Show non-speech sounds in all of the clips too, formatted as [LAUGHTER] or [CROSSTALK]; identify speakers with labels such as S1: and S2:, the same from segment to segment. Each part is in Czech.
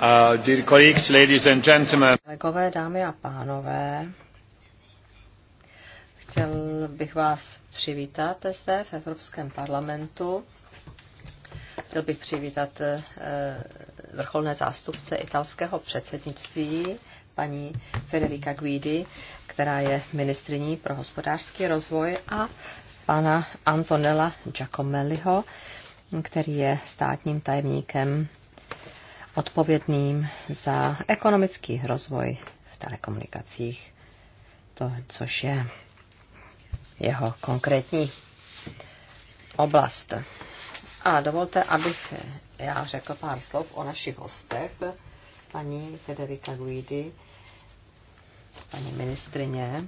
S1: Uh,
S2: Kolegové, dámy a pánové, chtěl bych vás přivítat zde v Evropském parlamentu. Chtěl bych přivítat eh, vrcholné zástupce italského předsednictví, paní Federica Guidi, která je ministriní pro hospodářský rozvoj, a pana Antonella Giacomelliho, který je státním tajemníkem odpovědným za ekonomický rozvoj v telekomunikacích, to, což je jeho konkrétní oblast. A dovolte, abych já řekl pár slov o našich hostech. Paní Federica Guidi, paní ministrině,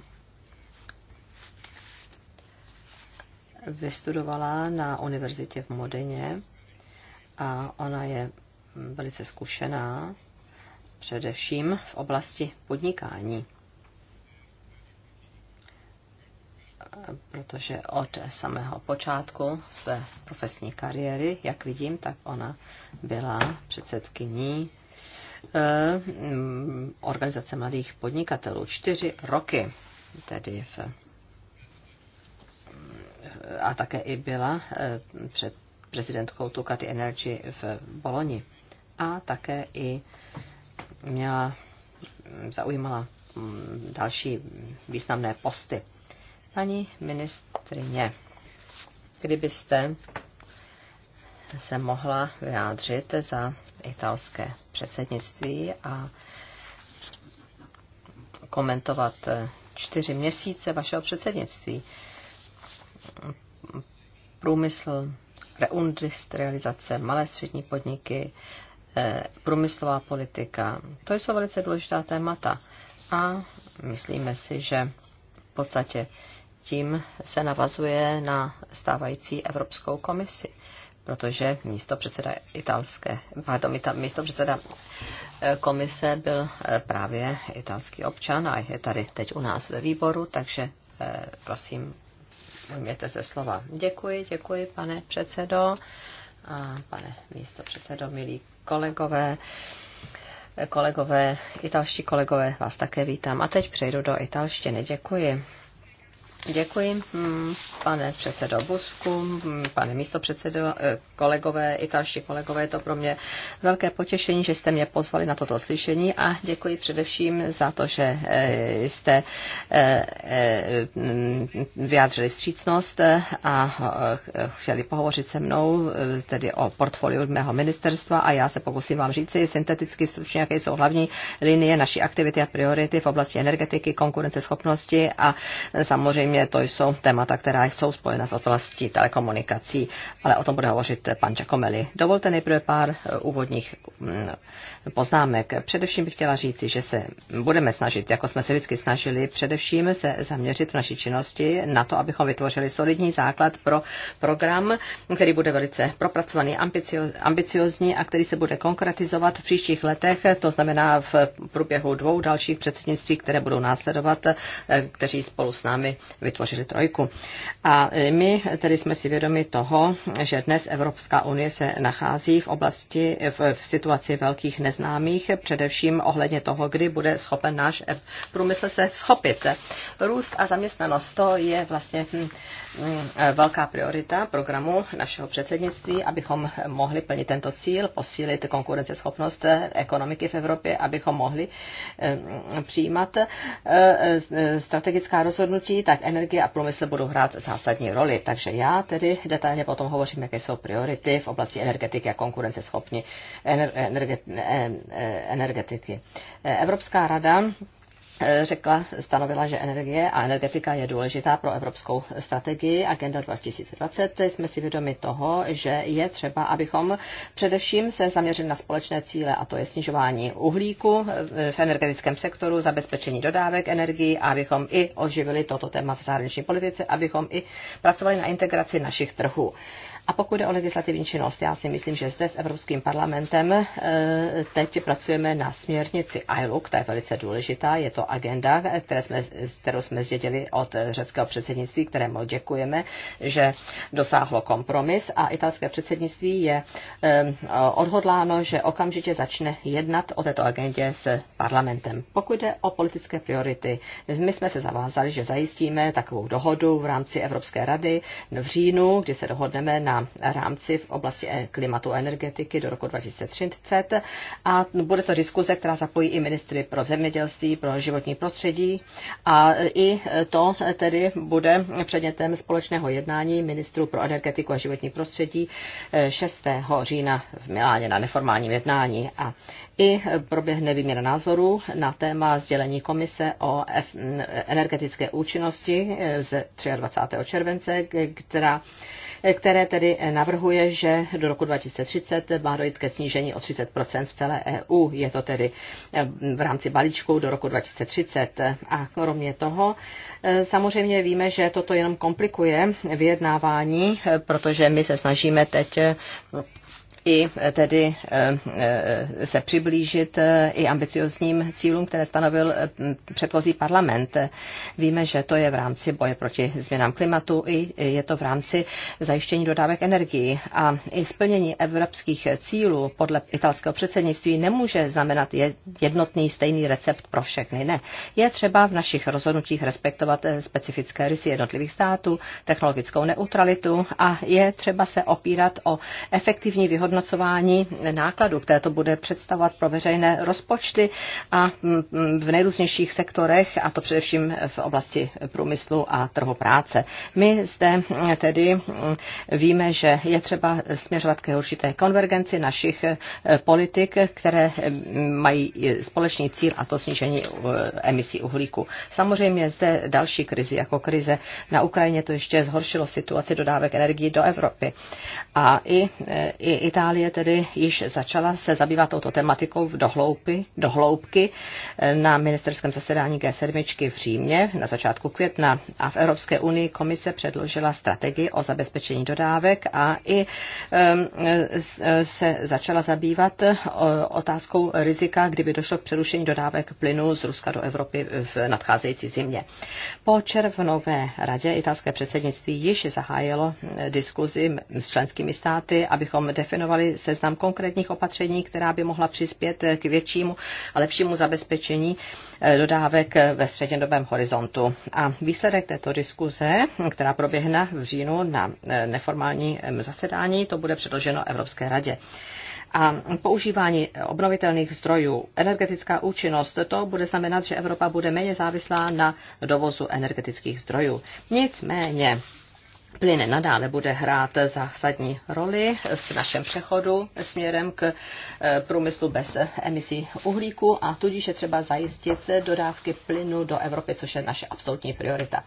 S2: vystudovala na univerzitě v Modeně a ona je velice zkušená, především v oblasti podnikání. Protože od samého počátku své profesní kariéry, jak vidím, tak ona byla předsedkyní eh, mm, organizace mladých podnikatelů čtyři roky, tedy v, eh, a také i byla eh, před prezidentkou Tukaty Energy v Boloni a také i měla, zaujímala mm, další významné posty. Paní ministrině, kdybyste se mohla vyjádřit za italské předsednictví a komentovat eh, čtyři měsíce vašeho předsednictví. Průmysl, reindustrializace, malé střední podniky, Eh, průmyslová politika. To jsou velice důležitá témata a myslíme si, že v podstatě tím se navazuje na stávající Evropskou komisi, protože místo předseda italské, pardon, místo předseda eh, komise byl eh, právě italský občan a je tady teď u nás ve výboru, takže prosím, ujměte se slova. Děkuji, děkuji, pane předsedo a pane místo předsedo, milí kolegové, kolegové, italští kolegové, vás také vítám. A teď přejdu do italštiny. Děkuji. Děkuji, mm, pane předsedo Busku, mm, pane předsedo, eh, kolegové i další kolegové. Je to pro mě velké potěšení, že jste mě pozvali na toto slyšení a děkuji především za to, že eh, jste eh, mm, vyjádřili vstřícnost a chtěli pohovořit se mnou tedy o portfoliu mého ministerstva a já se pokusím vám říci synteticky stručně, jaké jsou hlavní linie naší aktivity a priority v oblasti energetiky, konkurenceschopnosti a samozřejmě samozřejmě to jsou témata, která jsou spojena s oblastí telekomunikací, ale o tom bude hovořit pan Giacomelli. Dovolte nejprve pár eh, úvodních mm, poznámek. Především bych chtěla říci, že se budeme snažit, jako jsme se vždycky snažili, především se zaměřit v naší činnosti na to, abychom vytvořili solidní základ pro program, který bude velice propracovaný, ambiciozní a který se bude konkretizovat v příštích letech, to znamená v průběhu dvou dalších předsednictví, které budou následovat, eh, kteří spolu s námi vytvořili trojku. A eh, my tedy jsme si vědomi toho, že dnes Evropská unie se nachází v oblasti, v, v situaci velkých nez neznámých, především ohledně toho, kdy bude schopen náš průmysl se schopit. Růst a zaměstnanost to je vlastně hm, hm, velká priorita programu našeho předsednictví, abychom mohli plnit tento cíl, posílit konkurenceschopnost ekonomiky v Evropě, abychom mohli hm, přijímat eh, eh, strategická rozhodnutí, tak energie a průmysl budou hrát zásadní roli. Takže já tedy detailně potom hovořím, jaké jsou priority v oblasti energetiky a konkurenceschopnosti energe, Eh, energetiky. Eh, Evropská rada eh, řekla, stanovila, že energie a energetika je důležitá pro evropskou strategii Agenda 2020. Jsme si vědomi toho, že je třeba, abychom především se zaměřili na společné cíle, a to je snižování uhlíku v energetickém sektoru, zabezpečení dodávek energii, a abychom i oživili toto téma v zahraniční politice, abychom i pracovali na integraci našich trhů. A pokud je o legislativní činnost, já si myslím, že zde s Evropským parlamentem eh, teď pracujeme na směrnici ILUC, ta je velice důležitá, je to agenda, které jsme, kterou jsme zdědili od eh, řeckého předsednictví, kterému děkujeme, že dosáhlo kompromis a italské předsednictví je eh, odhodláno, že okamžitě začne jednat o této agendě s parlamentem. Pokud jde o politické priority, my jsme se zavázali, že zajistíme takovou dohodu v rámci Evropské rady v říjnu, kdy se dohodneme na rámci v oblasti e- klimatu a energetiky do roku 2030 a bude to diskuze, která zapojí i ministry pro zemědělství, pro životní prostředí a i to tedy bude předmětem společného jednání ministrů pro energetiku a životní prostředí 6. E, října v Miláně na neformálním jednání a i proběhne výměna názorů na téma sdělení komise o energetické účinnosti e, ze 23. července, která které tedy navrhuje, že do roku 2030 má dojít ke snížení o 30 v celé EU. Je to tedy eh, v rámci balíčku do roku 2030. A kromě toho, eh, samozřejmě víme, že toto jenom komplikuje vyjednávání, eh, protože my se snažíme teď i eh, tedy eh, eh, se přiblížit i ambiciozním cílům, které stanovil předchozí parlament. Víme, že to je v rámci boje proti změnám klimatu i je to v rámci zajištění dodávek energii. A i splnění evropských cílů podle italského předsednictví nemůže znamenat jednotný stejný recept pro všechny. Ne. Je třeba v našich rozhodnutích respektovat specifické rysy jednotlivých států, technologickou neutralitu a je třeba se opírat o efektivní vyhodnocení vyhodnocování nákladů, které to bude představovat pro veřejné rozpočty a mm, mm, v nejrůznějších sektorech, a to především v oblasti průmyslu a trhu práce. My zde mm, tedy víme, že je třeba směřovat ke určité konvergenci našich e, politik, které mají společný cíl a to snížení e, emisí uhlíku. Samozřejmě zde další krizi, jako krize na Ukrajině, to ještě zhoršilo situaci dodávek energii do Evropy. A i, e, i ta. Itálie tedy již začala se zabývat touto tematikou v dohloupy, dohloubky eh, na ministerském zasedání G7 v Římě na začátku května a v Evropské unii komise předložila strategii o zabezpečení dodávek a i ehm, se začala zabývat eh, otázkou rizika, kdyby došlo k přerušení dodávek plynu z Ruska do Evropy v nadcházející zimě. Po červnové radě italské předsednictví již zahájilo eh, diskuzi s členskými státy, abychom definovali definovali seznam konkrétních opatření, která by mohla přispět k většímu a lepšímu zabezpečení eh, dodávek ve střednědobém horizontu. A výsledek této diskuze, která proběhne v říjnu na eh, neformální eh, zasedání, to bude předloženo Evropské radě a používání obnovitelných zdrojů, energetická účinnost, to bude znamenat, že Evropa bude méně závislá na dovozu energetických zdrojů. Nicméně Plyn nadále bude hrát zásadní roli v našem přechodu směrem k eh, průmyslu bez emisí uhlíku a tudíž je třeba zajistit dodávky plynu do Evropy, což je naše absolutní priorita.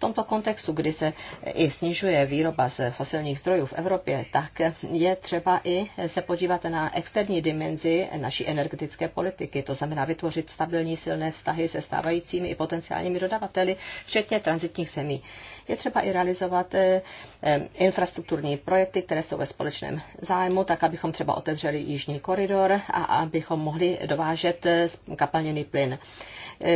S2: V tomto kontextu, kdy se i snižuje výroba z fosilních zdrojů v Evropě, tak je třeba i se podívat na externí dimenzi naší energetické politiky, to znamená vytvořit stabilní silné vztahy se stávajícími i potenciálními dodavateli, včetně transitních zemí. Je třeba i realizovat eh, eh, infrastrukturní projekty, které jsou ve společném zájmu, tak abychom třeba otevřeli jižní koridor a abychom mohli dovážet eh, kapalněný plyn.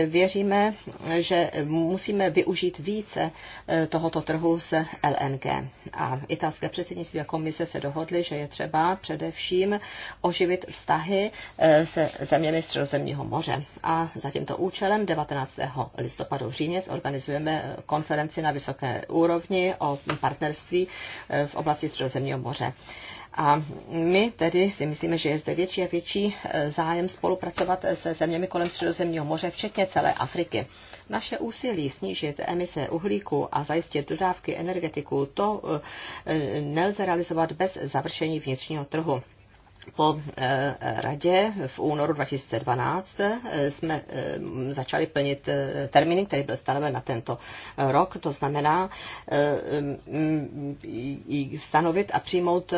S2: Věříme, že musíme využít víc regulace eh, tohoto trhu s LNG. A italské předsednictví a komise se dohodly, že je třeba především oživit vztahy eh, se zeměmi Středozemního moře. A za tímto účelem 19. listopadu v Římě zorganizujeme eh, konferenci na vysoké úrovni o partnerství v oblasti Středozemního moře. A my tedy si myslíme, že je zde větší a větší zájem spolupracovat se zeměmi kolem Středozemního moře, včetně celé Afriky. Naše úsilí snížit emise uhlíku a zajistit dodávky energetiku, to eh, nelze realizovat bez završení vnitřního trhu po eh, radě v únoru 2012 eh, jsme eh, začali plnit termíny, který byl stanoven na tento rok, to znamená mm, stanovit a přijmout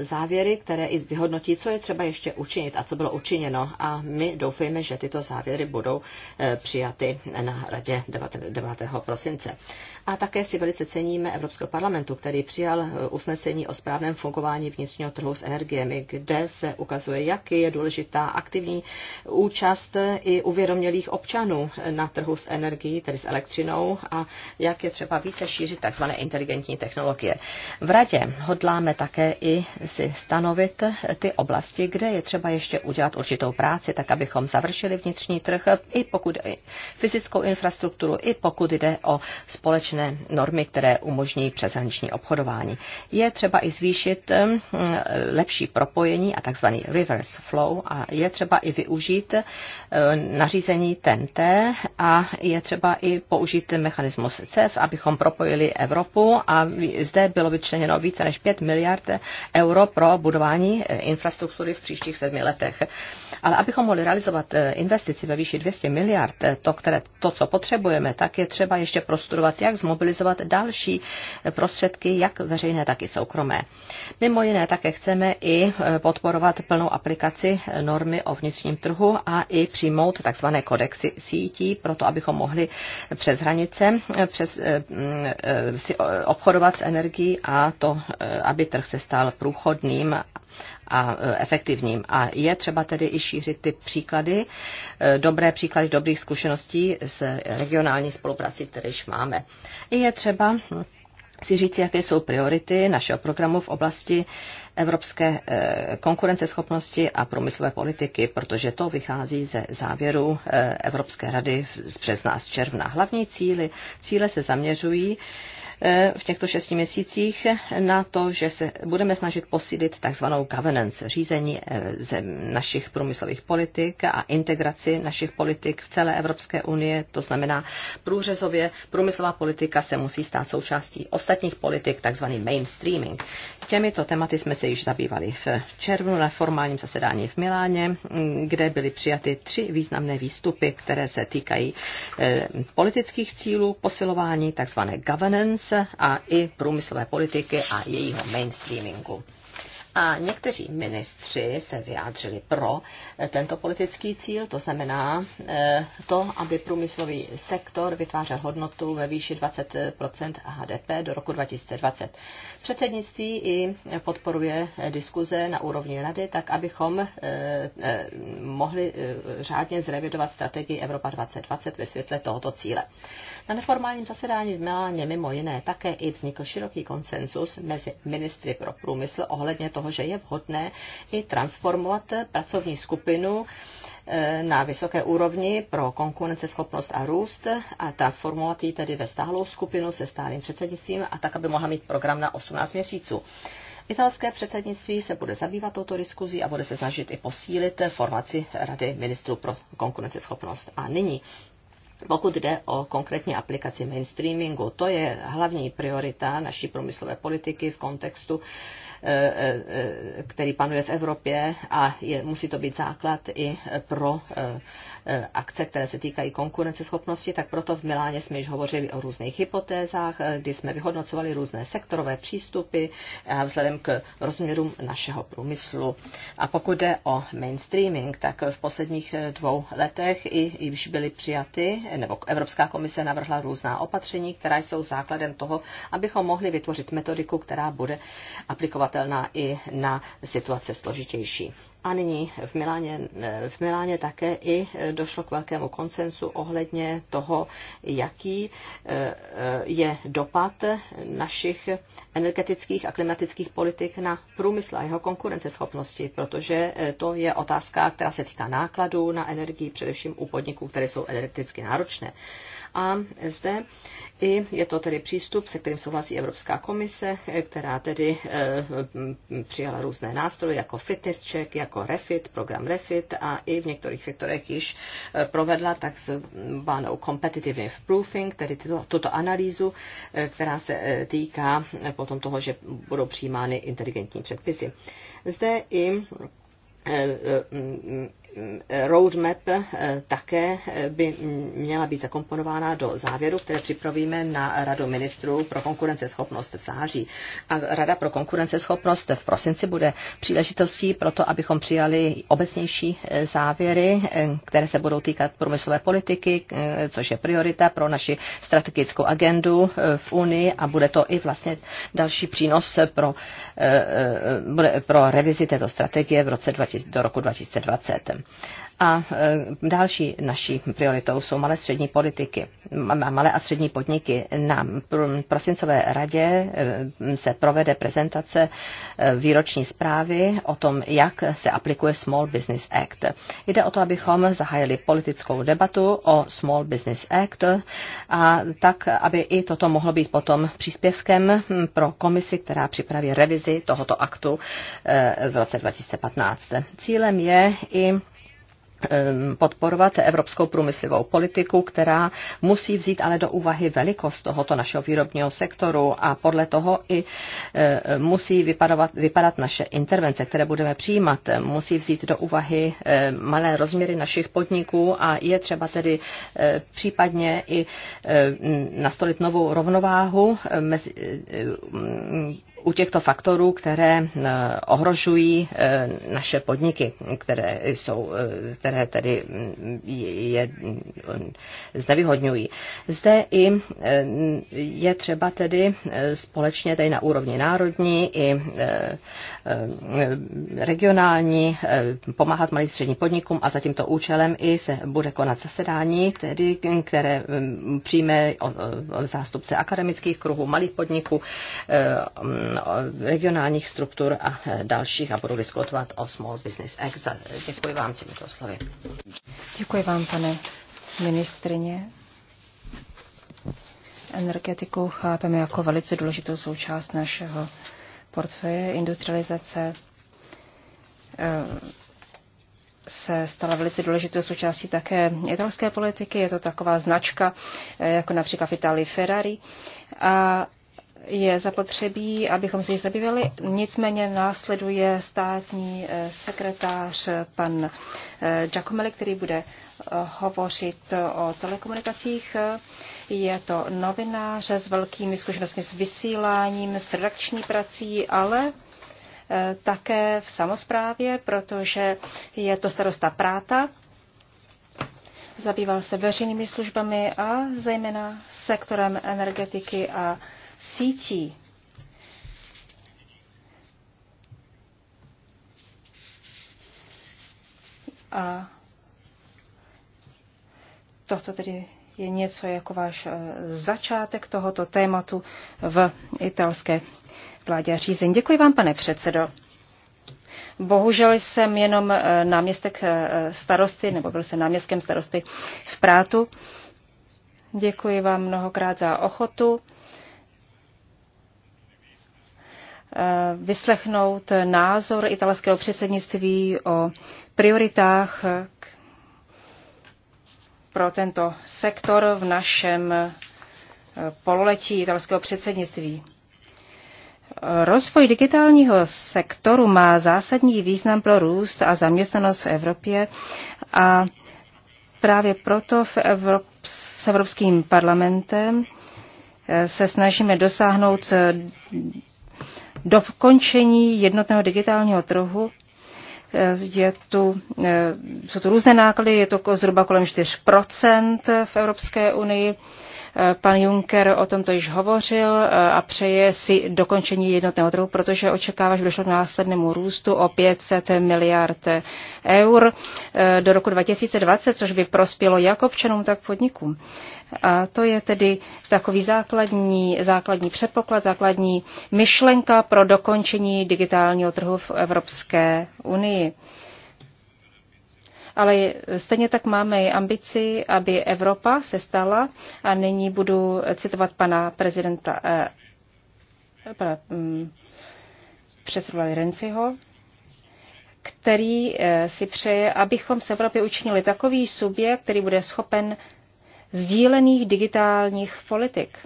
S2: závěry, které i vyhodnotí, co je třeba ještě učinit a co bylo učiněno. A my doufejme, že tyto závěry budou přijaty na radě 9. prosince. A také si velice ceníme Evropského parlamentu, který přijal usnesení o správném fungování vnitřního trhu s energiemi, kde se ukazuje, jak je důležitá aktivní účast i uvědomělých občanů na trhu s energií, tedy s elektřinou, a jak je třeba více šířit tzv. inteligentní technologie. V radě hodláme také i si stanovit ty oblasti, kde je třeba ještě udělat určitou práci, tak abychom završili vnitřní trh, i pokud i fyzickou infrastrukturu, i pokud jde o společné normy, které umožní přeshraniční obchodování. Je třeba i zvýšit hm, lepší propojení propojení a takzvaný reverse flow a je třeba i využít eh, nařízení TNT a je třeba i použít mechanismus CEF, abychom propojili Evropu a zde bylo vyčleněno více než 5 miliard euro pro budování eh, infrastruktury v příštích sedmi letech. Ale abychom mohli realizovat eh, investici ve výši 200 miliard, to, které, to, co potřebujeme, tak je třeba ještě prostudovat, jak zmobilizovat další prostředky, jak veřejné, tak i soukromé. Mimo jiné také chceme i Eh, podporovat plnou aplikaci normy o vnitřním trhu a i přijmout tzv. kodexy sítí, proto abychom mohli přes hranice eh, přes, eh, mm, si obchodovat s energií a to, aby trh se stal průchodným a efektivním. A je třeba tedy i šířit ty příklady, dobré příklady dobrých zkušeností s regionální spoluprací, které již máme. I je třeba hm, chci říct, jaké jsou priority našeho programu v oblasti evropské eh, konkurenceschopnosti a průmyslové politiky, protože to vychází ze závěru eh, Evropské rady z března z června. Hlavní cíly, cíle se zaměřují E, v těchto šesti měsících na to, že se budeme snažit posílit takzvanou governance, řízení e, našich průmyslových politik a integraci našich politik v celé Evropské unie. To znamená, průřezově průmyslová politika se musí stát součástí ostatních politik, takzvaný mainstreaming. Těmito tématy jsme se již zabývali v červnu na formálním zasedání v Miláně, kde byly přijaty tři významné výstupy, které se týkají e, politických cílů, posilování tzv. governance, investic a i průmyslové politiky a jejího mainstreamingu. A někteří ministři se vyjádřili pro eh, tento politický cíl, to znamená eh, to, aby průmyslový sektor vytvářel hodnotu ve výši 20 HDP do roku 2020. Předsednictví i podporuje eh, diskuze na úrovni rady, tak abychom mohli řádně zrevidovat strategii Evropa 2020 ve světle tohoto cíle. Na neformálním zasedání v Miláně mimo jiné také i vznikl široký konsensus mezi ministry pro průmysl ohledně toho, toho, že je vhodné i transformovat pracovní skupinu eh, na vysoké úrovni pro konkurenceschopnost a růst a transformovat ji tedy ve stálou skupinu se stálým předsednictvím a tak, aby mohla mít program na 18 měsíců. Italské předsednictví se bude zabývat touto diskuzí a bude se snažit i posílit formaci Rady ministrů pro konkurenceschopnost. A nyní pokud jde o konkrétní aplikaci mainstreamingu, to je hlavní priorita naší průmyslové politiky v kontextu uh, E, e, e, který panuje v Evropě a je, musí to být základ i pro Eh, akce, které se týkají konkurenceschopnosti, tak proto v Miláně jsme již hovořili o různých hypotézách, eh, kdy jsme vyhodnocovali různé sektorové přístupy eh, vzhledem k rozměrům našeho průmyslu. A pokud jde o mainstreaming, tak v posledních dvou letech i již byly přijaty, nebo Evropská komise navrhla různá opatření, která jsou základem toho, abychom mohli vytvořit metodiku, která bude aplikovatelná i na situace složitější. A nyní v Miláně, eh, v Miláně také i eh, došlo k velkému konsensu ohledně toho, jaký eh, je dopad našich energetických a klimatických politik na průmysl a jeho konkurenceschopnosti, protože to je otázka, která se týká nákladů na energii, především u podniků, které jsou energeticky náročné. A zde i je to tedy přístup, se kterým souhlasí Evropská komise, která tedy eh, přijala různé nástroje jako fitness check, jako refit, program refit a i v některých sektorech již eh, provedla takzvanou competitive proofing, tedy tuto, tuto analýzu, eh, která se týká potom toho, že budou přijímány inteligentní předpisy. Zde i roadmap eh, také eh, by měla být zakomponována do závěru, které připravíme na Radu ministrů pro konkurenceschopnost v září. A Rada pro konkurenceschopnost v prosinci bude příležitostí pro to, abychom přijali obecnější eh, závěry, které se budou týkat průmyslové politiky, což je priorita pro naši strategickou agendu v Unii a bude to i vlastně další přínos pro, pro revizi této strategie v roce 20, do roku 2020. A e, další naší prioritou jsou malé, střední politiky, malé a střední podniky. Na prosincové radě e, se provede prezentace e, výroční zprávy o tom, jak se aplikuje Small Business Act. Jde o to, abychom zahájili politickou debatu o Small Business Act a tak, aby i toto mohlo být potom příspěvkem pro komisi, která připraví revizi tohoto aktu v roce 2015. Cílem je i Ehm, podporovat evropskou průmyslovou politiku, která musí vzít ale do úvahy velikost tohoto našeho výrobního sektoru a podle toho i ehm, musí vypadat, vypadat naše intervence, které budeme přijímat. Musí vzít do úvahy ehm, malé rozměry našich podniků a je třeba tedy případně i nastolit novou rovnováhu mezi u těchto faktorů, které eh, ohrožují eh, naše podniky, které, jsou, eh, které tedy mm, je mm, znevýhodňují. Zde i je třeba tedy společně tady na úrovni národní i regionální pomáhat malým středním podnikům a za tímto účelem i se bude konat zasedání, tedy, které mm, přijme zástupce akademických kruhů malých podniků, regionálních struktur a e, dalších a budu diskutovat o Small Business Act. Děkuji vám těmito slovy.
S3: Děkuji vám, pane ministrině. Energetiku chápeme jako velice důležitou součást našeho portfeje. Industrializace e, se stala velice důležitou součástí také italské politiky. Je to taková značka, e, jako například v Itálii Ferrari. A je zapotřebí, abychom se jí zabývali. Nicméně následuje státní eh, sekretář eh, pan eh, Giacomelli, který bude hovořit o telekomunikacích. Je to novinář s velkými zkušenostmi s vysíláním, s redakční prací, ale také v samozprávě, protože je to starosta Práta, zabýval se veřejnými službami a zejména sektorem energetiky a sítí. A toto tedy je něco jako váš eh, začátek tohoto tématu v italské vládě a řízení. Děkuji vám, pane předsedo. Bohužel jsem jenom eh, náměstek eh, starosty, nebo byl jsem náměstkem starosty v Prátu. Děkuji vám mnohokrát za ochotu Eh, vyslechnout názor italského předsednictví o prioritách pro tento sektor v našem eh, pololetí italského předsednictví. Rozvoj digitálního sektoru má zásadní význam pro růst a zaměstnanost v Evropě a právě proto v Evrop- s Evropským parlamentem eh, se snažíme dosáhnout do vkončení jednotného digitálního trhu eh, je tu, eh, jsou tu různé náklady, je to zhruba kolem 4 v Evropské unii. Pan Juncker o tomto již hovořil eh, a přeje si dokončení jednotného trhu, protože očekává, že došlo k následnému růstu o 500 miliard eur eh, do roku 2020, což by prospělo jak občanům, tak podnikům. A to je tedy takový základní, základní předpoklad, základní myšlenka pro dokončení digitálního trhu v Evropské unii ale stejně tak máme i ambici, aby Evropa se stala, a nyní budu citovat pana prezidenta, eh, pana hm, mm, přesudla Renciho, který eh, si přeje, abychom z Evropy učinili takový subjekt, který bude schopen sdílených digitálních politik.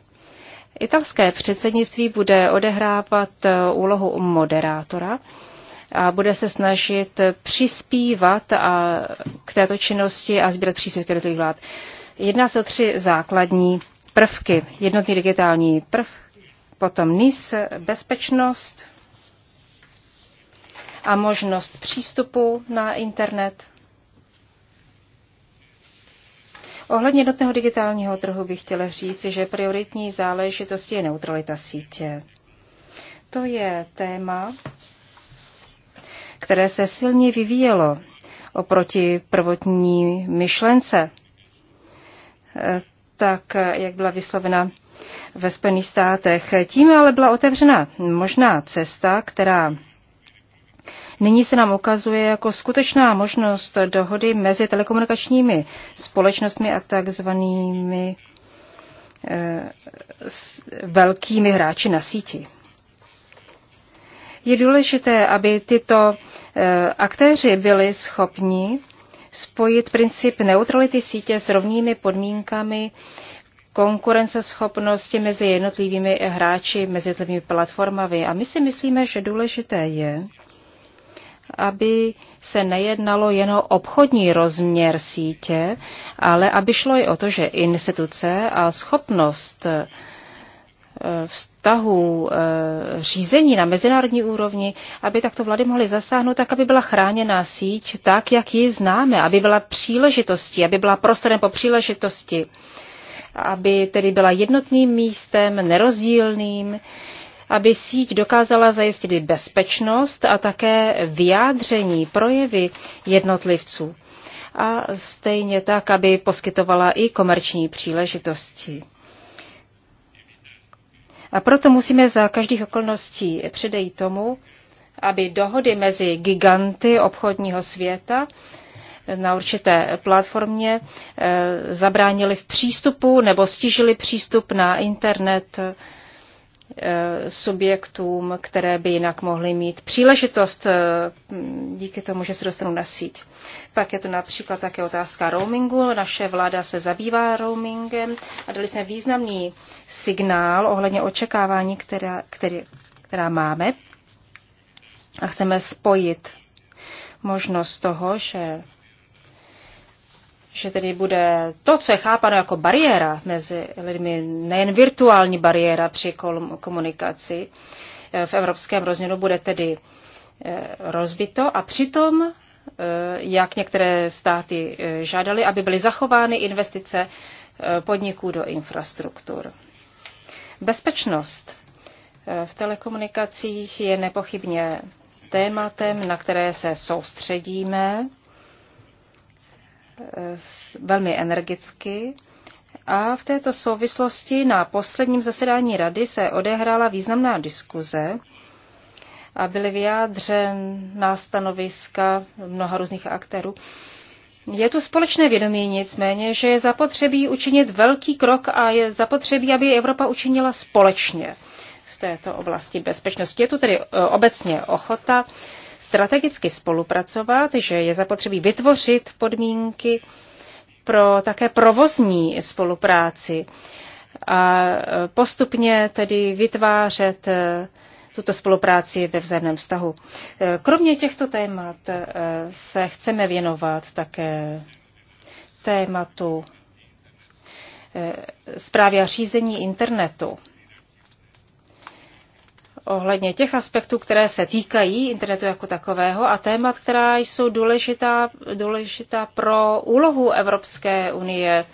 S3: Italské předsednictví bude odehrávat eh, úlohu moderátora a bude se snažit přispívat a k této činnosti a sbírat příspěvky jednotlivých vlád. Jedná se o tři základní prvky. Jednotný digitální prv, potom NIS, bezpečnost a možnost přístupu na internet. Ohledně jednotného digitálního trhu bych chtěla říct, že prioritní záležitostí je neutralita sítě. To je téma, které se silně vyvíjelo oproti prvotní myšlence, eh, tak eh, jak byla vyslovena ve Spojených státech. Tím ale byla otevřena možná cesta, která nyní se nám ukazuje jako skutečná možnost dohody mezi telekomunikačními společnostmi a takzvanými eh, velkými hráči na síti. Je důležité, aby tyto eh, aktéři byli schopni spojit princip neutrality sítě s rovnými podmínkami konkurenceschopnosti mezi jednotlivými hráči, mezi jednotlivými platformami. A my si myslíme, že důležité je, aby se nejednalo jen o obchodní rozměr sítě, ale aby šlo i o to, že instituce a schopnost Eh, vztahů eh, řízení na mezinárodní úrovni, aby takto vlády mohly zasáhnout, tak aby byla chráněná síť tak, jak ji známe, aby byla příležitostí, aby byla prostorem po příležitosti, aby tedy byla jednotným místem, nerozdílným, aby síť dokázala zajistit bezpečnost a také vyjádření, projevy jednotlivců. A stejně tak, aby poskytovala i komerční příležitosti. A proto musíme za každých okolností předejít tomu, aby dohody mezi giganty obchodního světa na určité platformě eh, zabránili v přístupu nebo stížili přístup na internet Eh, subjektům, které by jinak mohly mít příležitost eh, díky tomu, že se dostanou na síť. Pak je to například také otázka roamingu. Naše vláda se zabývá roamingem a dali jsme významný signál ohledně očekávání, která, který, která máme. A chceme spojit možnost toho, že že tedy bude to, co je chápáno jako bariéra mezi lidmi, nejen virtuální bariéra při komunikaci eh, v evropském rozměru, bude tedy eh, rozbito a přitom, eh, jak některé státy žádali, aby byly zachovány investice podniků do infrastruktur. Bezpečnost v telekomunikacích je nepochybně tématem, na které se soustředíme velmi energicky. A v této souvislosti na posledním zasedání rady se odehrála významná diskuze a byly vyjádřena stanoviska mnoha různých aktérů. Je tu společné vědomí nicméně, že je zapotřebí učinit velký krok a je zapotřebí, aby Evropa učinila společně v této oblasti bezpečnosti. Je tu tedy e, obecně ochota strategicky spolupracovat, že je zapotřebí vytvořit podmínky pro také provozní spolupráci a postupně tedy vytvářet eh, tuto spolupráci ve vzájemném vztahu. Eh, kromě těchto témat eh, se chceme věnovat také tématu zprávy a řízení internetu ohledně těch aspektů, které se týkají internetu jako takového a témat, která jsou důležitá, důležitá pro úlohu Evropské unie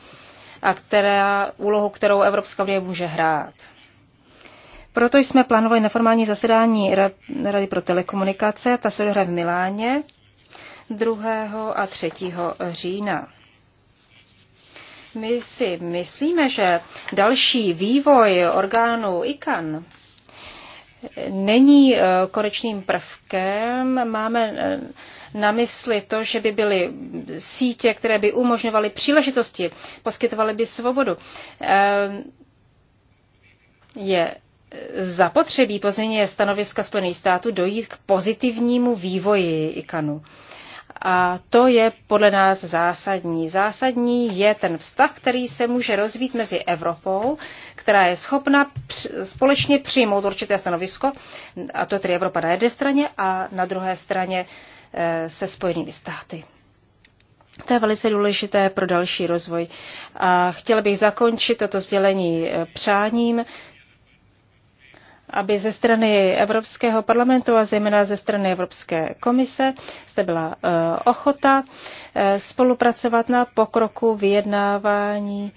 S3: a která, úlohu, kterou Evropská unie může hrát. Proto jsme plánovali neformální zasedání Rady pro telekomunikace, ta se dohraje v Miláně 2. a 3. října. My si myslíme, že další vývoj orgánu ICAN není eh, konečným prvkem. Máme eh, na mysli to, že by byly sítě, které by umožňovaly příležitosti, poskytovaly by svobodu. Eh, je zapotřebí po stanoviska Spojených států dojít k pozitivnímu vývoji IKANu. A to je podle nás zásadní. Zásadní je ten vztah, který se může rozvít mezi Evropou, která je schopna společně přijmout určité stanovisko, a to je tedy Evropa na jedné straně a na druhé straně eh, se spojenými státy. To je velice důležité pro další rozvoj. A chtěla bych zakončit toto sdělení eh, přáním, aby ze strany Evropského parlamentu a zejména ze strany Evropské komise jste byla eh, ochota spolupracovat na pokroku vyjednávání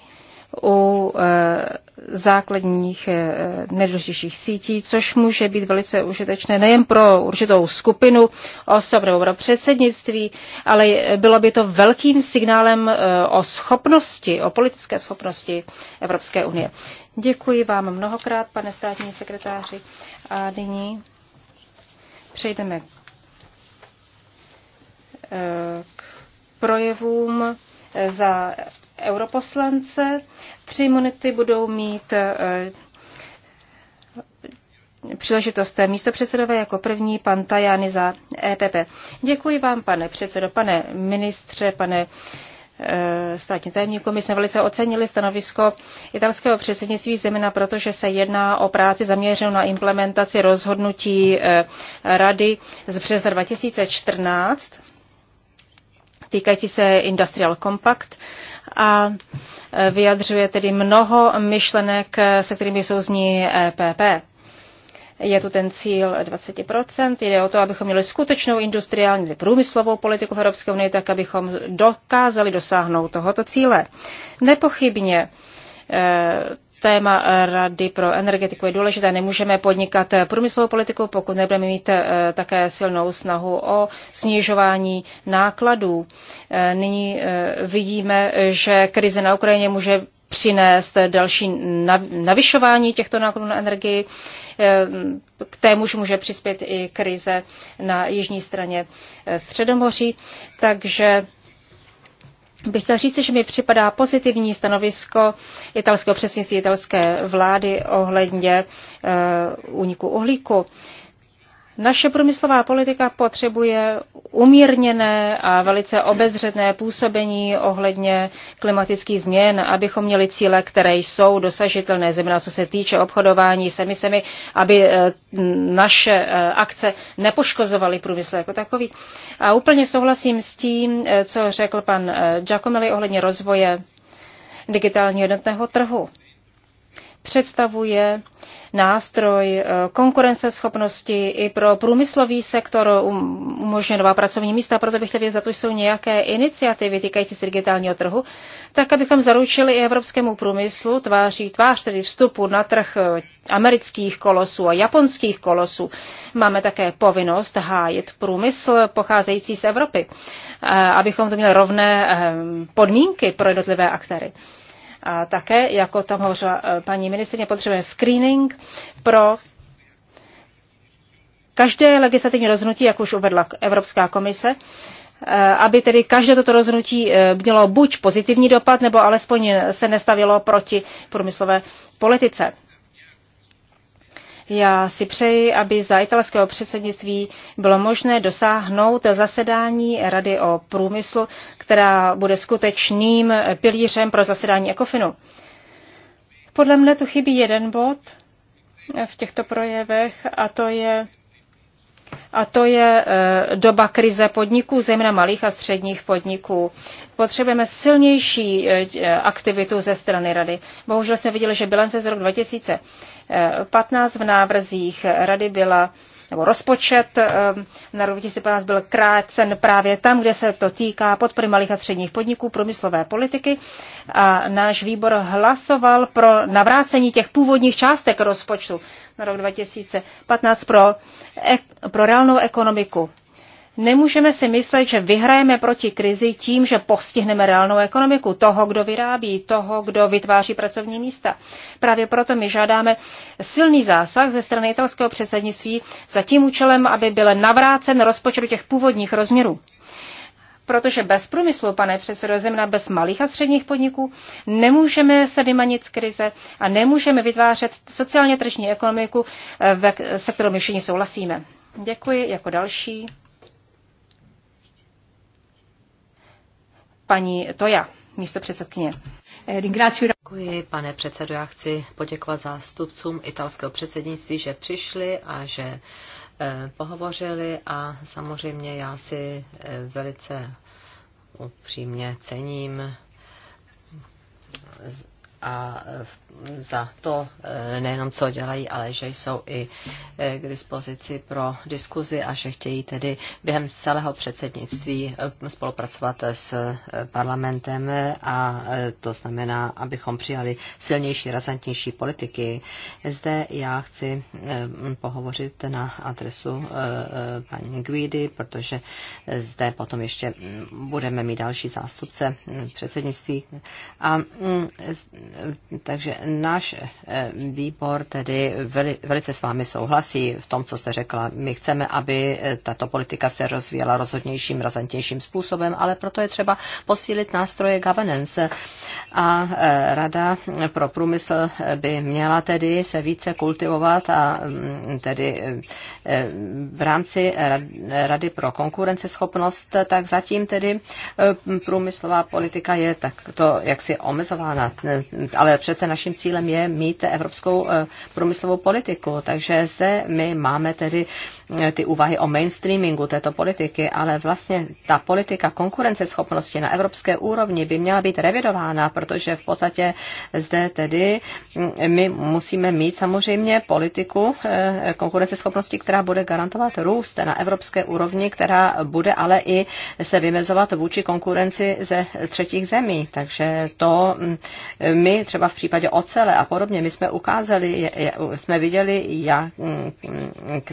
S3: u eh, základních eh, nejdůležitějších sítí, což může být velice užitečné nejen pro určitou skupinu osob nebo pro předsednictví, ale bylo by to velkým signálem eh, o schopnosti, o politické schopnosti Evropské unie. Děkuji vám mnohokrát, pane státní sekretáři. A nyní přejdeme k projevům za europoslance. Tři imunity budou mít eh, příležitost místo předsedové jako první pan Tajany za EPP. Děkuji vám, pane předsedo, pane ministře, pane eh, státní tajemníku. My jsme velice ocenili stanovisko italského předsednictví zemina, protože se jedná o práci zaměřenou na implementaci rozhodnutí eh, rady z března 2014 týkající se Industrial Compact a e, vyjadřuje tedy mnoho myšlenek, e, se kterými jsou z ní EPP. Je tu ten cíl 20%, jde o to, abychom měli skutečnou industriální průmyslovou politiku v Evropské unii, tak abychom dokázali dosáhnout tohoto cíle. Nepochybně e, téma Rady pro energetiku je důležité. Nemůžeme podnikat průmyslovou politiku, pokud nebudeme mít eh, také silnou snahu o snižování nákladů. Eh, nyní eh, vidíme, že krize na Ukrajině může přinést další navyšování těchto nákladů na energii. K témuž může přispět i krize na jižní straně Středomoří. Takže bych chtěla říct, že mi připadá pozitivní stanovisko italského předsednictví italské vlády ohledně eh, úniku uhlíku. Naše průmyslová politika potřebuje umírněné a velice obezřetné působení ohledně klimatických změn, abychom měli cíle, které jsou dosažitelné, zejména co se týče obchodování s emisemi, aby eh, naše eh, akce nepoškozovaly průmysl jako takový. A úplně souhlasím s tím, eh, co řekl pan Giacomelli ohledně rozvoje digitálního jednotného trhu. Představuje nástroj eh, konkurenceschopnosti i pro průmyslový sektor um, umožňuje nová pracovní místa, proto bych chtěl vědět, za to jsou nějaké iniciativy týkající se digitálního trhu, tak abychom zaručili i evropskému průmyslu tváří tvář, tedy vstupu na trh eh, amerických kolosů a japonských kolosů. Máme také povinnost hájit průmysl pocházející z Evropy, eh, abychom to měli rovné podmínky pro jednotlivé aktéry. A také, jako tam hovořila eh, paní ministrině, potřebujeme screening pro každé legislativní rozhodnutí, jak už uvedla Evropská komise, eh, aby tedy každé toto rozhodnutí eh, mělo buď pozitivní dopad, nebo alespoň se nestavilo proti průmyslové politice. Já si přeji, aby za italského předsednictví bylo možné dosáhnout zasedání Rady o průmyslu, která bude skutečným pilířem pro zasedání Ekofinu. Podle mne tu chybí jeden bod v těchto projevech a to je a to je e, doba krize podniků, zejména malých a středních podniků. Potřebujeme silnější e, aktivitu ze strany rady. Bohužel jsme viděli, že bilance z roku 2000 15 v návrzích rady byla nebo rozpočet eh, na rok 2015 byl krácen právě tam, kde se to týká podpory malých a středních podniků, průmyslové politiky a náš výbor hlasoval pro navrácení těch původních částek rozpočtu na rok 2015 pro, pro reálnou ekonomiku Nemůžeme si myslet, že vyhrajeme proti krizi tím, že postihneme reálnou ekonomiku, toho, kdo vyrábí, toho, kdo vytváří pracovní místa. Právě proto my žádáme silný zásah ze strany italského předsednictví za tím účelem, aby byl navrácen rozpočet těch původních rozměrů. Protože bez průmyslu, pane předsedo, zemna bez malých a středních podniků nemůžeme se vymanit z krize a nemůžeme vytvářet sociálně tržní ekonomiku, eh, se kterou my všichni souhlasíme. Děkuji. Jako další paní Toja, místo předsedkyně. Děkuji, pane předsedo.
S2: Já chci poděkovat zástupcům italského předsednictví, že přišli a že eh, pohovořili a samozřejmě já si eh, velice upřímně cením a e, za to e, nejenom co dělají, ale že jsou i e, k dispozici pro diskuzi a že chtějí tedy během celého předsednictví spolupracovat s parlamentem a to znamená, abychom přijali silnější, razantnější politiky. Zde já chci pohovořit na adresu paní Guidy, protože zde potom ještě budeme mít další zástupce předsednictví a takže náš eh, výbor tedy veli, velice s vámi souhlasí v tom, co jste řekla. My chceme, aby eh, tato politika se rozvíjela rozhodnějším, razantnějším způsobem, ale proto je třeba posílit nástroje governance. A eh, Rada pro průmysl by měla tedy se více kultivovat a mm, tedy v rámci Rady pro konkurenceschopnost, tak zatím tedy průmyslová politika je takto jaksi omezována ale přece naším cílem je mít evropskou eh, průmyslovou politiku. Takže zde my máme tedy eh, ty úvahy o mainstreamingu této politiky, ale vlastně ta politika konkurenceschopnosti na evropské úrovni by měla být revidována, protože v podstatě zde tedy mm, my musíme mít samozřejmě politiku eh, konkurenceschopnosti, která bude garantovat růst na evropské úrovni, která bude ale i se vymezovat vůči konkurenci ze třetích zemí. Takže to mm, my my třeba v případě ocele a podobně, my jsme ukázali, jsme viděli, jak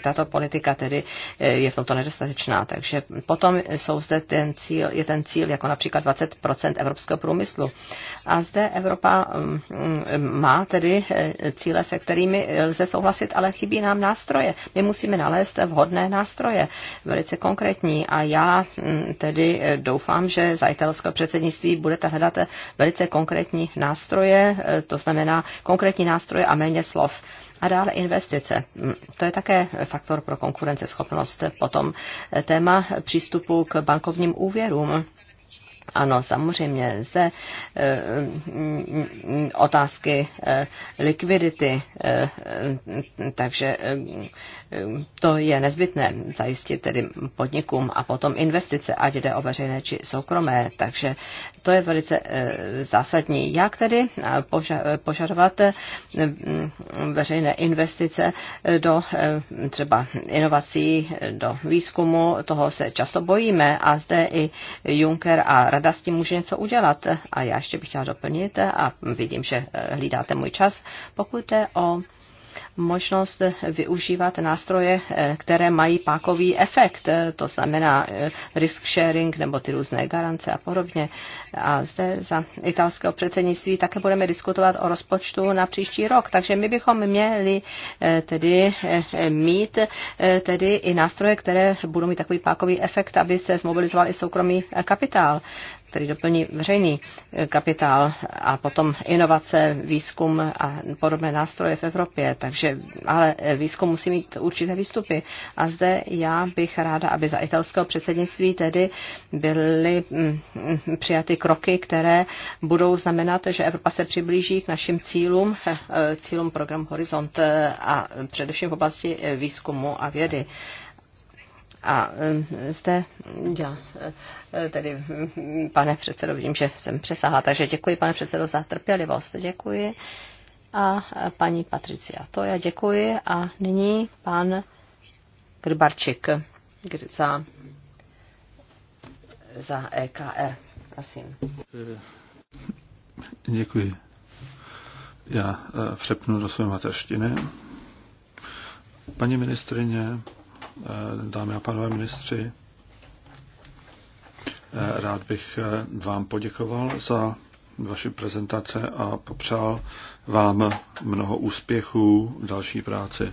S2: tato politika tedy eh, je v tomto nedostatečná. Takže potom jsou zde ten cíl, je ten cíl jako například 20% evropského průmyslu. A zde Evropa mm, mm, má tedy eh, cíle, se kterými lze souhlasit, ale chybí nám nástroje. My musíme nalézt vhodné nástroje, velice konkrétní. A já mm, tedy eh, doufám, že za italské předsednictví budete hledat velice konkrétní nástroje, nástroje, eh, to znamená konkrétní nástroje a méně slov. A dále investice. Mm, to je také faktor pro konkurenceschopnost. Potom eh, téma přístupu k bankovním úvěrům. Ano, samozřejmě, zde eh, mm, mm, otázky likvidity, takže to je nezbytné zajistit tedy podnikům a potom investice, ať jde o veřejné či soukromé. Takže to je velice eh, zásadní. Jak tedy eh, požadovat eh, mm, veřejné investice do třeba inovací, do výzkumu, toho se často bojíme a zde i Juncker a Rada s tím může něco udělat. A já ještě bych chtěla doplnit a vidím, že hlídáte můj čas. Pokud jde o možnost využívat nástroje, eh, které mají pákový efekt, eh, to znamená eh, risk sharing nebo ty různé garance a podobně. A zde za italského předsednictví také budeme diskutovat o rozpočtu na příští rok, takže my bychom měli tedy mít tedy i nástroje, které budou mít takový pákový efekt, aby se zmobilizoval i soukromý kapitál který doplní veřejný eh, kapitál a potom inovace, výzkum a podobné nástroje v Evropě. Takže, ale eh, výzkum musí mít určité výstupy. A zde já bych ráda, aby za italského předsednictví tedy byly mm, mm, přijaty kroky, které budou znamenat, že Evropa se přiblíží k našim cílům, eh, cílům programu Horizont a především v oblasti výzkumu a vědy. A zde, já e, tedy, pane předsedo, vidím, že jsem přesáhla, takže děkuji, pane předsedo, za trpělivost. Děkuji. A e, paní Patricia, to já děkuji. A nyní pan Grbarčik za, za EKR. E. Prosím.
S1: Děkuji. Já přepnu do své mateřštiny. Paní ministrině, Eh, dámy a pánové ministři, eh, rád bych eh, vám poděkoval za vaši prezentace a popřál vám mnoho úspěchů v další práci.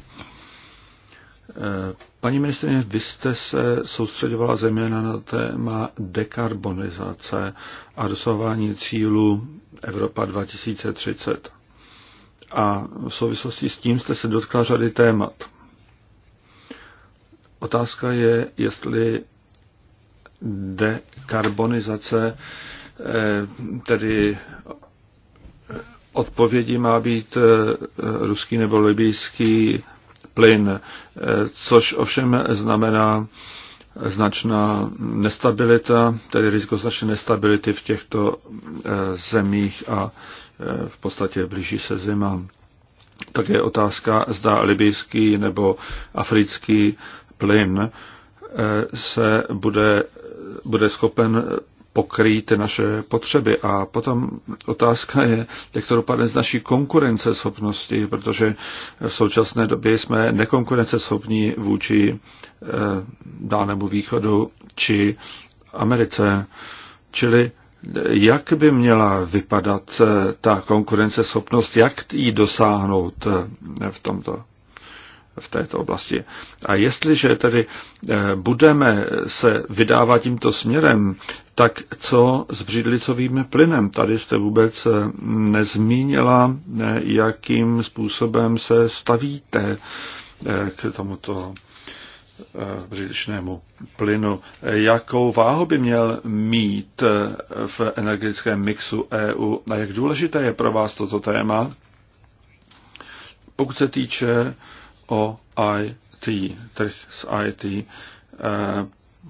S1: Paní ministrině, vy jste se soustředovala zejména na téma dekarbonizace a dosahování cílu Evropa 2030. A v souvislosti s tím jste se dotkla řady témat. Otázka je, jestli dekarbonizace, eh, tedy eh, odpovědi má být eh, ruský nebo libijský plyn, což ovšem znamená značná nestabilita, tedy riziko značné nestability v těchto zemích a v podstatě blíží se zima. Také je otázka, zda libijský nebo africký plyn eh, se bude, bude schopen pokrýt naše potřeby. A potom otázka je, jak to dopadne z naší konkurenceschopnosti, protože v současné době jsme nekonkurenceschopní vůči eh, dánému východu či Americe. Čili jak by měla vypadat eh, ta konkurenceschopnost, jak ji dosáhnout v tomto? v této oblasti. A jestliže tedy eh, budeme se vydávat tímto směrem, tak co s břidlicovým plynem? Tady jste vůbec eh, nezmínila, eh, jakým způsobem se stavíte k tomuto břidličnému plynu. Jakou váhu by měl mít v energetickém mixu EU a jak důležité je pro vás toto téma? Pokud se týče o IT, trh s IT. Eh,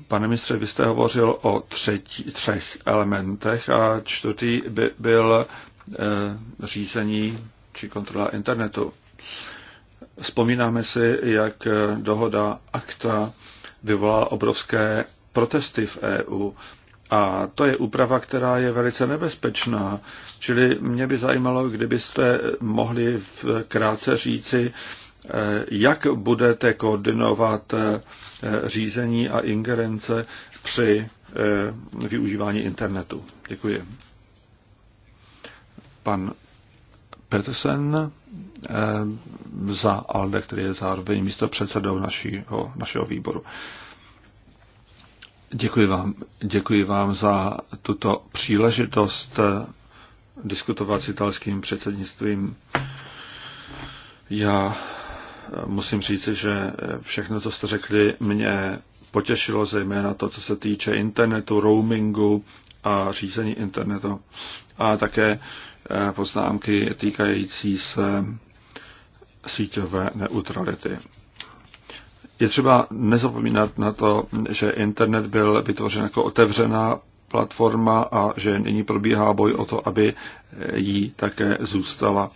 S1: pane ministře, vy jste hovořil o třetí, třech elementech a čtvrtý by byl eh, řízení či kontrola internetu. Vzpomínáme si, jak eh, dohoda akta vyvolala obrovské protesty v EU. A to je úprava, která je velice nebezpečná. Čili mě by zajímalo, kdybyste mohli v krátce říci, Eh, jak budete koordinovat eh, řízení a ingerence při eh, využívání internetu. Děkuji. Pan Petersen za ALDE, který je zároveň místo předsedou našího, našeho výboru. Děkuji vám. Děkuji vám za tuto příležitost diskutovat s italským předsednictvím. Já musím říct, že všechno, co jste řekli, mě potěšilo, zejména to, co se týče internetu, roamingu a řízení internetu. A také eh, poznámky týkající se síťové neutrality. Je třeba nezapomínat na to, že internet byl vytvořen jako otevřená platforma a že nyní probíhá boj o to, aby jí také zůstala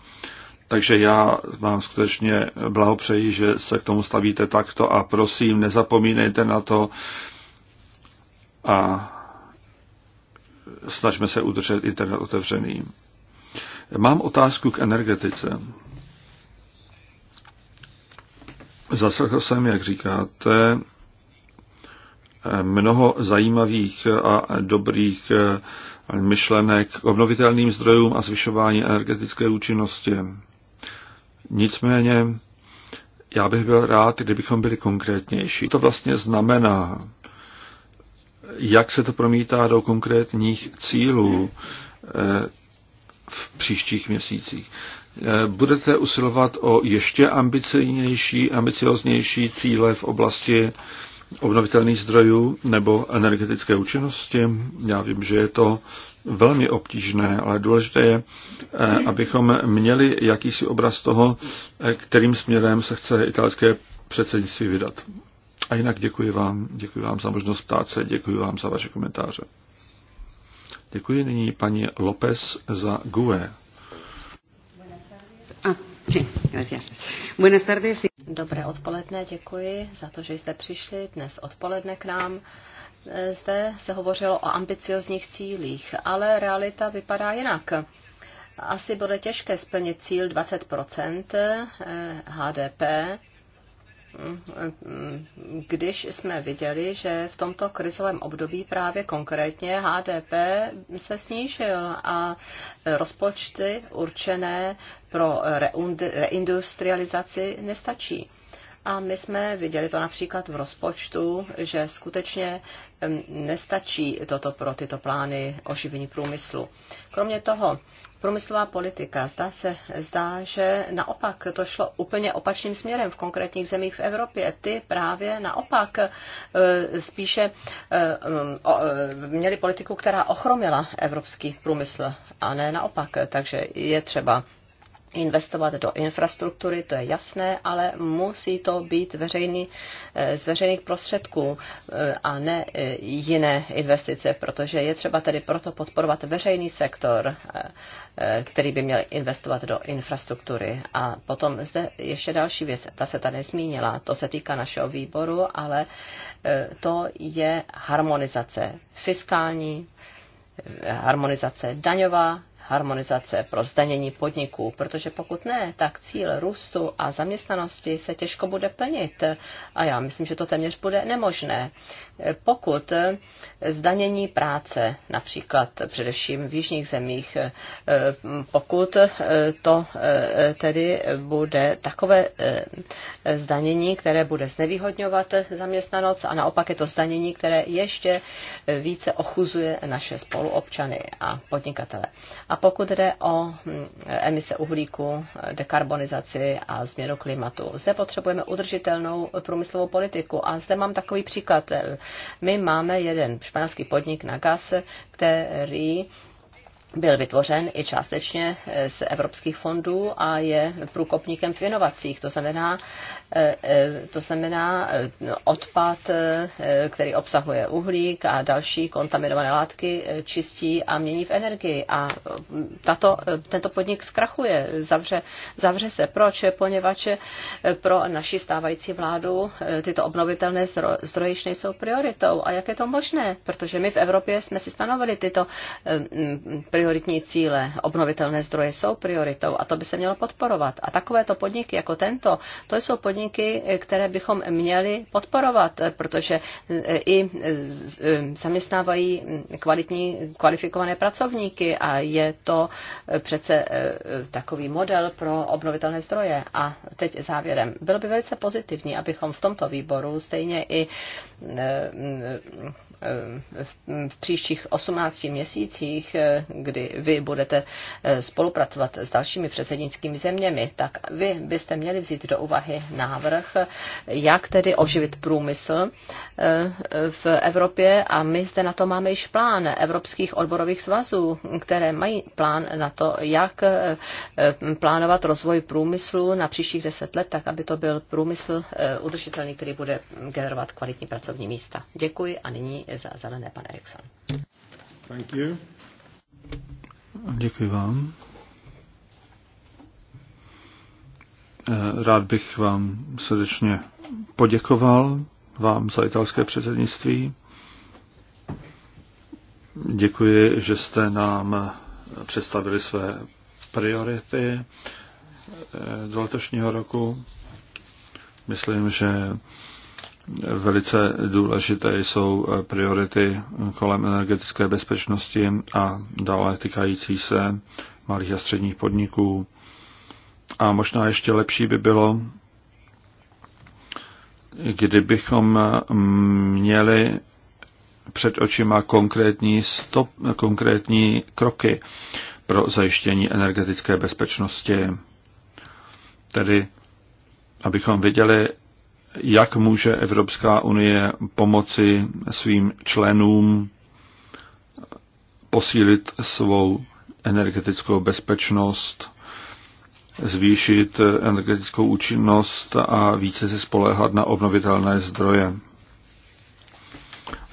S1: takže já vám skutečně blahopřeji, že se k tomu stavíte takto a prosím, nezapomínejte na to a snažme se udržet internet otevřený. Mám otázku k energetice. Zaslechl jsem, jak říkáte, mnoho zajímavých a dobrých myšlenek k obnovitelným zdrojům a zvyšování energetické účinnosti. Nicméně já bych byl rád, kdybychom byli konkrétnější. To vlastně znamená, jak se to promítá do konkrétních cílů eh, v příštích měsících. Eh, budete usilovat o ještě ambicinější, ambicioznější cíle v oblasti obnovitelných zdrojů nebo energetické účinnosti. Já vím, že je to velmi obtížné, ale důležité je, eh, abychom měli jakýsi obraz toho, eh, kterým směrem se chce italské předsednictví vydat. A jinak děkuji vám, děkuji vám za možnost ptát se, děkuji vám za vaše komentáře. Děkuji nyní paní López za GUE.
S2: Ah, sí, gracias. Buenas tardes. Dobré odpoledne, děkuji za to, že jste přišli dnes odpoledne k nám. Zde se hovořilo o ambiciozních cílích, ale realita vypadá jinak. Asi bude těžké splnit cíl 20 eh, HDP když jsme viděli, že v tomto krizovém období právě konkrétně HDP se snížil a rozpočty určené pro reindustrializaci nestačí. A my jsme viděli to například v rozpočtu, že skutečně nestačí toto pro tyto plány oživení průmyslu. Kromě toho průmyslová politika. Zdá se, zdá, že naopak to šlo úplně opačným směrem v konkrétních zemích v Evropě. Ty právě naopak e, spíše e, e, měli politiku, která ochromila evropský průmysl a ne naopak. Takže je třeba investovat do infrastruktury, to je jasné, ale musí to být veřejný, eh, z veřejných prostředků eh, a ne eh, jiné investice, protože je třeba tedy proto podporovat veřejný sektor, který by měl investovat do infrastruktury. A potom zde ještě další věc, ta se tady zmínila, to se týká našeho výboru, ale to je harmonizace fiskální, harmonizace daňová, harmonizace pro zdanění podniků, protože pokud ne, tak cíl růstu a zaměstnanosti se těžko bude plnit. A já myslím, že to téměř bude nemožné. Pokud zdanění práce, například především v jižních zemích, pokud to tedy bude takové zdanění, které bude znevýhodňovat zaměstnanost a naopak je to zdanění, které ještě více ochuzuje naše spoluobčany a podnikatele. A pokud jde o hm, emise uhlíku, dekarbonizaci a změnu klimatu, zde potřebujeme udržitelnou průmyslovou politiku. A zde mám takový příklad. My máme jeden španělský podnik na gas, který byl vytvořen i částečně eh, z evropských fondů a je průkopníkem v inovacích. To znamená, eh, eh, to znamená odpad, který obsahuje uhlík a další kontaminované látky, čistí a mění v energii. A mm, tato, tento podnik zkrachuje, zavře, zavře se. Proč? Poněvadž pro naši stávající vládu tyto obnovitelné zdroje již nejsou prioritou. A jak je to možné? Protože my v Evropě jsme si stanovili tyto mm, prioritní cíle, obnovitelné zdroje jsou prioritou a to by se mělo podporovat. A takovéto podniky jako tento, to jsou podniky, které bychom měli podporovat, protože e, i e, zaměstnávají kvalitní, kvalifikované pracovníky a je to e, přece takový model pro obnovitelné zdroje. A teď závěrem. Bylo by velice pozitivní, abychom v tomto výboru stejně i v příštích 18 měsících, kdy vy budete eh, spolupracovat s dalšími předsednickými zeměmi, tak vy byste měli vzít do úvahy návrh, jak tedy oživit průmysl eh, v Evropě a my zde na to máme již plán evropských odborových svazů, které mají plán na to, jak eh, plánovat rozvoj průmyslu na příštích deset let, tak aby to byl průmysl udržitelný, který bude generovat kvalitní pracovní místa. Děkuji a nyní za zelené, pan Eriksson.
S1: Thank you. Děkuji vám. Eh, rád bych vám srdečně poděkoval, vám za italské předsednictví. Děkuji, že jste nám eh, představili své priority eh, do letošního roku. Myslím, že Velice důležité jsou eh, priority kolem energetické bezpečnosti a dále týkající se malých a středních podniků. A možná ještě lepší by bylo, kdybychom mm, měli před očima konkrétní, stop, konkrétní kroky pro zajištění energetické bezpečnosti. Tedy, abychom viděli, jak může Evropská unie pomoci svým členům posílit svou energetickou bezpečnost, zvýšit energetickou účinnost a více se spoléhat na obnovitelné zdroje.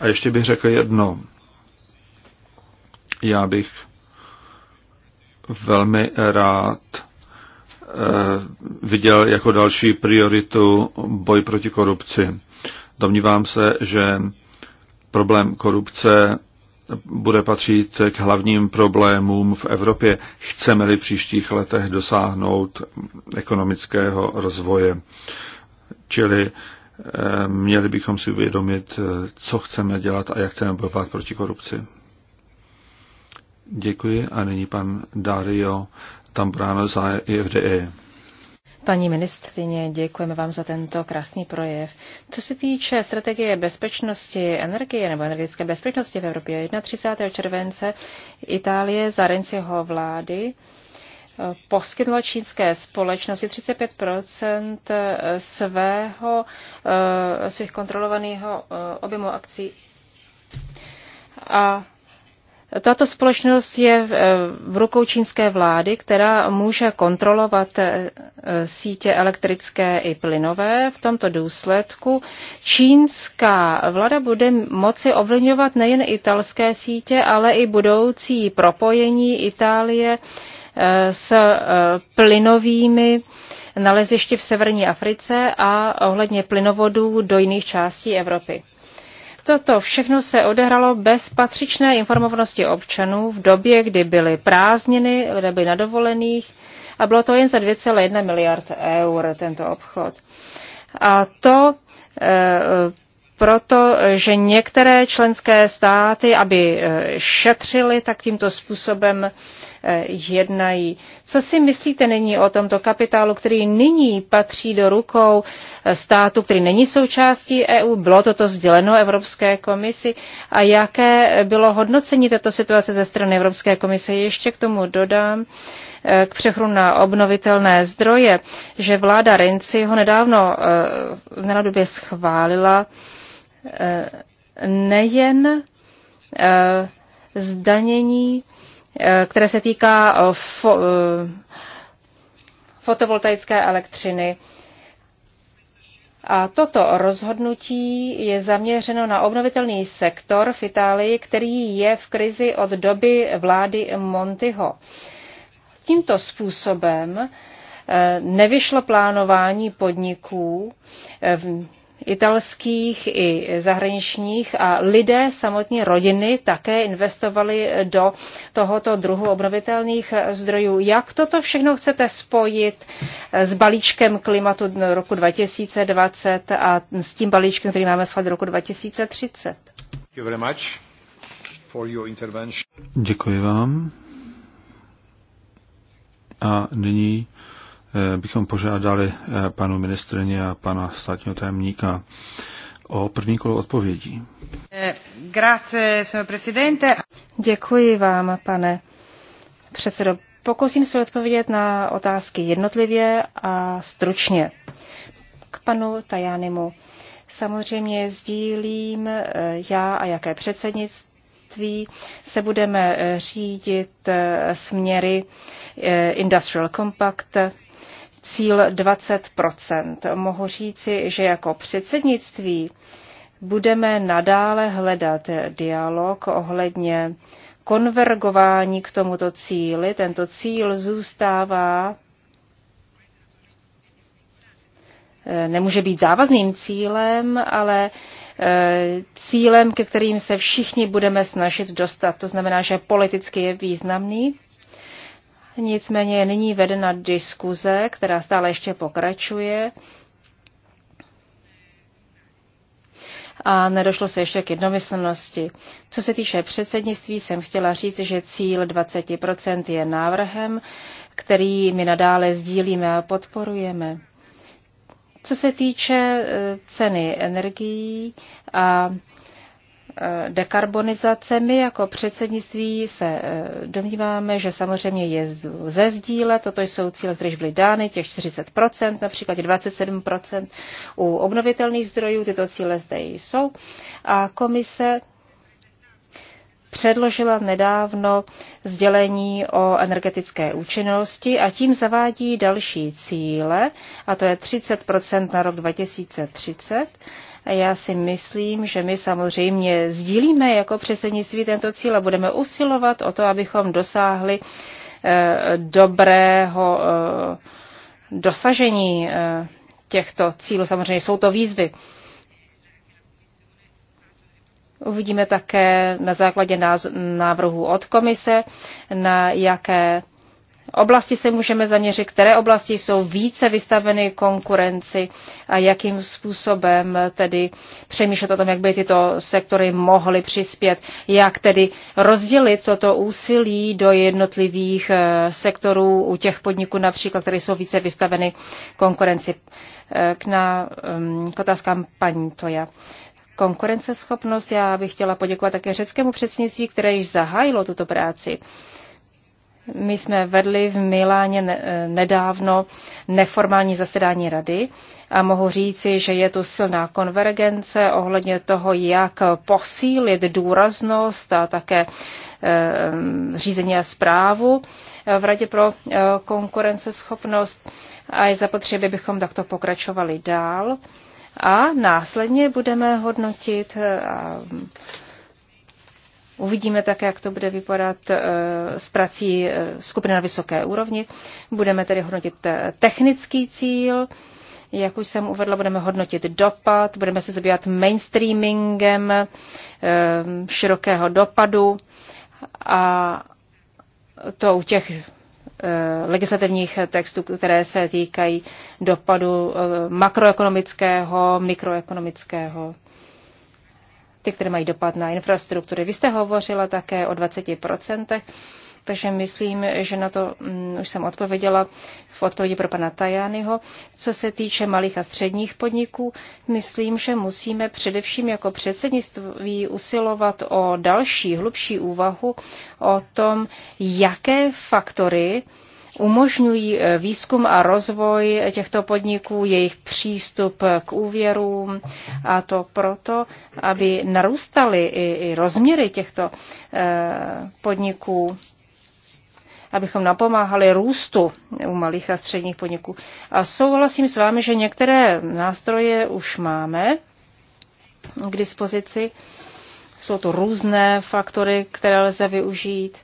S1: A ještě bych řekl jedno. Já bych velmi rád Eh, viděl jako další prioritu boj proti korupci. Domnívám se, že problém korupce bude patřit k hlavním problémům v Evropě, chceme-li v příštích letech dosáhnout ekonomického rozvoje. Čili eh, měli bychom si uvědomit, eh, co chceme dělat a jak chceme bojovat proti korupci. Děkuji a nyní pan Dario tam bráno za IFDE.
S3: Paní ministrině, děkujeme vám za tento krásný projev. Co se týče strategie bezpečnosti energie nebo energetické bezpečnosti v Evropě, 31. července Itálie za Renciho vlády eh, poskytnula čínské společnosti 35 eh, svého, eh, svých kontrolovaného objemu akcí. A tato společnost je eh, v rukou čínské vlády, která může kontrolovat eh, sítě elektrické i plynové. V tomto důsledku čínská vláda bude moci ovlivňovat nejen italské sítě, ale i budoucí propojení Itálie eh, s plynovými naleziště v severní Africe a ohledně plynovodů do jiných částí Evropy. Toto všechno se odehralo bez patřičné informovanosti občanů v době, kdy byly prázdniny, kdy byly na dovolených a bylo to jen za 2,1 miliard eur tento obchod. A to eh, proto, že některé členské státy, aby eh, šetřili, tak tímto způsobem eh, jednají. Co si myslíte nyní o tomto kapitálu, který nyní patří do rukou eh, státu, který není součástí EU? Bylo toto sděleno Evropské komisi? A jaké bylo hodnocení této situace ze strany Evropské komise? Ještě k tomu dodám, k přechodu na obnovitelné zdroje, že vláda Renci ho nedávno eh, v nenadobě schválila eh, nejen eh, zdanění, které se týká fo, fotovoltaické elektřiny. A toto rozhodnutí je zaměřeno na obnovitelný sektor v Itálii, který je v krizi od doby vlády Montiho. Tímto způsobem eh, nevyšlo plánování podniků eh, italských i zahraničních a lidé, samotní rodiny, také investovali eh, do tohoto druhu obnovitelných zdrojů. Jak toto všechno chcete spojit s balíčkem klimatu do roku 2020 a s tím balíčkem, který máme schválit do roku 2030?
S1: Děkuji vám a nyní eh, bychom požádali eh, panu ministrině a pana státního tajemníka o první kolo odpovědí.
S3: Eh, Děkuji vám, pane předsedo. Pokusím se odpovědět na otázky jednotlivě a stručně. K panu Tajánimu. Samozřejmě sdílím já a jaké předsednictví odvětví se budeme eh, řídit eh, směry eh, Industrial Compact, cíl 20 Mohu říci, že jako předsednictví budeme nadále hledat dialog ohledně konvergování k tomuto cíli. Tento cíl zůstává nemůže být závazným cílem, ale Eh, cílem, ke kterým se všichni budeme snažit dostat. To znamená, že politicky je významný. Nicméně je nyní vedena diskuze, která stále ještě pokračuje. a nedošlo se ještě k jednomyslnosti. Co se týče předsednictví, jsem chtěla říct, že cíl 20% je návrhem, který my nadále sdílíme a podporujeme. Co se týče eh, ceny energií a eh, dekarbonizace, my jako předsednictví se eh, domníváme, že samozřejmě je ze sdíle, toto jsou cíle, které byly dány, těch 40%, například 27% u obnovitelných zdrojů, tyto cíle zde jsou. A komise předložila nedávno sdělení o energetické účinnosti a tím zavádí další cíle, a to je 30 na rok 2030. A já si myslím, že my samozřejmě sdílíme jako předsednictví tento cíl a budeme usilovat o to, abychom dosáhli eh, dobrého eh, dosažení eh, těchto cílů. Samozřejmě jsou to výzvy. Uvidíme také na základě návrhu od komise, na jaké oblasti se můžeme zaměřit, které oblasti jsou více vystaveny konkurenci a jakým způsobem tedy přemýšlet o tom, jak by tyto sektory mohly přispět, jak tedy rozdělit toto úsilí do jednotlivých eh, sektorů u těch podniků například, které jsou více vystaveny konkurenci. Eh, k, na, mm, k otázkám paní Toja konkurenceschopnost. Já bych chtěla poděkovat také řeckému předsednictví, které již zahájilo tuto práci. My jsme vedli v Miláně eh, nedávno neformální zasedání rady a mohu říci, že je tu silná konvergence ohledně toho, jak posílit důraznost a také eh, řízení a zprávu eh, v Radě pro konkurenceschopnost a je zapotřebí, bychom takto pokračovali dál a následně budeme hodnotit eh, a uvidíme také, jak to bude vypadat eh, s prací eh, skupiny na vysoké úrovni. Budeme tedy hodnotit technický cíl, jak už jsem uvedla, budeme hodnotit dopad, budeme se zabývat mainstreamingem širokého dopadu a to u těch Eh, legislativních textů, které se týkají dopadu eh, makroekonomického, mikroekonomického, ty, které mají dopad na infrastruktury. Vy jste hovořila také o 20% takže myslím, že na to mm, už jsem odpověděla v odpovědi pro pana Tajányho. Co se týče malých a středních podniků, myslím, že musíme především jako předsednictví usilovat o další, hlubší úvahu o tom, jaké faktory umožňují eh, výzkum a rozvoj těchto podniků, jejich přístup k úvěrům a to proto, aby narůstaly i rozměry těchto eh, podniků abychom napomáhali růstu u malých a středních podniků. A souhlasím s vámi, že některé nástroje už máme k dispozici. Jsou to různé faktory, které lze využít.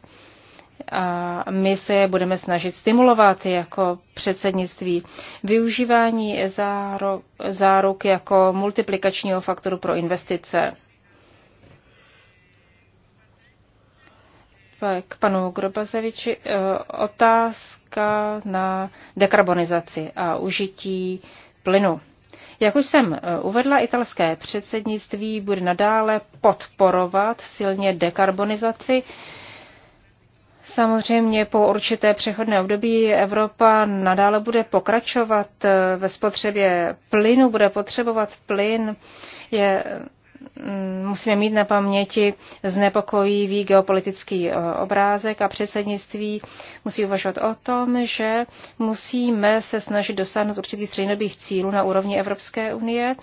S3: A my se je budeme snažit stimulovat jako předsednictví. Využívání záruk, záruk jako multiplikačního faktoru pro investice k panu Grobazeviči. Eh, otázka na dekarbonizaci a užití plynu. Jak už jsem eh, uvedla, italské předsednictví bude nadále podporovat silně dekarbonizaci. Samozřejmě po určité přechodné období Evropa nadále bude pokračovat eh, ve spotřebě plynu, bude potřebovat plyn. Je Mm, musíme mít na paměti znepokojivý geopolitický eh, obrázek a předsednictví musí uvažovat o tom, že musíme se snažit dosáhnout určitých střednědobých cílů na úrovni Evropské unie.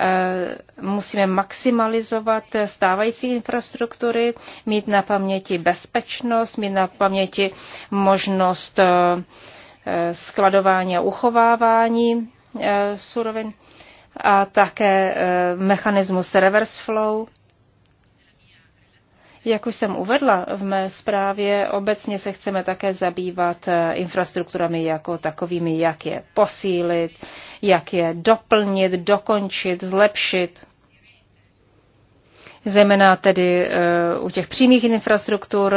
S3: Eh, musíme maximalizovat stávající infrastruktury, mít na paměti bezpečnost, mít na paměti možnost eh, skladování a uchovávání surovin a také e, mechanismus reverse flow. Jak už jsem uvedla v mé zprávě, obecně se chceme také zabývat e, infrastrukturami jako takovými, jak je posílit, jak je doplnit, dokončit, zlepšit. Zejména tedy e, u těch přímých infrastruktur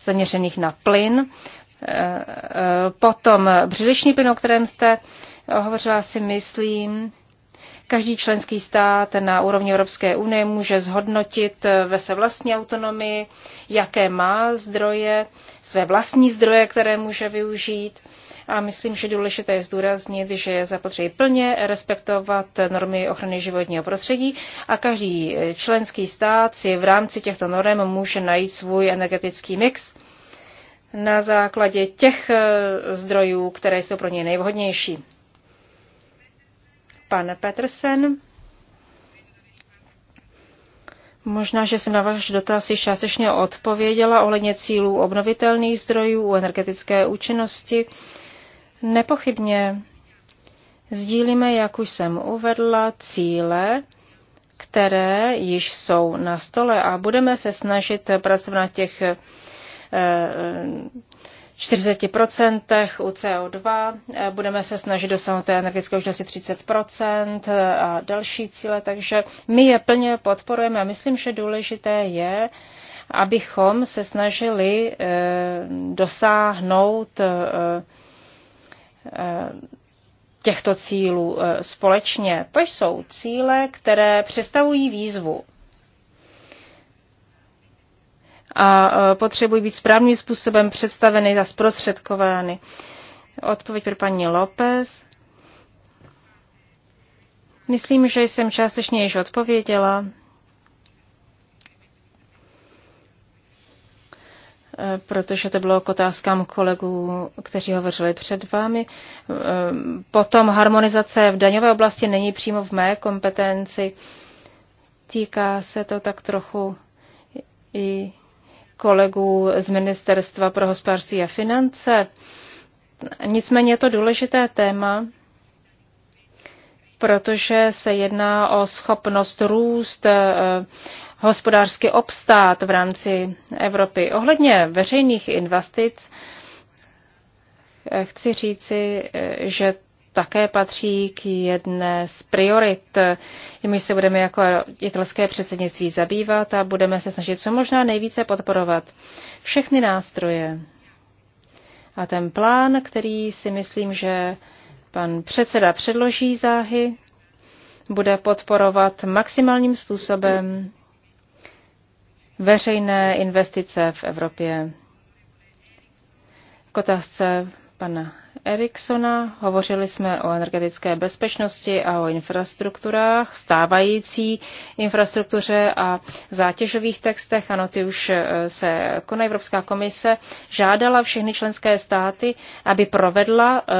S3: zaměřených na plyn. Potom břidliční plyn, o kterém jste hovořila, si myslím, Každý členský stát na úrovni Evropské unie může zhodnotit eh, ve své vlastní autonomii, jaké má zdroje, své vlastní zdroje, které může využít. A myslím, že důležité je zdůraznit, že je zapotřebí plně respektovat normy ochrany životního prostředí a každý eh, členský stát si v rámci těchto norm může najít svůj energetický mix na základě těch eh, zdrojů, které jsou pro něj nejvhodnější pan Petersen. Možná, že jsem na váš dotaz již částečně odpověděla ohledně cílů obnovitelných zdrojů u energetické účinnosti. Nepochybně sdílíme, jak už jsem uvedla, cíle, které již jsou na stole a budeme se snažit pracovat na těch eh, 40 u CO2. Budeme se snažit dosáhnout té energetické účinnosti 30 a další cíle, takže my je plně podporujeme a myslím, že důležité je, abychom se snažili eh, dosáhnout eh, eh, těchto cílů společně. To jsou cíle, které představují výzvu a e, potřebují být správným způsobem představeny a zprostředkovány. Odpověď pro paní López. Myslím, že jsem částečně již odpověděla. E, protože to bylo k otázkám kolegů, kteří hovořili před vámi. E, potom harmonizace v daňové oblasti není přímo v mé kompetenci. Týká se to tak trochu i kolegů z Ministerstva pro hospodářství a finance. Nicméně je to důležité téma, protože se jedná o schopnost růst eh, hospodářsky obstát v rámci Evropy. Ohledně veřejných investic eh, chci říci, eh, že také patří k jedné z priorit, my se budeme jako italské předsednictví zabývat a budeme se snažit co možná nejvíce podporovat všechny nástroje. A ten plán, který si myslím, že pan předseda předloží záhy, bude podporovat maximálním způsobem veřejné investice v Evropě. K otázce pana Eriksona. Hovořili jsme o energetické bezpečnosti a o infrastrukturách, stávající infrastruktuře a zátěžových textech. Ano, ty už eh, se koná Evropská komise žádala všechny členské státy, aby provedla eh,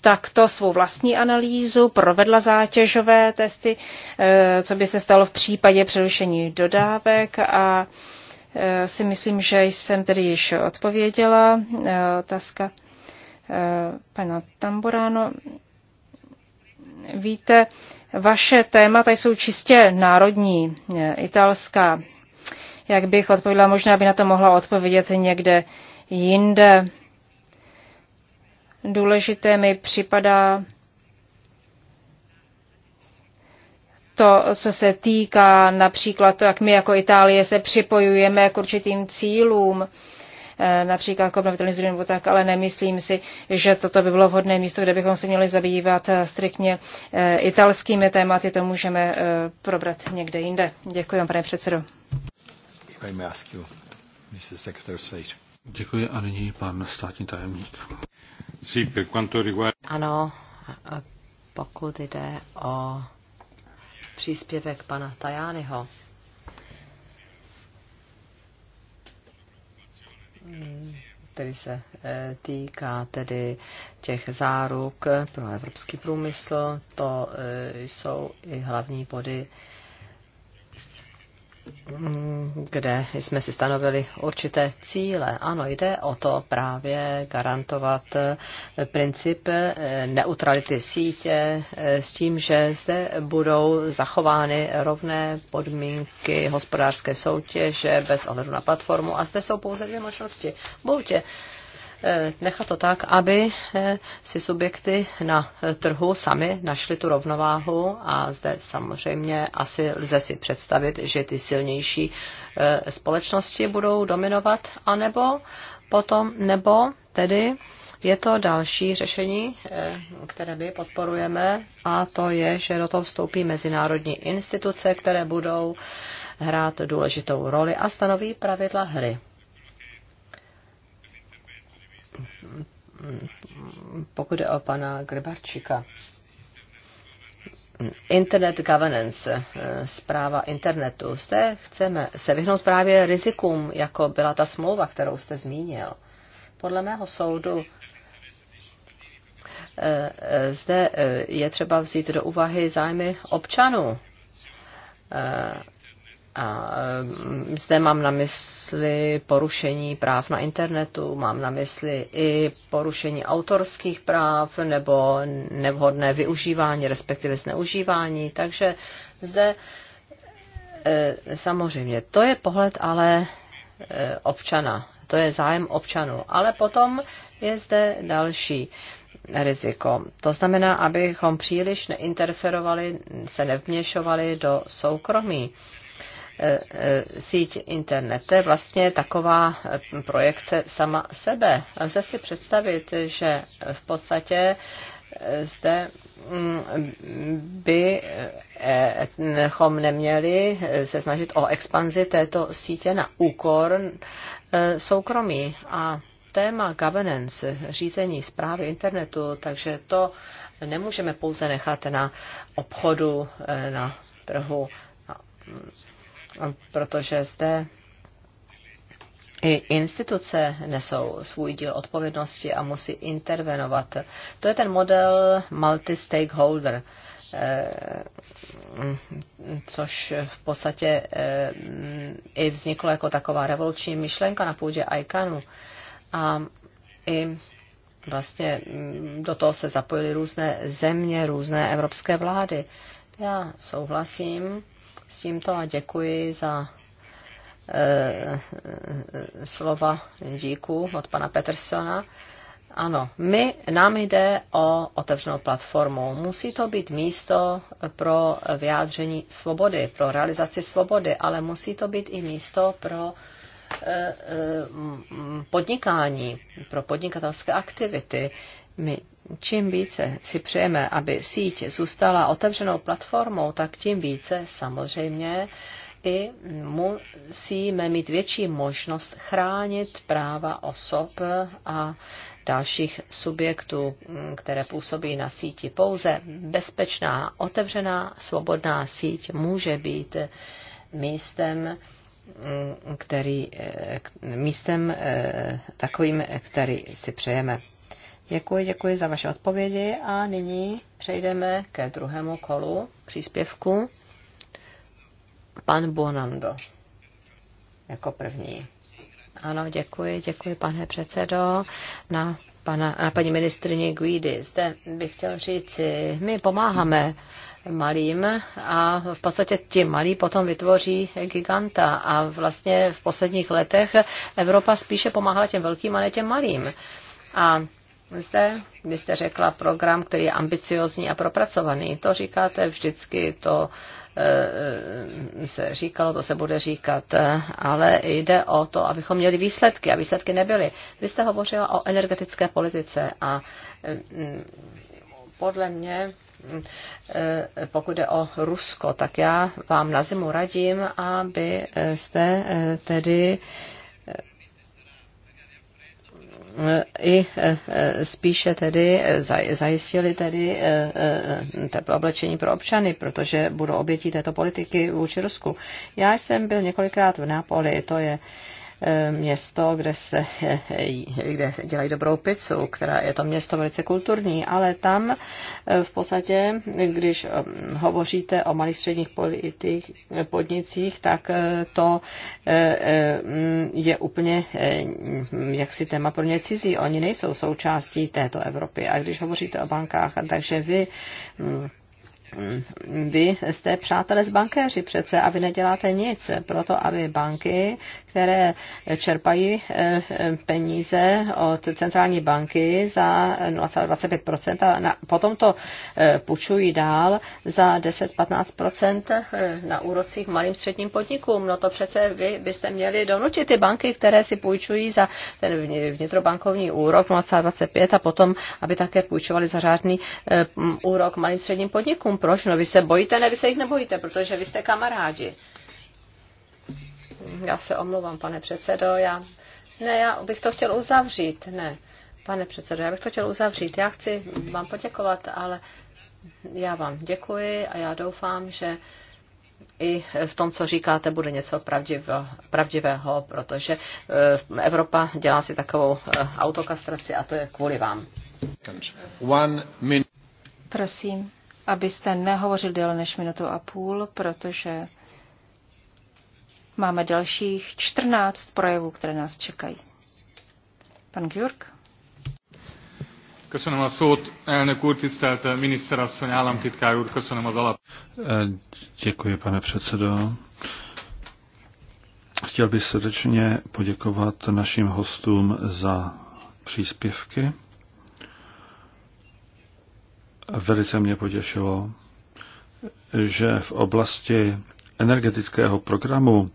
S3: takto svou vlastní analýzu, provedla zátěžové testy, eh, co by se stalo v případě přerušení dodávek a si myslím, že jsem tedy již odpověděla. Otázka Eh, pana Tamboráno. Víte, vaše témata jsou čistě národní, eh, italská. Jak bych odpověděla, možná by na to mohla odpovědět někde jinde. Důležité mi připadá to, co se týká například to, jak my jako Itálie se připojujeme k určitým cílům Eh, například k jako obnovitelným zdrojům nebo tak, ale nemyslím si, že toto by bylo vhodné místo, kde bychom se měli zabývat eh, striktně eh, italskými tématy. To můžeme probrat někde jinde. Děkuji vám, pane předsedo.
S1: Děkuji a nyní pan státní tajemník.
S2: Ano, pokud jde o příspěvek pana Tajányho, který se eh, týká tedy těch záruk pro evropský průmysl. To eh, jsou i hlavní body kde jsme si stanovili určité cíle. Ano, jde o to právě garantovat eh, princip eh, neutrality sítě eh, s tím, že zde budou zachovány rovné podmínky hospodářské soutěže bez ohledu na platformu. A zde jsou pouze dvě možnosti. Buď Eh, nechat to tak, aby eh, si subjekty na eh, trhu sami našli tu rovnováhu a zde samozřejmě asi lze si představit, že ty silnější společnosti budou dominovat, anebo potom, nebo tedy je to další řešení, které my podporujeme, a to je, že do toho vstoupí mezinárodní instituce, které budou hrát důležitou roli a stanoví pravidla hry pokud jde o pana Grbarčika. Internet governance, eh, zpráva internetu. Zde chceme se vyhnout právě rizikům, jako byla ta smlouva, kterou jste zmínil. Podle mého soudu eh, eh, zde je třeba vzít do úvahy zájmy občanů a mm, zde mám na mysli porušení práv na internetu, mám na mysli i porušení autorských práv nebo nevhodné využívání, respektive zneužívání. Takže zde e, samozřejmě to je pohled ale e, občana, to je zájem občanů. Ale potom je zde další riziko. To znamená, abychom příliš neinterferovali, se nevměšovali do soukromí E, e, síť internet. To je vlastně taková e, projekce sama sebe. Lze si představit, že v podstatě zde mm, bychom neměli se snažit o expanzi této sítě na úkor soukromí. A téma governance, řízení zprávy internetu, takže to nemůžeme pouze nechat na obchodu, na trhu protože zde i instituce nesou svůj díl odpovědnosti a musí intervenovat. To je ten model multi-stakeholder, eh, což v podstatě eh, i vzniklo jako taková revoluční myšlenka na půdě ICANu. A i vlastně mm, do toho se zapojily různé země, různé evropské vlády. Já souhlasím s tímto a děkuji za eh, eh, slova díku od pana Petersona. Ano, my, nám jde o otevřenou platformu. Musí to být místo pro vyjádření svobody, pro realizaci svobody, ale musí to být i místo pro eh, podnikání, pro podnikatelské aktivity. My čím více si přejeme, aby síť zůstala otevřenou platformou, tak tím více samozřejmě i musíme mít větší možnost chránit práva osob a dalších subjektů, které působí na síti. Pouze bezpečná, otevřená, svobodná síť může být místem, který, eh, místem eh, takovým, který si přejeme. Děkuji, děkuji za vaše odpovědi a nyní přejdeme ke druhému kolu příspěvku. Pan Bonando jako první. Ano, děkuji, děkuji, pane předsedo, na, pana, na paní ministrině Guidi. Zde bych chtěl říci, my pomáháme malým a v podstatě ti malí potom vytvoří giganta a vlastně v posledních letech Evropa spíše pomáhala těm velkým a ne těm malým. A zde byste řekla program, který je ambiciozní a propracovaný. To říkáte vždycky, to eh, eh, se říkalo, to se bude říkat, eh, ale jde o to, abychom měli výsledky a výsledky nebyly. Vy jste hovořila o energetické politice a mm, podle mě, pokud jde o Rusko, tak já vám na zimu radím, abyste tedy i e, e, spíše tedy zajistili tedy e, teplé oblečení pro občany, protože budou obětí této politiky vůči Rusku. Já jsem byl několikrát v Nápoli, to je město, kde se kde dělají dobrou pizzu, která je to město velice kulturní, ale tam eh, v podstatě, když eh, hovoříte o malých středních politik, podnicích, tak eh, to je úplně jaksi téma pro ně cizí. Oni nejsou součástí této Evropy. A když hovoříte o bankách, takže vy hm, vy jste přátelé s bankéři přece a vy neděláte nic pro to, aby banky, které čerpají eh, eh, peníze od centrální banky za 0,25% a potom to eh, půjčují dál za 10-15% na úrocích malým středním podnikům. No to přece vy byste měli donutit ty banky, které si půjčují za ten vnitrobankovní úrok 0,25 a potom, aby také půjčovali za řádný úrok malým středním podnikům proč? No vy se bojíte, ne, vy se jich nebojíte, protože vy jste kamarádi. Já se omlouvám, pane předsedo, já... Ne, já bych to chtěl uzavřít, ne. Pane předsedo, já bych to chtěl uzavřít. Já chci vám poděkovat, ale já vám děkuji a já doufám, že i v tom, co říkáte, bude něco pravdivého, protože eh, Evropa dělá si takovou eh, autokastraci a to je kvůli vám.
S3: Prosím abyste nehovořil déle než minutu a půl, protože máme dalších 14 projevů, které nás čekají.
S1: Pan Gjurk? Köszönöm a szót, elnök úr, tisztelt miniszterasszony, államtitkár úr, köszönöm az alap. E, děkuji, pane předsedo. Chtěl bych srdečně poděkovat našim hostům za příspěvky. Velice mě potěšilo, že v oblasti energetického programu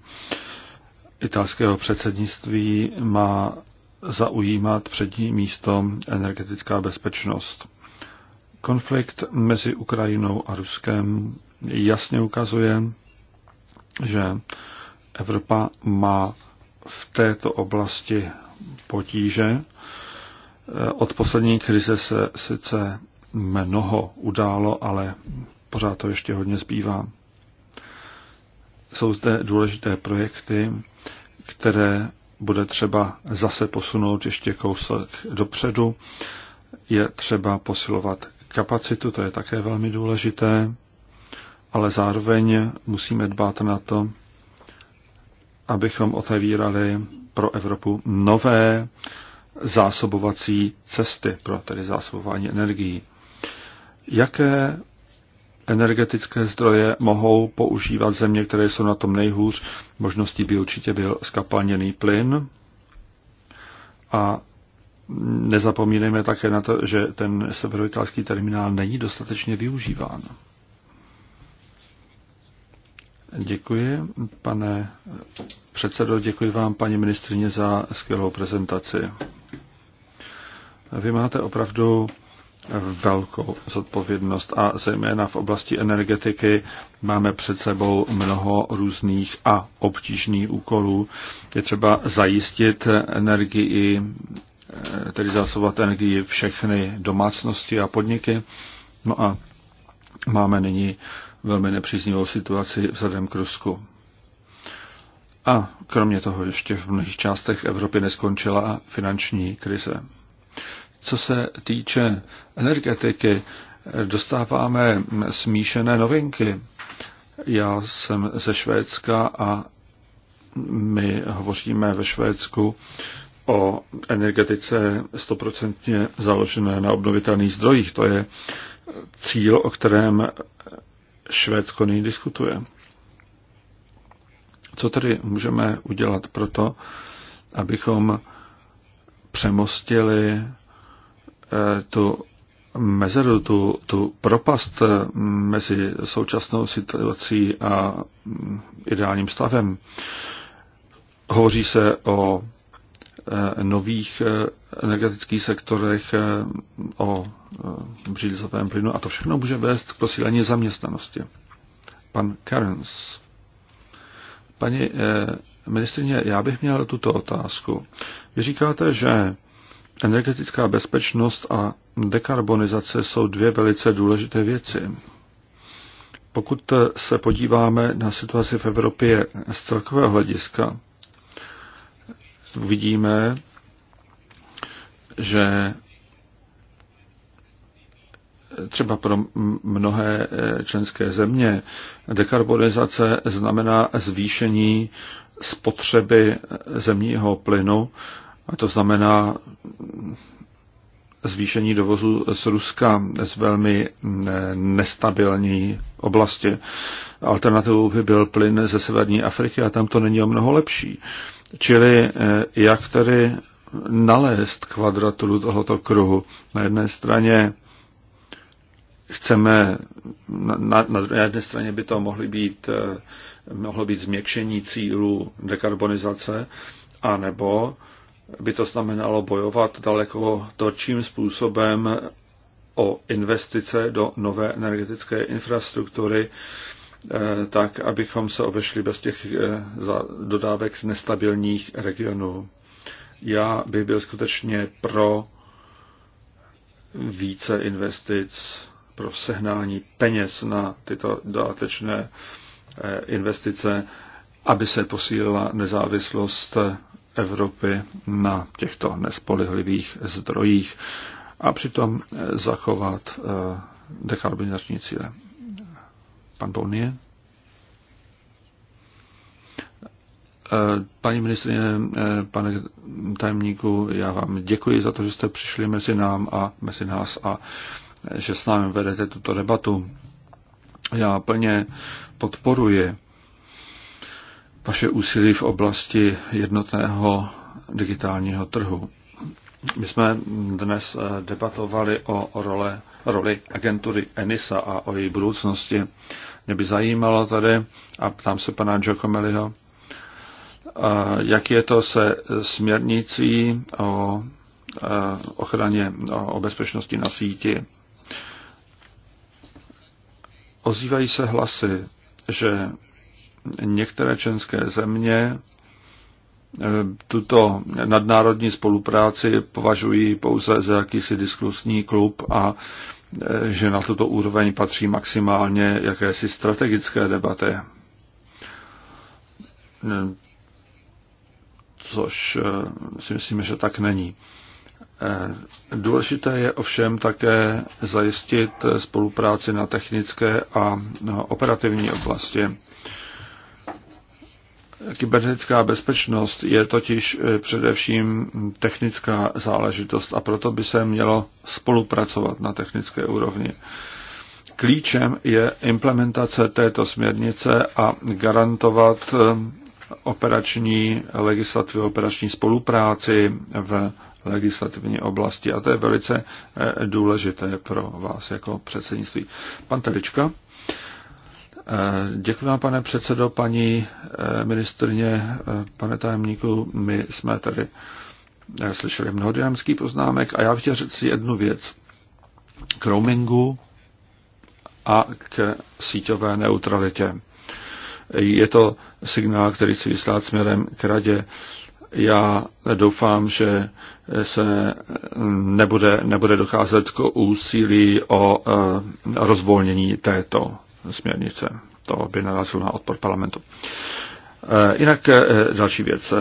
S1: italského předsednictví má zaujímat přední místo energetická bezpečnost. Konflikt mezi Ukrajinou a Ruskem jasně ukazuje, že Evropa má v této oblasti potíže. Od poslední krize se sice mnoho událo, ale pořád to ještě hodně zbývá. Jsou zde důležité projekty, které bude třeba zase posunout ještě kousek dopředu. Je třeba posilovat kapacitu, to je také velmi důležité, ale zároveň musíme dbát na to, abychom otevírali pro Evropu nové zásobovací cesty pro tedy zásobování energií jaké energetické zdroje mohou používat země, které jsou na tom nejhůř. Možností by určitě byl skapalněný plyn. A nezapomínejme také na to, že ten severoitalský terminál není dostatečně využíván. Děkuji, pane předsedo, děkuji vám, paní ministrině, za skvělou prezentaci. Vy máte opravdu velkou zodpovědnost a zejména v oblasti energetiky máme před sebou mnoho různých a obtížných úkolů. Je třeba zajistit energii, tedy zásobovat energii všechny domácnosti a podniky. No a máme nyní velmi nepříznivou situaci vzhledem k Rusku. A kromě toho ještě v mnohých částech Evropy neskončila finanční krize. Co se týče energetiky, dostáváme smíšené novinky. Já jsem ze Švédska a my hovoříme ve Švédsku o energetice stoprocentně založené na obnovitelných zdrojích. To je cíl, o kterém Švédsko nyní diskutuje. Co tedy můžeme udělat proto, abychom přemostili Eh, tu mezeru, tu, tu propast eh, mezi současnou situací a mm, ideálním stavem. Hovoří se o eh, nových energetických sektorech, o břízovém plynu a to všechno může vést k posílení zaměstnanosti. Pan Karens. Paní ministrině, já bych měl tuto otázku. Vy říkáte, že energetická bezpečnost a dekarbonizace jsou dvě velice důležité věci. Pokud se podíváme na situaci v Evropě z celkového hlediska, vidíme, že třeba pro mnohé eh, členské země dekarbonizace znamená zvýšení spotřeby eh, zemního plynu a to znamená zvýšení dovozu z Ruska z velmi mm, nestabilní oblasti. Alternativou by byl plyn ze severní Afriky a tam to není o mnoho lepší. Čili eh, jak tedy nalézt kvadraturu tohoto kruhu? Na jedné straně chceme, na, na, na jedné straně by to mohly být, eh, mohlo být změkšení cílu dekarbonizace, anebo by to znamenalo bojovat daleko torčím způsobem o investice do nové energetické infrastruktury, eh, tak, abychom se obešli bez těch eh, dodávek z nestabilních regionů. Já bych byl skutečně pro více investic, pro sehnání peněz na tyto dodatečné eh, investice, aby se posílila nezávislost Evropy na těchto nespolehlivých zdrojích a přitom eh, zachovat eh, dekarbonizační cíle. Pan Bonnie? Eh, paní ministrině, pane tajemníku, já vám děkuji za to, že jste přišli mezi nám a mezi nás a že s námi vedete tuto debatu. Já plně podporuji vaše úsilí v oblasti jednotného digitálního trhu. My jsme dnes eh, debatovali o role, roli agentury ENISA a o její budoucnosti. Mě by zajímalo tady, a ptám se pana Giacomelliho, eh, jak je to se směrnicí o eh, ochraně, o bezpečnosti na síti. Ozývají se hlasy, že některé členské země eh, tuto nadnárodní spolupráci považují pouze za jakýsi diskusní klub a eh, že na tuto úroveň patří maximálně jakési strategické debaty. Eh, což si myslíme, že tak není. Důležité je ovšem také zajistit spolupráci na technické a operativní oblasti. Kybernetická bezpečnost je totiž eh, především technická záležitost a proto by se mělo spolupracovat na technické úrovni. Klíčem je implementace této směrnice a garantovat eh, operační legislativu, operační spolupráci v legislativní oblasti. A to je velice eh, důležité pro vás jako předsednictví. Pan Telička. Eh, děkuji vám, pane předsedo, paní eh, ministrně, eh, pane tajemníku. My jsme tady slyšeli mnoho dynamických poznámek a já bych chtěl říct jednu věc k roamingu a k síťové neutralitě. Je to signál, který chci vyslát směrem k radě. Já doufám, že se nebude, nebude docházet k úsilí o rozvolnění této směrnice. To by narazilo na odpor parlamentu. Eh, jinak eh, další věc.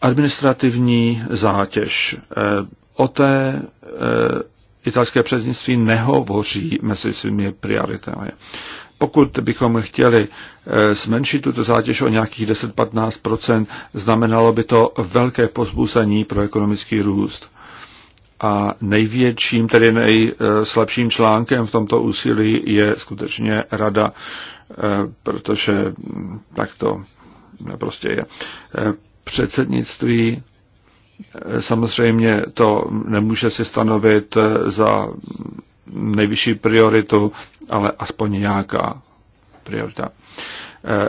S1: Administrativní zátěž. Eh, o té italské předsednictví nehovoří mezi svými prioritami. Pokud bychom chtěli zmenšit tuto zátěž o nějakých 10-15%, znamenalo by to velké pozbuzení pro ekonomický růst. A největším, tedy nejslabším článkem v tomto úsilí je skutečně rada, eh, protože hm, tak to prostě je. Eh, předsednictví eh, samozřejmě to nemůže si stanovit za hm, nejvyšší prioritu, ale aspoň nějaká priorita.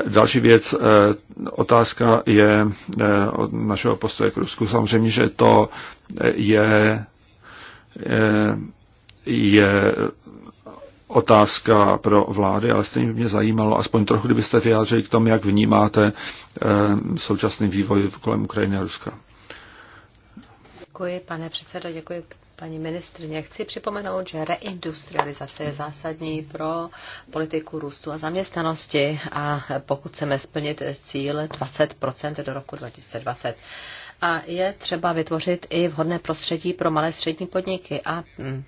S1: Další věc, otázka je od našeho postoje k Rusku. Samozřejmě, že to je je otázka pro vlády, ale stejně by mě zajímalo, aspoň trochu, kdybyste vyjádřili k tomu, jak vnímáte eh, současný vývoj kolem Ukrajiny a Ruska.
S2: Děkuji, pane předsedo, děkuji paní ministrně. Chci připomenout, že reindustrializace je zásadní pro politiku růstu a zaměstnanosti a pokud chceme splnit cíl 20% do roku 2020 a je třeba vytvořit i vhodné prostředí pro malé střední podniky a mm,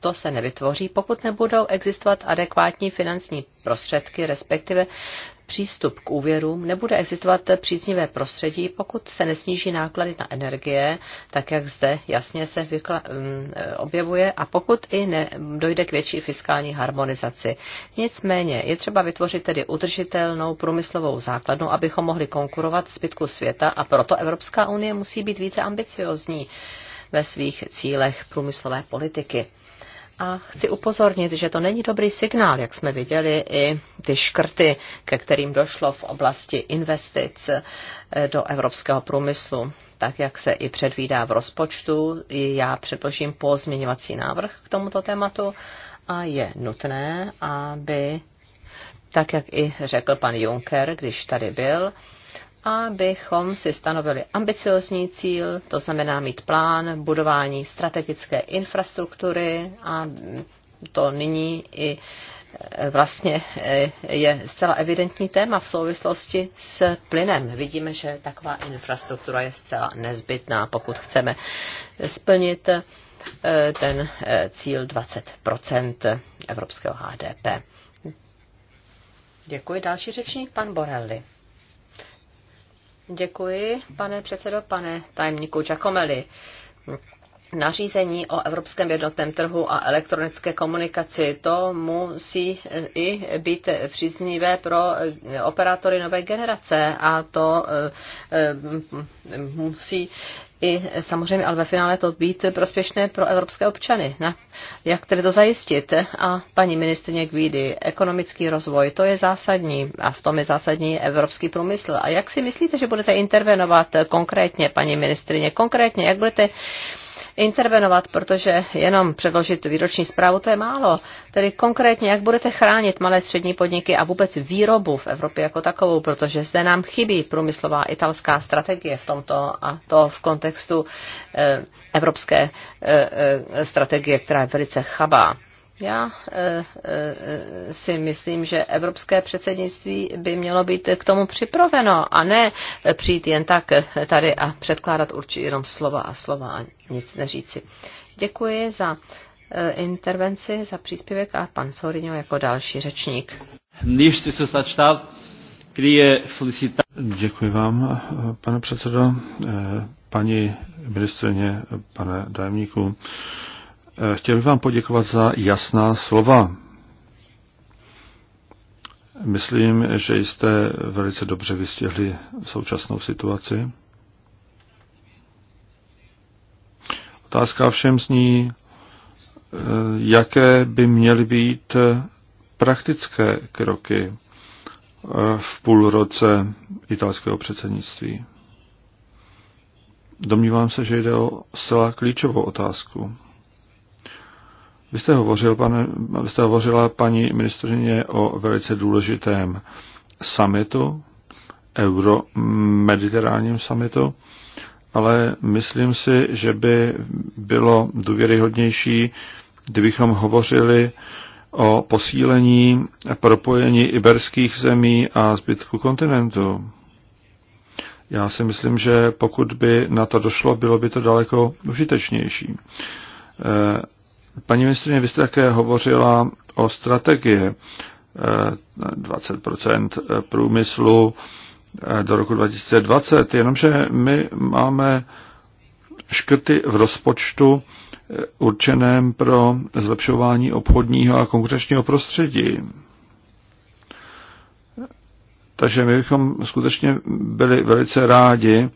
S2: to se nevytvoří, pokud nebudou existovat adekvátní finanční prostředky, respektive přístup k úvěrům, nebude existovat příznivé prostředí, pokud se nesníží náklady na energie, tak jak zde jasně se vykla- mm, objevuje, a pokud i ne- dojde k větší fiskální harmonizaci. Nicméně je třeba vytvořit tedy udržitelnou průmyslovou základnu, abychom mohli konkurovat zbytku světa a proto Evropská unie musí být více ambiciozní ve svých cílech průmyslové politiky. A chci upozornit, že to není dobrý signál, jak jsme viděli i ty škrty, ke kterým došlo v oblasti investic eh, do evropského průmyslu, tak jak se i předvídá v rozpočtu. Já předložím pozměňovací návrh k tomuto tématu a je nutné, aby, tak jak i řekl pan Juncker, když tady byl, abychom si stanovili ambiciozní cíl, to znamená mít plán budování strategické infrastruktury a to nyní i e, vlastně e, je zcela evidentní téma v souvislosti s plynem. Vidíme, že taková infrastruktura je zcela nezbytná, pokud chceme splnit e, ten cíl 20 evropského HDP. Děkuji. Další řečník, pan Borelli. Děkuji, pane předsedo, pane tajemníku Giacomelli. Nařízení o evropském jednotném trhu a elektronické komunikaci, to musí i být příznivé pro operátory nové generace a to eh, eh, musí i samozřejmě, ale ve finále to být prospěšné pro evropské občany. Ne? Jak tedy to zajistit? A paní ministrně Gvídy, ekonomický rozvoj, to je zásadní a v tom je zásadní evropský průmysl. A jak si myslíte, že budete intervenovat konkrétně, paní ministrině, konkrétně, jak budete uh, intervenovat, protože jenom předložit výroční zprávu, to je málo. Tedy konkrétně, jak budete chránit malé střední podniky a vůbec výrobu v Evropě jako takovou, protože zde nám chybí průmyslová italská strategie v tomto a to v kontextu eh, evropské eh, eh, strategie, která je velice chabá. Já eh, eh, si myslím, že evropské předsednictví by mělo být k tomu připraveno a ne eh, přijít jen tak tady a předkládat určitě jenom slova a slova a nic neříci. Děkuji za intervenci, za příspěvek a pan Sorino jako další řečník.
S1: Děkuji vám, pane předsedo, paní ministrině, pane dajemníku. Eh, chtěl bych vám poděkovat za jasná slova. Myslím, že jste velice dobře vystihli současnou situaci. Otázka všem zní, eh, jaké by měly být praktické kroky eh, v půl roce italského předsednictví. Domnívám se, že jde o zcela klíčovou otázku. Vy jste, hovořil, pane, vy jste hovořila, paní ministrině, o velice důležitém summitu, euromediteránním summitu, ale myslím si, že by bylo důvěryhodnější, kdybychom hovořili o posílení a propojení iberských zemí a zbytku kontinentu. Já si myslím, že pokud by na to došlo, bylo by to daleko užitečnější. Eh, Paní ministrině, vy jste také hovořila o strategii 20 eh, eh, průmyslu eh, do roku 2020, jenomže my máme škrty v rozpočtu určeném pro zlepšování obchodního a konkurenčního prostředí. Takže my bychom skutečně byli velice rádi,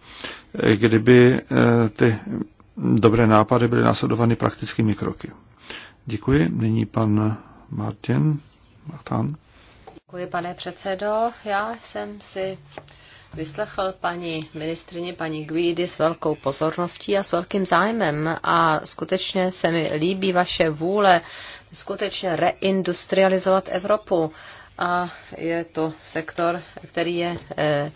S1: kdyby ty dobré nápady byly následovány praktickými kroky. Děkuji. Nyní pan Martin. Martin.
S2: Děkuji, pane předsedo. Já jsem si vyslechl paní ministrině, paní Guidi s velkou pozorností a s velkým zájmem a skutečně se mi líbí vaše vůle skutečně reindustrializovat Evropu. A je to sektor, který je eh,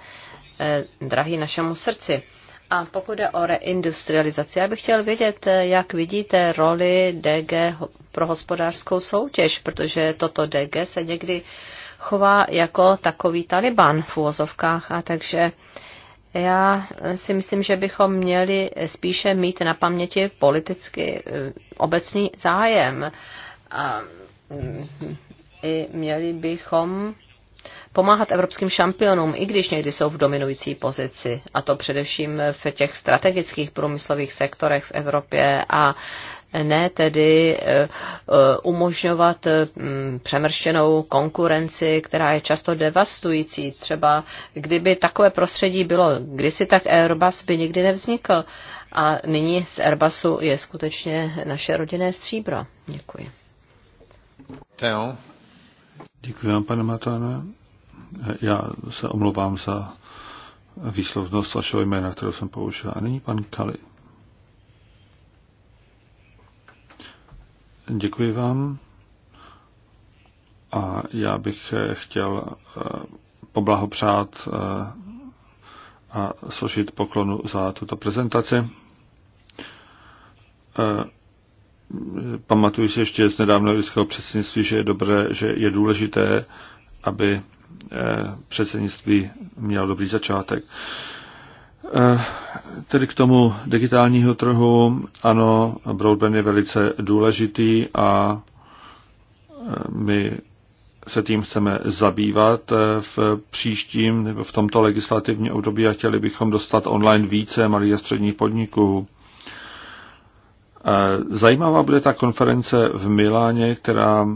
S2: eh, drahý našemu srdci. A pokud je o reindustrializaci, já bych chtěl vědět, jak vidíte roli DG pro hospodářskou soutěž, protože toto DG se někdy chová jako takový taliban v úvozovkách. A takže já si myslím, že bychom měli spíše mít na paměti politicky eh, obecný zájem. A mm, i měli bychom pomáhat evropským šampionům, i když někdy jsou v dominující pozici, a to především v těch strategických průmyslových sektorech v Evropě a ne tedy e, e, umožňovat mm, přemrštěnou konkurenci, která je často devastující. Třeba kdyby takové prostředí bylo kdysi, tak Airbus by nikdy nevznikl. A nyní z Airbusu je skutečně naše rodinné stříbro.
S1: Děkuji. Teo. Děkuji vám, pane Matana. Já se omlouvám za výslovnost vašeho jména, kterou jsem použil. A nyní pan Kali. Děkuji vám. A já bych eh, chtěl eh, poblahopřát eh, a složit poklonu za tuto prezentaci. Pamatuju si ještě z nedávno lidského předsednictví, že je dobré, že je důležité, aby Eh, předsednictví mělo dobrý začátek. Eh, tedy k tomu digitálního trhu, ano, broadband je velice důležitý a eh, my se tím chceme zabývat v příštím nebo v tomto legislativním období a chtěli bychom dostat online více malých a středních podniků. Zajímavá bude ta konference v Miláně, která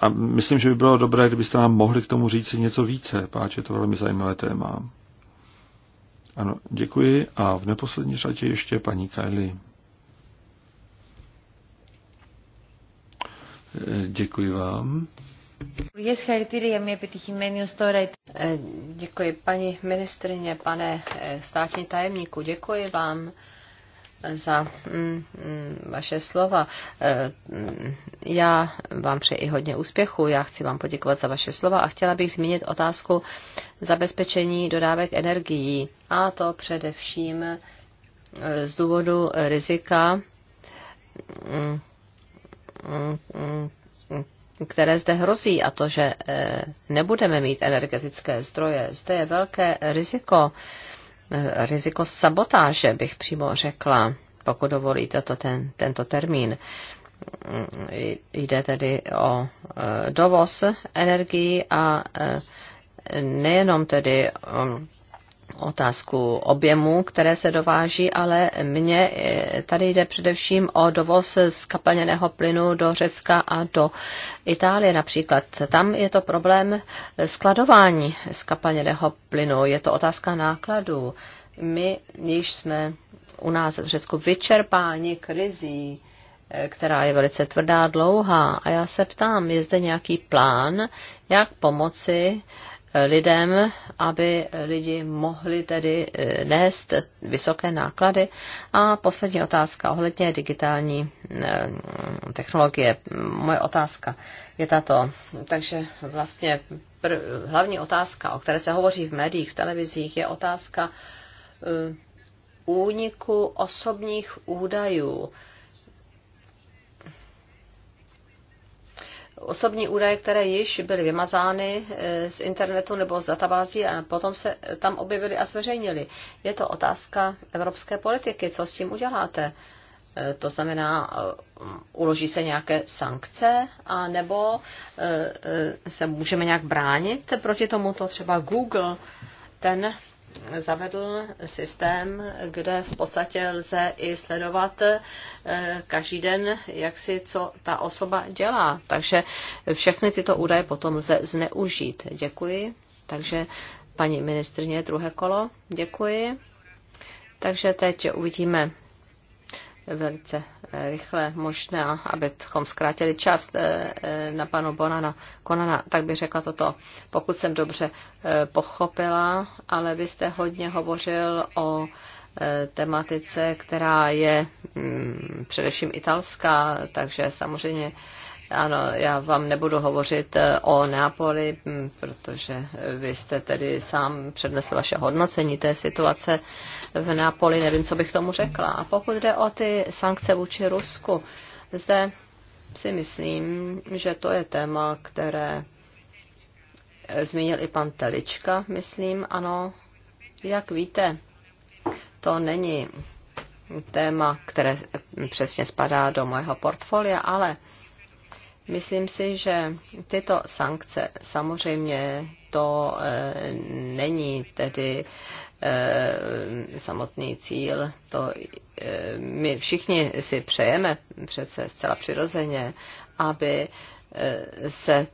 S1: a myslím, že by bylo dobré, kdybyste nám mohli k tomu říct něco více, páč je to velmi zajímavé téma. Ano, děkuji a v neposlední řadě ještě paní Kylie. Děkuji vám.
S2: Eh, děkuji paní ministrině, pane eh, státní tajemníku, děkuji vám za mm, mm, vaše slova. Eh, já vám přeji hodně úspěchu, já chci vám poděkovat za vaše slova a chtěla bych zmínit otázku zabezpečení dodávek energií, a to především eh, z důvodu rizika, mm, které zde hrozí, a to, že eh, nebudeme mít energetické zdroje. Zde je velké riziko, Eh, riziko sabotáže, bych přímo řekla, pokud dovolíte to ten, tento termín. Mm, jde tedy o eh, dovoz energii a eh, nejenom tedy mm, otázku objemu, které se dováží, ale mně eh, tady jde především o dovoz z kapalněného plynu do Řecka a do Itálie například. Tam je to problém skladování skapalněného plynu, je to otázka nákladů. My již jsme u nás v Řecku vyčerpáni krizí, eh, která je velice tvrdá, dlouhá. A já se ptám, je zde nějaký plán, jak pomoci lidem, aby lidi mohli tedy eh, nést vysoké náklady. A poslední otázka ohledně digitální eh, technologie. Moje otázka je tato. Takže vlastně hlavní otázka, o které se hovoří v médiích, v televizích, je otázka eh, úniku osobních údajů osobní údaje, které již byly vymazány eh, z internetu nebo z databází a potom se tam objevily a zveřejnily. Je to otázka evropské politiky, co s tím uděláte. Eh, to znamená, eh, uloží se nějaké sankce, a nebo se můžeme nějak bránit proti tomuto třeba Google, ten zavedl systém, kde v podstatě lze i sledovat eh, každý den, jak si co ta osoba dělá. Takže všechny tyto údaje potom lze zneužít. Děkuji. Takže paní ministrně druhé kolo. Děkuji. Takže teď uvidíme, velice eh, rychle možná, abychom zkrátili čas eh, eh, na panu Bonana Konana, tak bych řekla toto, pokud jsem dobře pochopila, ale vy jste hodně hovořil o tematice, která je mm, především italská, takže samozřejmě ano, já vám nebudu hovořit eh, o Neapoli, hm, protože vy jste tedy sám přednesl vaše hodnocení té situace v Neapoli, nevím, co bych tomu řekla. A pokud jde o ty sankce vůči Rusku, zde si myslím, že to je téma, které eh, zmínil i pan Telička, myslím, ano. Jak víte, to není téma, které hm, přesně spadá do mojeho portfolia, ale Myslím si, že tyto sankce samozřejmě to e, není tedy e, samotný cíl. To e, my všichni si přejeme přece zcela přirozeně, aby se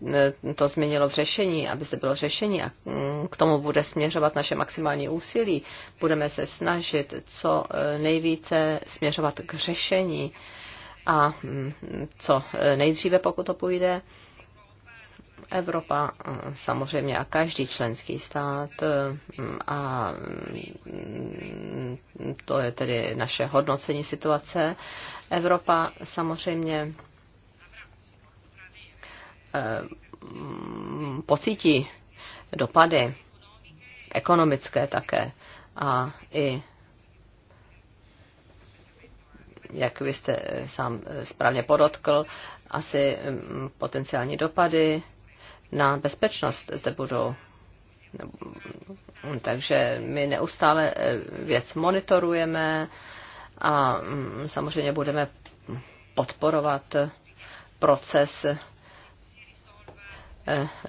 S2: to změnilo v řešení, aby se bylo řešení a mm, k tomu bude směřovat naše maximální úsilí. Budeme se snažit co nejvíce směřovat k řešení a mm, co e, nejdříve, pokud to půjde, Evropa e, samozřejmě a každý členský stát e, a mm, to je tedy naše hodnocení situace. Evropa samozřejmě mm, pocítí dopady ekonomické také a i jak vy jste eh, sám eh, správně podotkl, asi mm, potenciální dopady na bezpečnost zde budou. Mm, takže my neustále eh, věc monitorujeme a mm, samozřejmě budeme podporovat proces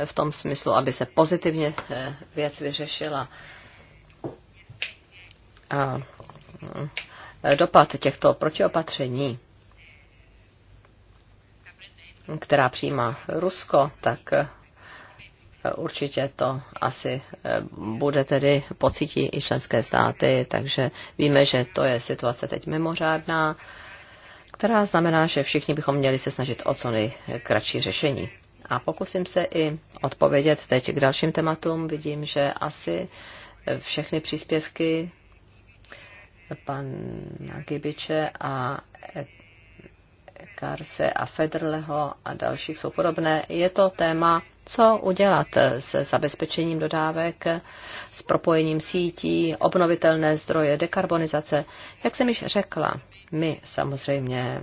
S2: v tom smyslu, aby se pozitivně věc vyřešila. A dopad těchto protiopatření, která přijímá Rusko, tak určitě to asi eh, bude tedy pocítí i členské státy, takže víme, že to je situace teď mimořádná, která znamená, že všichni bychom měli se snažit o co nejkratší řešení. A pokusím se i odpovědět teď k dalším tématům. Vidím, že asi všechny příspěvky pana Gibiče a Karse a Federleho a dalších jsou podobné. Je to téma, co udělat se zabezpečením dodávek, s propojením sítí, obnovitelné zdroje, dekarbonizace. Jak jsem již řekla, my samozřejmě,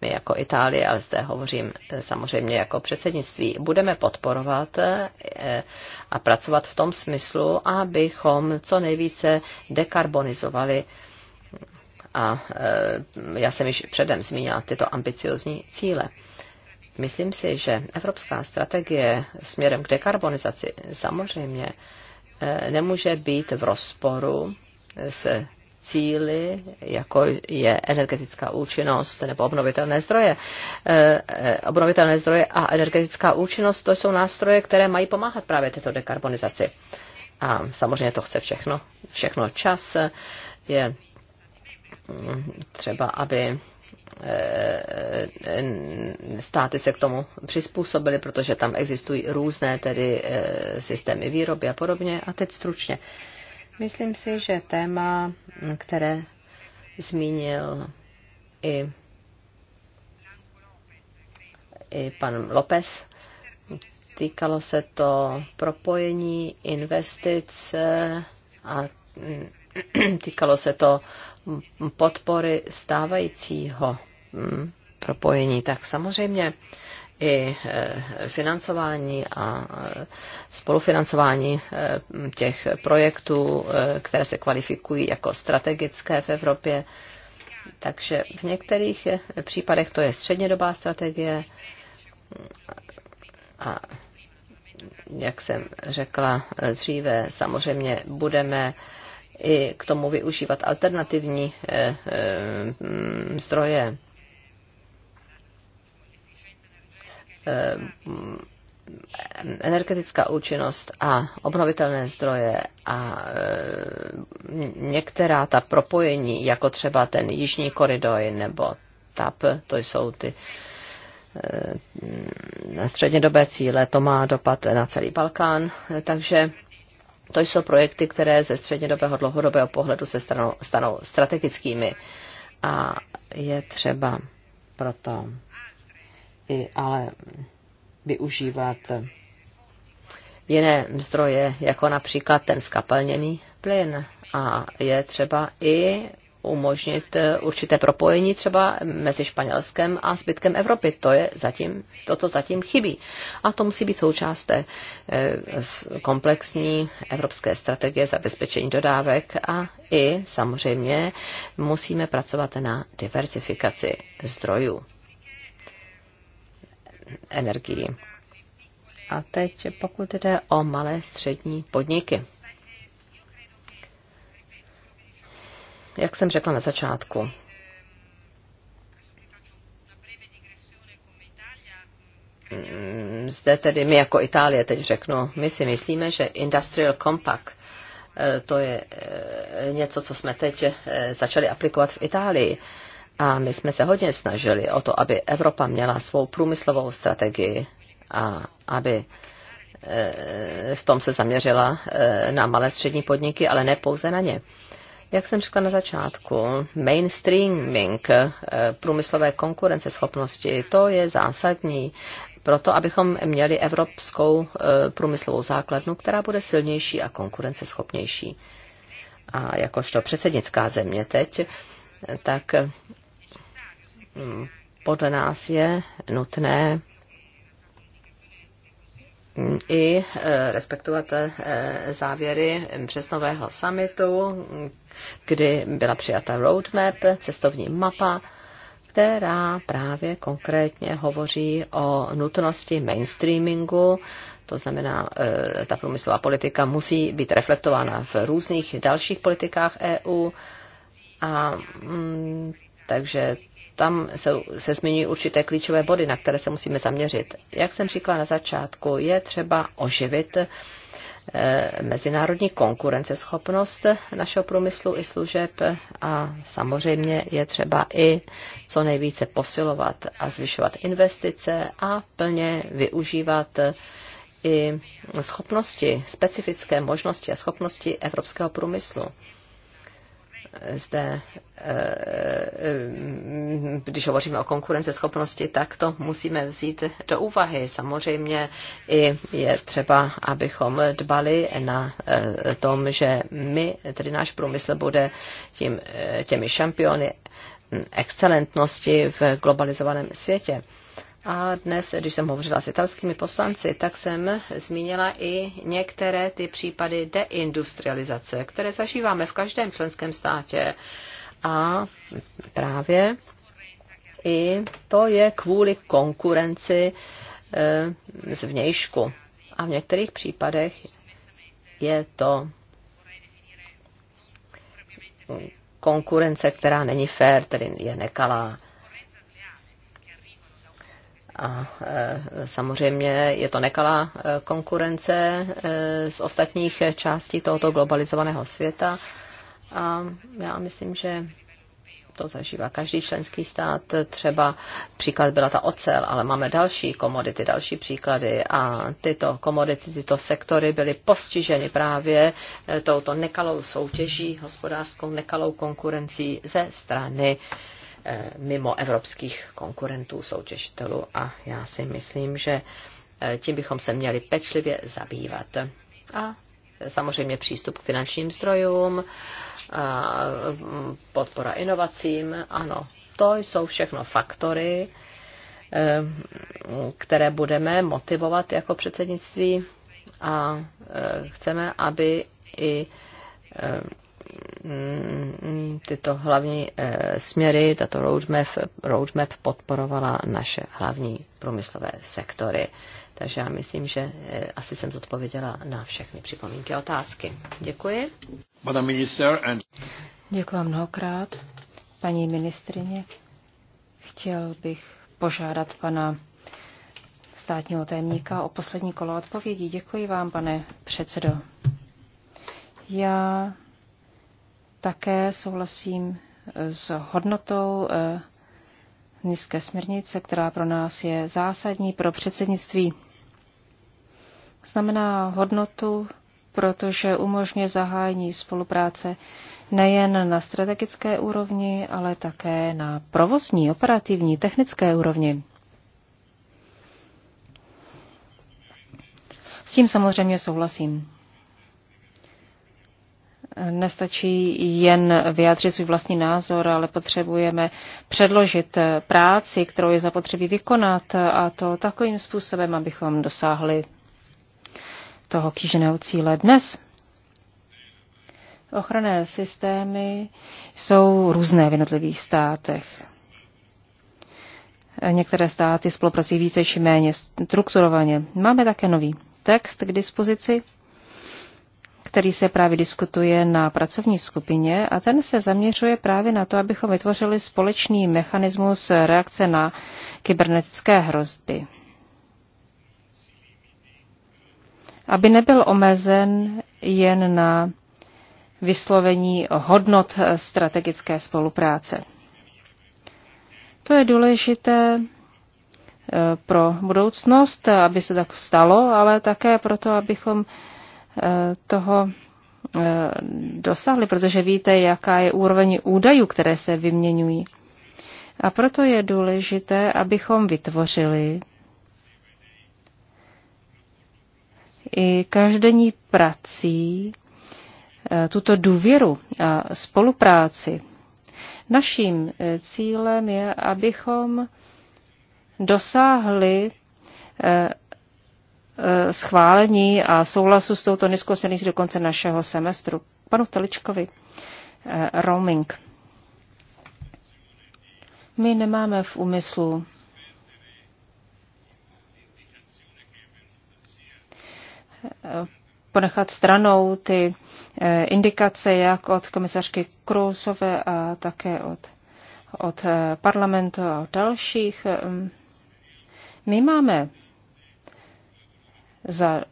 S2: my jako Itálie, ale zde hovořím samozřejmě jako předsednictví, budeme podporovat eh, a pracovat v tom smyslu, abychom co nejvíce dekarbonizovali a e, já jsem již předem zmínila tyto ambiciozní cíle. Myslím si, že evropská strategie směrem k dekarbonizaci samozřejmě e, nemůže být v rozporu s cíly, jako je energetická účinnost nebo obnovitelné zdroje. E, obnovitelné zdroje a energetická účinnost to jsou nástroje, které mají pomáhat právě této dekarbonizaci. A samozřejmě to chce všechno, všechno čas je třeba aby eh, státy se k tomu přizpůsobily, protože tam existují různé tedy eh, systémy výroby a podobně. A teď stručně. Myslím si, že téma, které zmínil i, i pan López, týkalo se to propojení investic a týkalo se to podpory stávajícího mm, propojení, tak samozřejmě i e, financování a e, spolufinancování e, těch projektů, které se kvalifikují jako strategické v Evropě. Takže v některých případech to je střednědobá strategie a jak jsem řekla dříve, samozřejmě budeme i k tomu využívat alternativní eh, eh, zdroje eh, energetická účinnost a obnovitelné zdroje a některá ta propojení, jako třeba ten jižní koridor nebo TAP, to jsou ty střednědobé cíle, to má dopad na celý Balkán, takže to jsou projekty, které ze střednědobého dlouhodobého pohledu se stanou, stanou strategickými. A je třeba proto i ale využívat jiné zdroje, jako například ten skapelněný plyn. A je třeba i umožnit eh, určité propojení třeba mezi Španělskem a zbytkem Evropy. To je zatím, toto zatím chybí. A to musí být součást té eh, komplexní evropské strategie zabezpečení dodávek a i samozřejmě musíme pracovat na diversifikaci zdrojů energií. A teď pokud jde o malé střední podniky. jak jsem řekla na začátku, mm, zde tedy my jako Itálie teď řeknu, my si myslíme, že Industrial Compact eh, to je eh, něco, co jsme teď eh, začali aplikovat v Itálii. A my jsme se hodně snažili o to, aby Evropa měla svou průmyslovou strategii a aby v tom se zaměřila na malé střední podniky, ale ne pouze na ně. Jak jsem řekla na začátku, mainstreaming eh, průmyslové konkurenceschopnosti, to je zásadní proto, abychom měli evropskou eh, průmyslovou základnu, která bude silnější a konkurenceschopnější. A jakožto předsednická země teď, tak mm, podle nás je nutné i e, respektovat e, závěry přesnového summitu, kdy byla přijata roadmap, cestovní mapa, která právě konkrétně hovoří o nutnosti mainstreamingu, to znamená, e, ta průmyslová politika musí být reflektována v různých dalších politikách EU. A mm, takže tam se, se zmiňují určité klíčové body, na které se musíme zaměřit. Jak jsem říkala na začátku, je třeba oživit eh, mezinárodní konkurenceschopnost našeho průmyslu i služeb a samozřejmě je třeba i co nejvíce posilovat a zvyšovat investice a plně využívat eh, i schopnosti, specifické možnosti a schopnosti evropského průmyslu zde, eh, když hovoříme o konkurenceschopnosti, tak to musíme vzít do úvahy. Samozřejmě i je třeba, abychom dbali na eh, tom, že my, tedy náš průmysl, bude tím, eh, těmi šampiony mm, excelentnosti v globalizovaném světě. A dnes, když jsem hovořila s italskými poslanci, tak jsem zmínila i některé ty případy deindustrializace, které zažíváme v každém členském státě. A právě i to je kvůli konkurenci eh, z vnějšku. A v některých případech je to konkurence, která není fér, tedy je nekalá. A e, samozřejmě je to nekalá e, konkurence e, z ostatních částí tohoto globalizovaného světa. A já myslím, že to zažívá každý členský stát. Třeba příklad byla ta ocel, ale máme další komodity, další příklady a tyto komodity, tyto sektory byly postiženy právě touto nekalou soutěží, hospodářskou nekalou konkurencí ze strany eh, Eh, mimo evropských konkurentů, soutěžitelů a já si myslím, že eh, tím bychom se měli pečlivě zabývat. A samozřejmě přístup k finančním zdrojům, eh, podpora inovacím, ano, to jsou všechno faktory, které budeme motivovat jako předsednictví a chceme, aby i Mm, tyto hlavní eh, směry, tato roadmap, roadmap podporovala naše hlavní průmyslové sektory. Takže já myslím, že eh, asi jsem zodpověděla na všechny
S3: připomínky a otázky. Děkuji. Děkuji mnohokrát. Paní ministrině, chtěl bych požádat pana státního tajemníka o poslední kolo odpovědí. Děkuji vám, pane předsedo. Já také souhlasím eh, s hodnotou nízké eh, směrnice, která pro nás je zásadní pro předsednictví. Znamená hodnotu, protože umožňuje zahájení spolupráce nejen na strategické úrovni, ale také na provozní, operativní, technické úrovni. S tím samozřejmě souhlasím. Nestačí jen vyjádřit svůj vlastní názor, ale potřebujeme předložit práci, kterou je zapotřebí vykonat a to takovým způsobem, abychom dosáhli toho kýženého cíle dnes. Ochranné systémy jsou různé v jednotlivých státech. Některé státy spolupracují více či méně strukturovaně. Máme také nový text k dispozici který se právě diskutuje na pracovní skupině a ten se zaměřuje právě na to, abychom vytvořili společný mechanismus reakce na kybernetické hrozby. Aby nebyl omezen jen na vyslovení hodnot strategické spolupráce. To je důležité eh, pro budoucnost, aby se tak stalo, ale také proto, abychom Eh, toho eh, dosáhli, protože víte, jaká je úroveň údajů, které se vyměňují. A proto je důležité, abychom vytvořili i každodenní prací eh, tuto důvěru a spolupráci. Naším cílem je, abychom dosáhli Eh, schválení a souhlasu s touto nízkou směrnicí do konce našeho semestru. Panu Teličkovi, eh, roaming. My nemáme v úmyslu eh, ponechat stranou ty indikace, jak od komisařky Krousové a také od, od parlamentu a od dalších. Ehm, my máme za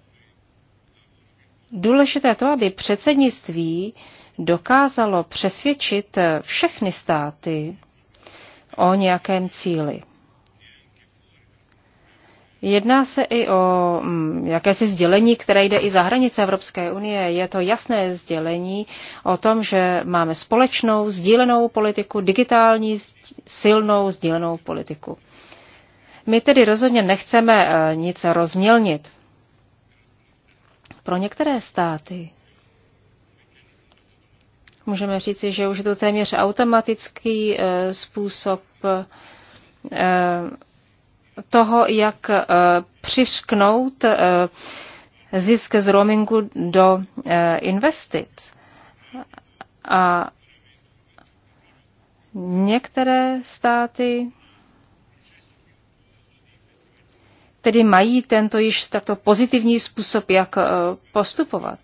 S3: důležité to, aby předsednictví dokázalo přesvědčit všechny státy o nějakém cíli. Jedná se i o mm, jakési sdělení, které jde i za hranice Evropské unie. Je to jasné sdělení o tom, že máme společnou sdílenou politiku, digitální silnou sdílenou politiku. My tedy rozhodně nechceme eh, nic rozmělnit. Pro některé státy můžeme říci, že už je to téměř automatický eh, způsob eh, toho, jak eh, přišknout zisk z roamingu do investic. A některé státy tedy mají tento již takto pozitivní způsob, jak eh, postupovat.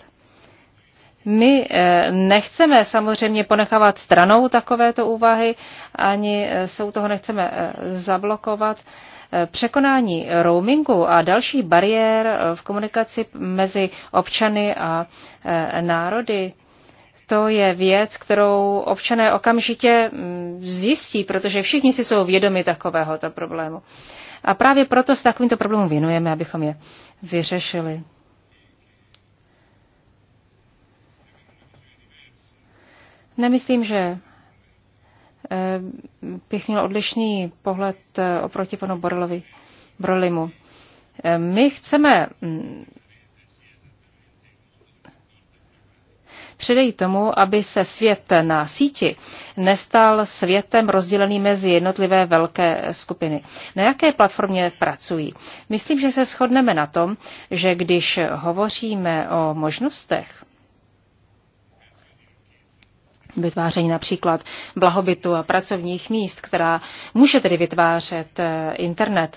S3: My eh, nechceme samozřejmě ponechávat stranou takovéto úvahy, ani eh, se u toho nechceme zablokovat. Překonání roamingu a další bariér v komunikaci mezi občany a národy, to je věc, kterou občané okamžitě mm, zjistí, protože všichni si jsou vědomi takovéhoto problému. A právě proto se takovýmto problémům věnujeme, abychom je vyřešili. Nemyslím, že eh, bych měl odlišný pohled eh, oproti panu Borlovi, Brolimu. Eh, my chceme mm, předejí tomu, aby se svět na síti nestal světem rozděleným mezi jednotlivé velké skupiny. Na jaké platformě pracují? Myslím, že se shodneme na tom, že když hovoříme o možnostech, vytváření například blahobytu a pracovních míst, která může tedy vytvářet eh, internet.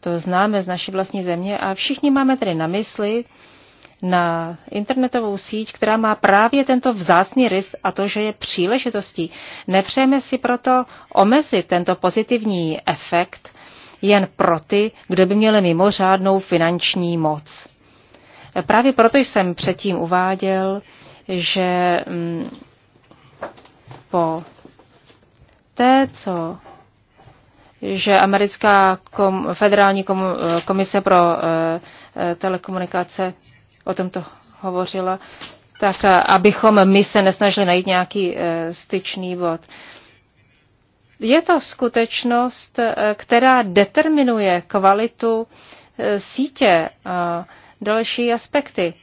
S3: To známe z naší vlastní země a všichni máme tedy na mysli na internetovou síť, která má právě tento vzácný rys a to, že je příležitostí. Nepřejeme si proto omezit tento pozitivní efekt jen pro ty, kdo by měli mimořádnou finanční moc. Právě proto jsem předtím uváděl, že mm, po té, co že americká kom, federální kom, eh, komise pro e, telekomunikace o tom to hovořila, tak eh, abychom my se nesnažili najít nějaký eh, styčný bod. Je to skutečnost, eh, která determinuje kvalitu sítě a další aspekty.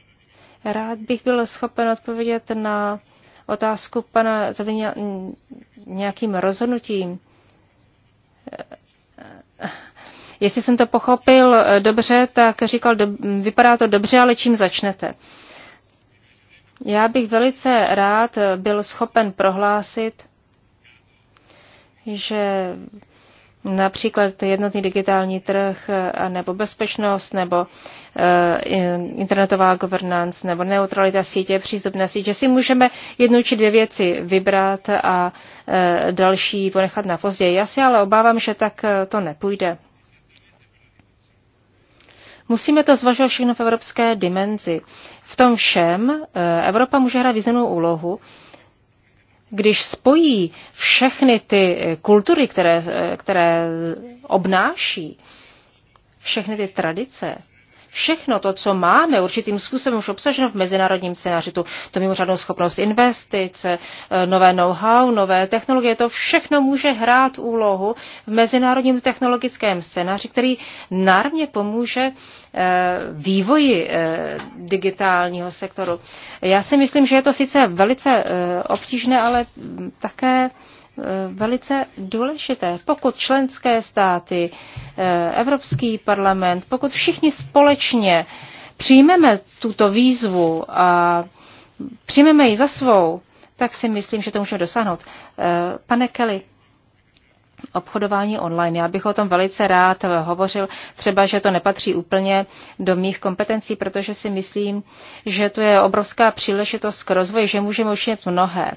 S3: Rád bych byl schopen odpovědět na otázku pana nějakým rozhodnutím. Jestli jsem to pochopil eh, dobře, tak říkal, do, vypadá to dobře, ale čím začnete? Já bych velice rád eh, byl schopen prohlásit, že například jednotný digitální trh, eh, nebo bezpečnost, nebo internetová governance, nebo neutralita sítě, přístup na sítě, že si můžeme jednu či dvě věci vybrat a další ponechat na později. Já si ale obávám, že tak to nepůjde. Musíme to zvažovat všechno v evropské dimenzi. V tom všem eh, Evropa může hrát významnou úlohu, když spojí všechny ty eh, kultury, které, eh, které obnáší, všechny ty tradice, všechno to, co máme určitým způsobem už obsaženo v mezinárodním scénáři, tu, tu mimořádnou schopnost investic, eh, nové know-how, nové technologie, to všechno může hrát úlohu v mezinárodním technologickém scénáři, který nárně pomůže eh, vývoji eh, digitálního sektoru. Já si myslím, že je to sice velice obtížné, ale také Eh, velice důležité. Pokud členské státy, eh, Evropský parlament, pokud všichni společně přijmeme tuto výzvu a přijmeme ji za svou, tak si myslím, že to můžeme dosáhnout. Eh, pane Kelly, obchodování online. Já bych o tom velice rád hovořil, třeba, že to nepatří úplně do mých kompetencí, protože si myslím, že to je obrovská příležitost k rozvoji, že můžeme učinit mnohé.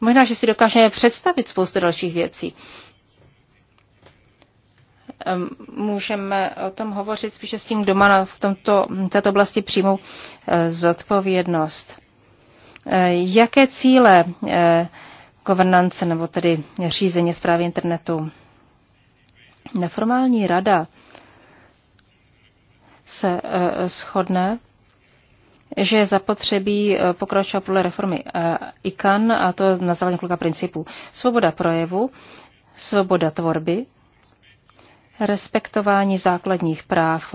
S3: Možná, že si dokážeme představit spoustu dalších věcí. Můžeme o tom hovořit spíše s tím, kdo má v tomto, této oblasti přímou eh, zodpovědnost. Eh, jaké cíle eh, governance nebo tedy řízení zprávy internetu. Neformální rada se eh, shodne, že je zapotřebí eh, pokračovat podle reformy eh, ICAN a to na základě několika principů. Svoboda projevu, svoboda tvorby, respektování základních práv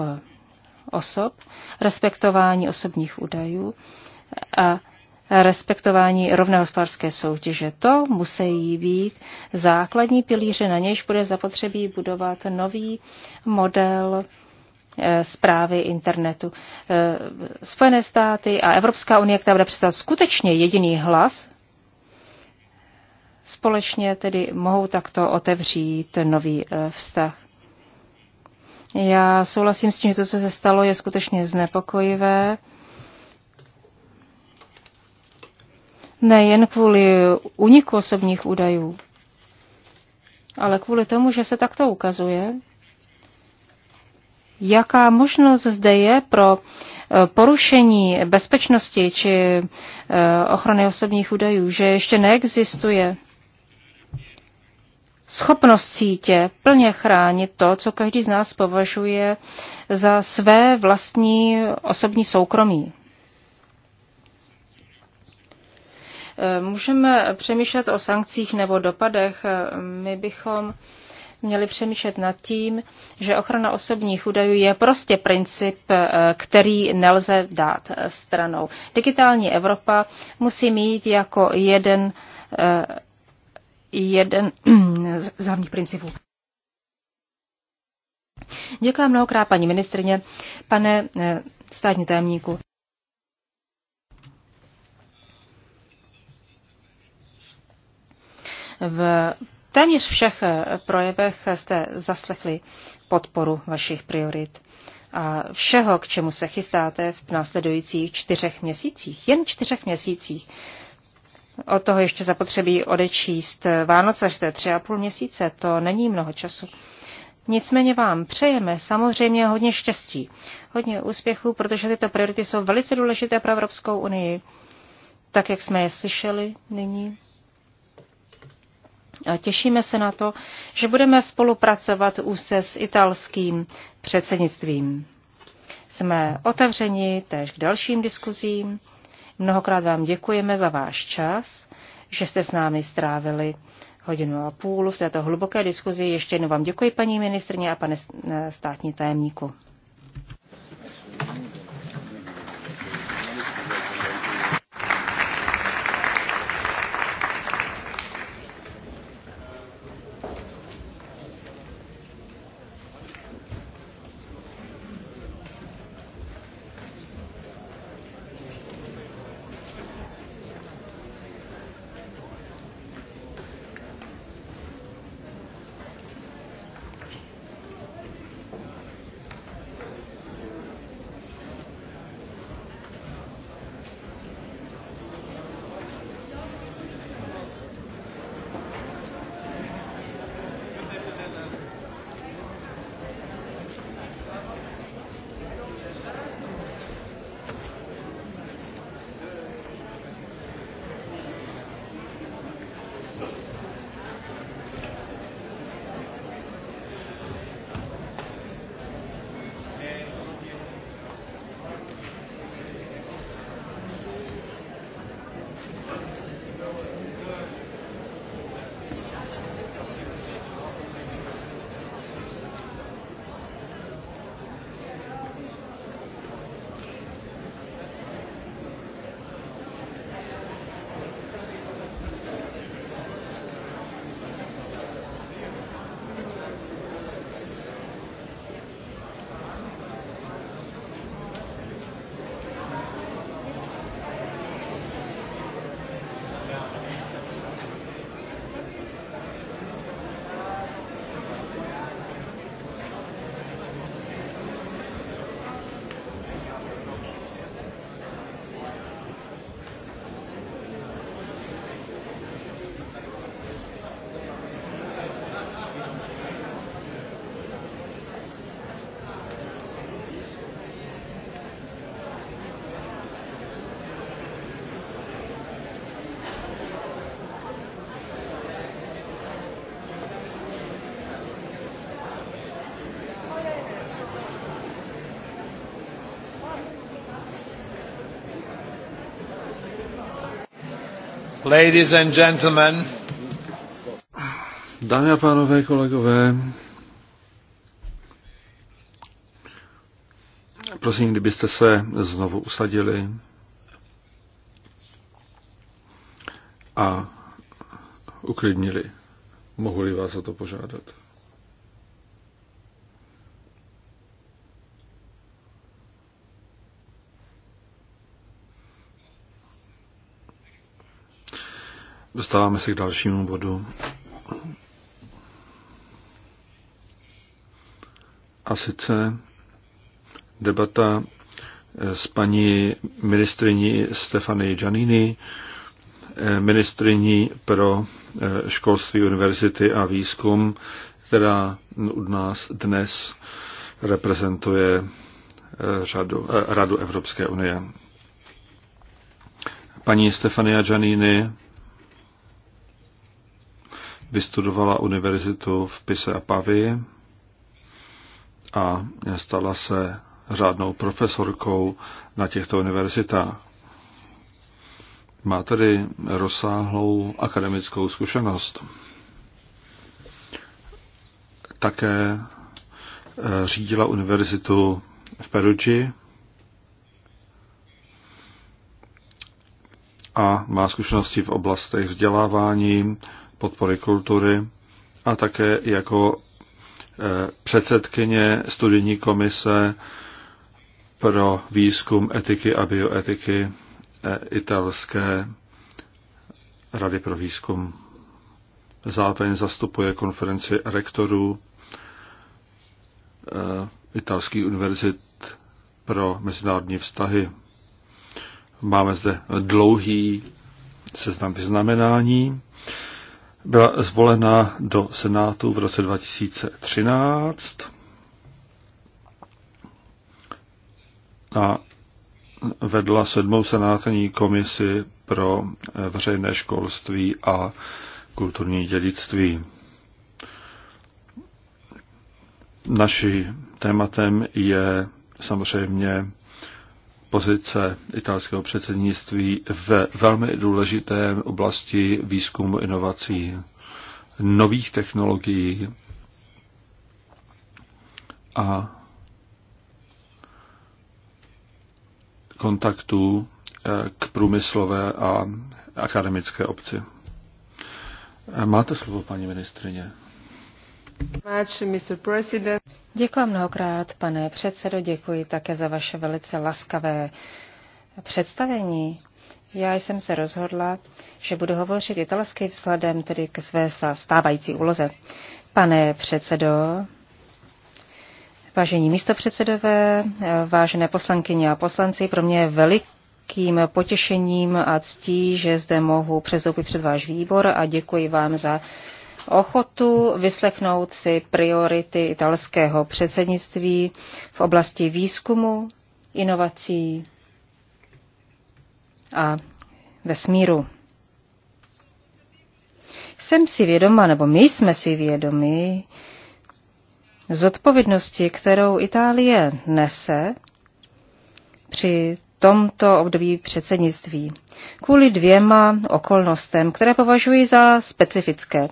S3: osob, respektování osobních údajů a respektování rovné hospodářské soutěže. To musí být základní pilíře, na nějž bude zapotřebí budovat nový model eh, zprávy internetu. Eh, Spojené státy a Evropská unie, která bude představit skutečně jediný hlas, společně tedy mohou takto otevřít nový eh, vztah. Já souhlasím s tím, že to, co se stalo, je skutečně znepokojivé. nejen kvůli uniku osobních údajů, ale kvůli tomu, že se takto ukazuje, jaká možnost zde je pro eh, porušení bezpečnosti či eh, ochrany osobních údajů, že ještě neexistuje schopnost sítě plně chránit to, co každý z nás považuje za své vlastní osobní soukromí. Můžeme přemýšlet o sankcích nebo dopadech. My bychom měli přemýšlet nad tím, že ochrana osobních údajů je prostě princip, eh, který nelze dát eh, stranou. Digitální Evropa musí mít jako jeden, eh, jeden [CLEARS THROAT] z hlavních principů. Děkuji mnohokrát, paní ministrině, pane státní tajemníku. V téměř všech eh, projevech jste zaslechli podporu vašich priorit a všeho, k čemu se chystáte v následujících čtyřech měsících. Jen čtyřech měsících. Od toho ještě zapotřebí odečíst Vánoce, až to je tři a půl měsíce, to není mnoho času. Nicméně vám přejeme samozřejmě hodně štěstí, hodně úspěchů, protože tyto priority jsou velice důležité pro Evropskou unii, tak jak jsme je slyšeli nyní. Těšíme se na to, že budeme spolupracovat už se s italským předsednictvím. Jsme otevřeni též k dalším diskuzím. Mnohokrát vám děkujeme za váš čas, že jste s námi strávili hodinu a půl v této hluboké diskuzi. Ještě jednou vám děkuji, paní ministrně a pane státní tajemníku.
S1: Ladies and gentlemen. Dámy a pánové, kolegové, prosím, kdybyste se znovu usadili a uklidnili. mohu vás o to požádat? Dostáváme se k dalšímu bodu. A sice debata s paní ministriní Stefany Giannini, ministriní pro eh, školství, univerzity a výzkum, která u nás dnes reprezentuje eh, řadu, eh, Radu Evropské unie. Paní Stefania Giannini Vystudovala univerzitu v Pise a Pavii a stala se řádnou profesorkou na těchto univerzitách. Má tedy rozsáhlou akademickou zkušenost. Také eh, řídila univerzitu v Perugii a má zkušenosti v oblastech vzdělávání, podpory kultury a také jako eh, předsedkyně studijní komise pro výzkum etiky a bioetiky eh, italské rady pro výzkum. Zároveň zastupuje konferenci rektorů eh, italský univerzit pro mezinárodní vztahy. Máme zde dlouhý seznam vyznamenání byla zvolena do Senátu v roce 2013 a vedla sedmou senátní komisi pro eh, veřejné školství a kulturní dědictví. Naším tématem je samozřejmě pozice italského předsednictví ve velmi důležité oblasti výzkumu inovací, nových technologií a kontaktů eh, k průmyslové a akademické obci. Máte slovo, paní ministrině.
S3: Děkuji mnohokrát, pane předsedo, děkuji také za vaše velice laskavé představení. Já jsem se rozhodla, že budu hovořit italsky vzhledem tedy k své stávající úloze. Pane předsedo, vážení místopředsedové, vážené poslankyně a poslanci, pro mě je velikým potěšením a ctí, že zde mohu přezoupit před váš výbor a děkuji vám za ochotu vyslechnout si priority italského předsednictví v oblasti výzkumu, inovací a vesmíru. Jsem si vědoma, nebo my jsme si vědomi, zodpovědnosti, kterou Itálie nese při tomto období předsednictví. Kvůli dvěma okolnostem, které považuji za specifické.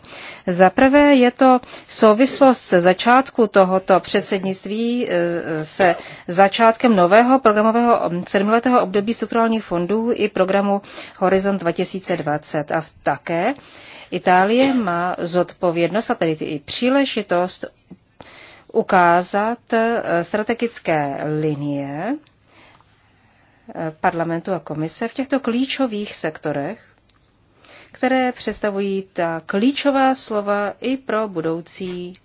S3: Za prvé je to souvislost se začátku tohoto předsednictví e, se začátkem nového programového sedmiletého období strukturálních fondů i programu Horizon 2020 a také Itálie má zodpovědnost a tedy i příležitost ukázat e, strategické linie, parlamentu a komise v těchto klíčových sektorech, které představují ta klíčová slova i pro budoucí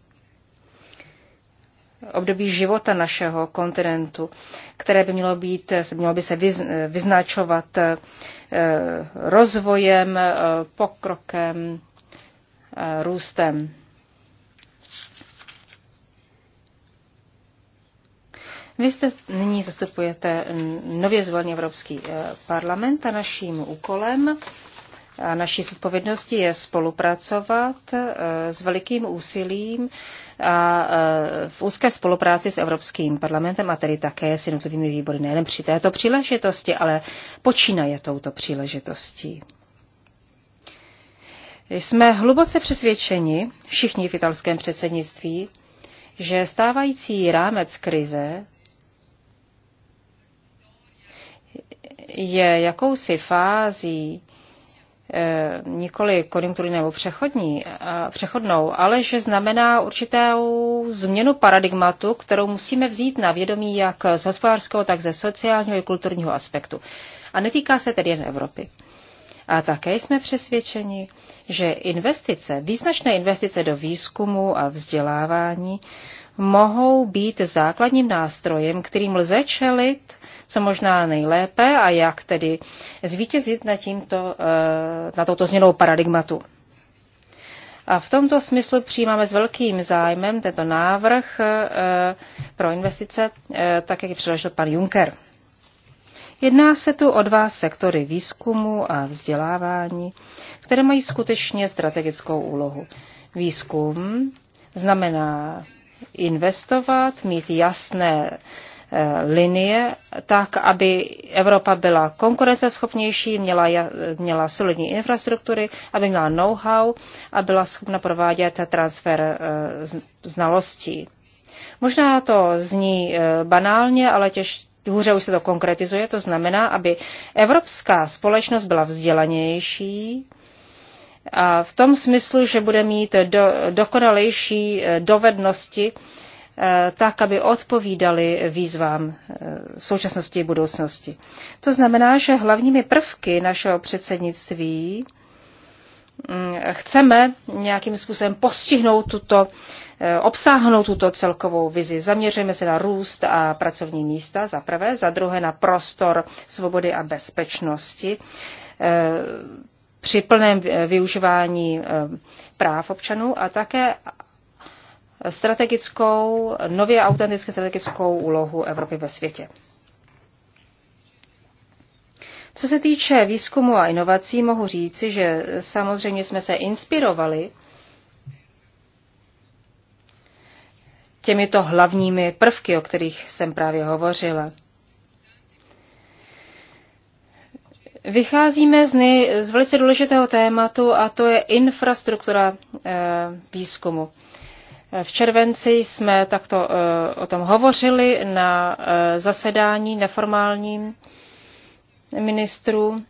S3: období života našeho kontinentu, které by mělo, být, mělo by se vyznačovat eh, rozvojem, eh, pokrokem, eh, růstem. Vy jste nyní zastupujete nově zvolený Evropský eh, parlament a naším úkolem a naší zodpovědností je spolupracovat eh, s velikým úsilím a eh, v úzké spolupráci s Evropským parlamentem a tedy také s jednotlivými výbory, nejen při této příležitosti, ale počínaje touto příležitostí. Jsme hluboce přesvědčeni, všichni v italském předsednictví, že stávající rámec krize je jakousi fází, eh, nikoli konjunkturní nebo přechodní, přechodnou, ale že znamená určitou změnu paradigmatu, kterou musíme vzít na vědomí jak z hospodářského, tak ze sociálního i kulturního aspektu. A netýká se tedy jen Evropy. A také jsme přesvědčeni, že investice, význačné investice do výzkumu a vzdělávání mohou být základním nástrojem, kterým lze čelit co možná nejlépe a jak tedy zvítězit na, tímto, eh, na touto změnou paradigmatu. A v tomto smyslu přijímáme s velkým zájmem tento návrh eh, pro investice, eh, tak jak ji přiložil pan Juncker. Jedná se tu o dva sektory výzkumu a vzdělávání, které mají skutečně strategickou úlohu. Výzkum znamená investovat, mít jasné Eh, linie, tak aby Evropa byla konkurenceschopnější, měla, měla solidní infrastruktury, aby měla know-how a byla schopna provádět transfer eh, znalostí. Možná to zní eh, banálně, ale těž, hůře už se to konkretizuje. To znamená, aby evropská společnost byla vzdělanější, a v tom smyslu, že bude mít do, dokonalejší dovednosti Eh, tak, aby odpovídali výzvám eh, současnosti i budoucnosti. To znamená, že hlavními prvky našeho předsednictví mm, chceme nějakým způsobem postihnout tuto, eh, obsáhnout tuto celkovou vizi. Zaměřujeme se na růst a pracovní místa za prvé, za druhé na prostor svobody a bezpečnosti při plném využívání práv občanů a také strategickou, nově autentické strategickou úlohu Evropy ve světě. Co se týče výzkumu a inovací, mohu říci, že samozřejmě jsme se inspirovali těmito hlavními prvky, o kterých jsem právě hovořila. Vycházíme z, nej, z velice důležitého tématu a to je infrastruktura e, výzkumu. V červenci jsme takto eh, o tom hovořili na eh, zasedání neformálním ministrů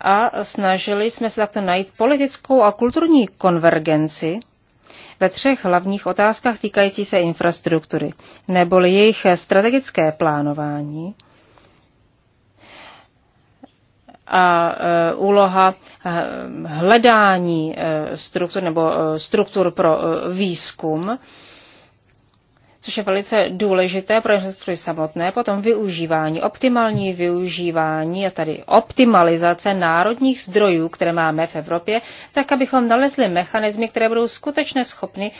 S3: a snažili jsme se takto najít politickou a kulturní konvergenci ve třech hlavních otázkách týkající se infrastruktury, neboli jejich strategické plánování, a e, úloha e, hledání e, struktur nebo struktur pro výzkum, což je velice důležité pro infrastruktury samotné, potom využívání, optimální využívání a tady optimalizace národních zdrojů, které máme v Evropě, tak abychom nalezli mechanismy, které budou skutečně schopny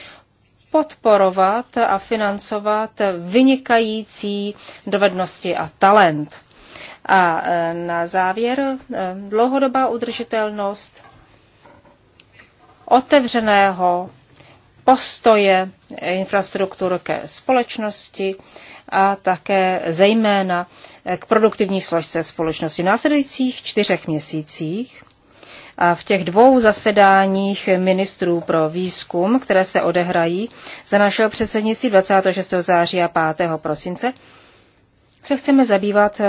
S3: podporovat a financovat vynikající dovednosti a talent. A e, na závěr e, dlouhodobá udržitelnost otevřeného postoje infrastruktur ke společnosti a také zejména k produktivní složce společnosti. V následujících čtyřech měsících a v těch dvou zasedáních ministrů pro výzkum, které se odehrají za našeho předsednictví 26. září a 5. prosince, se chceme zabývat eh,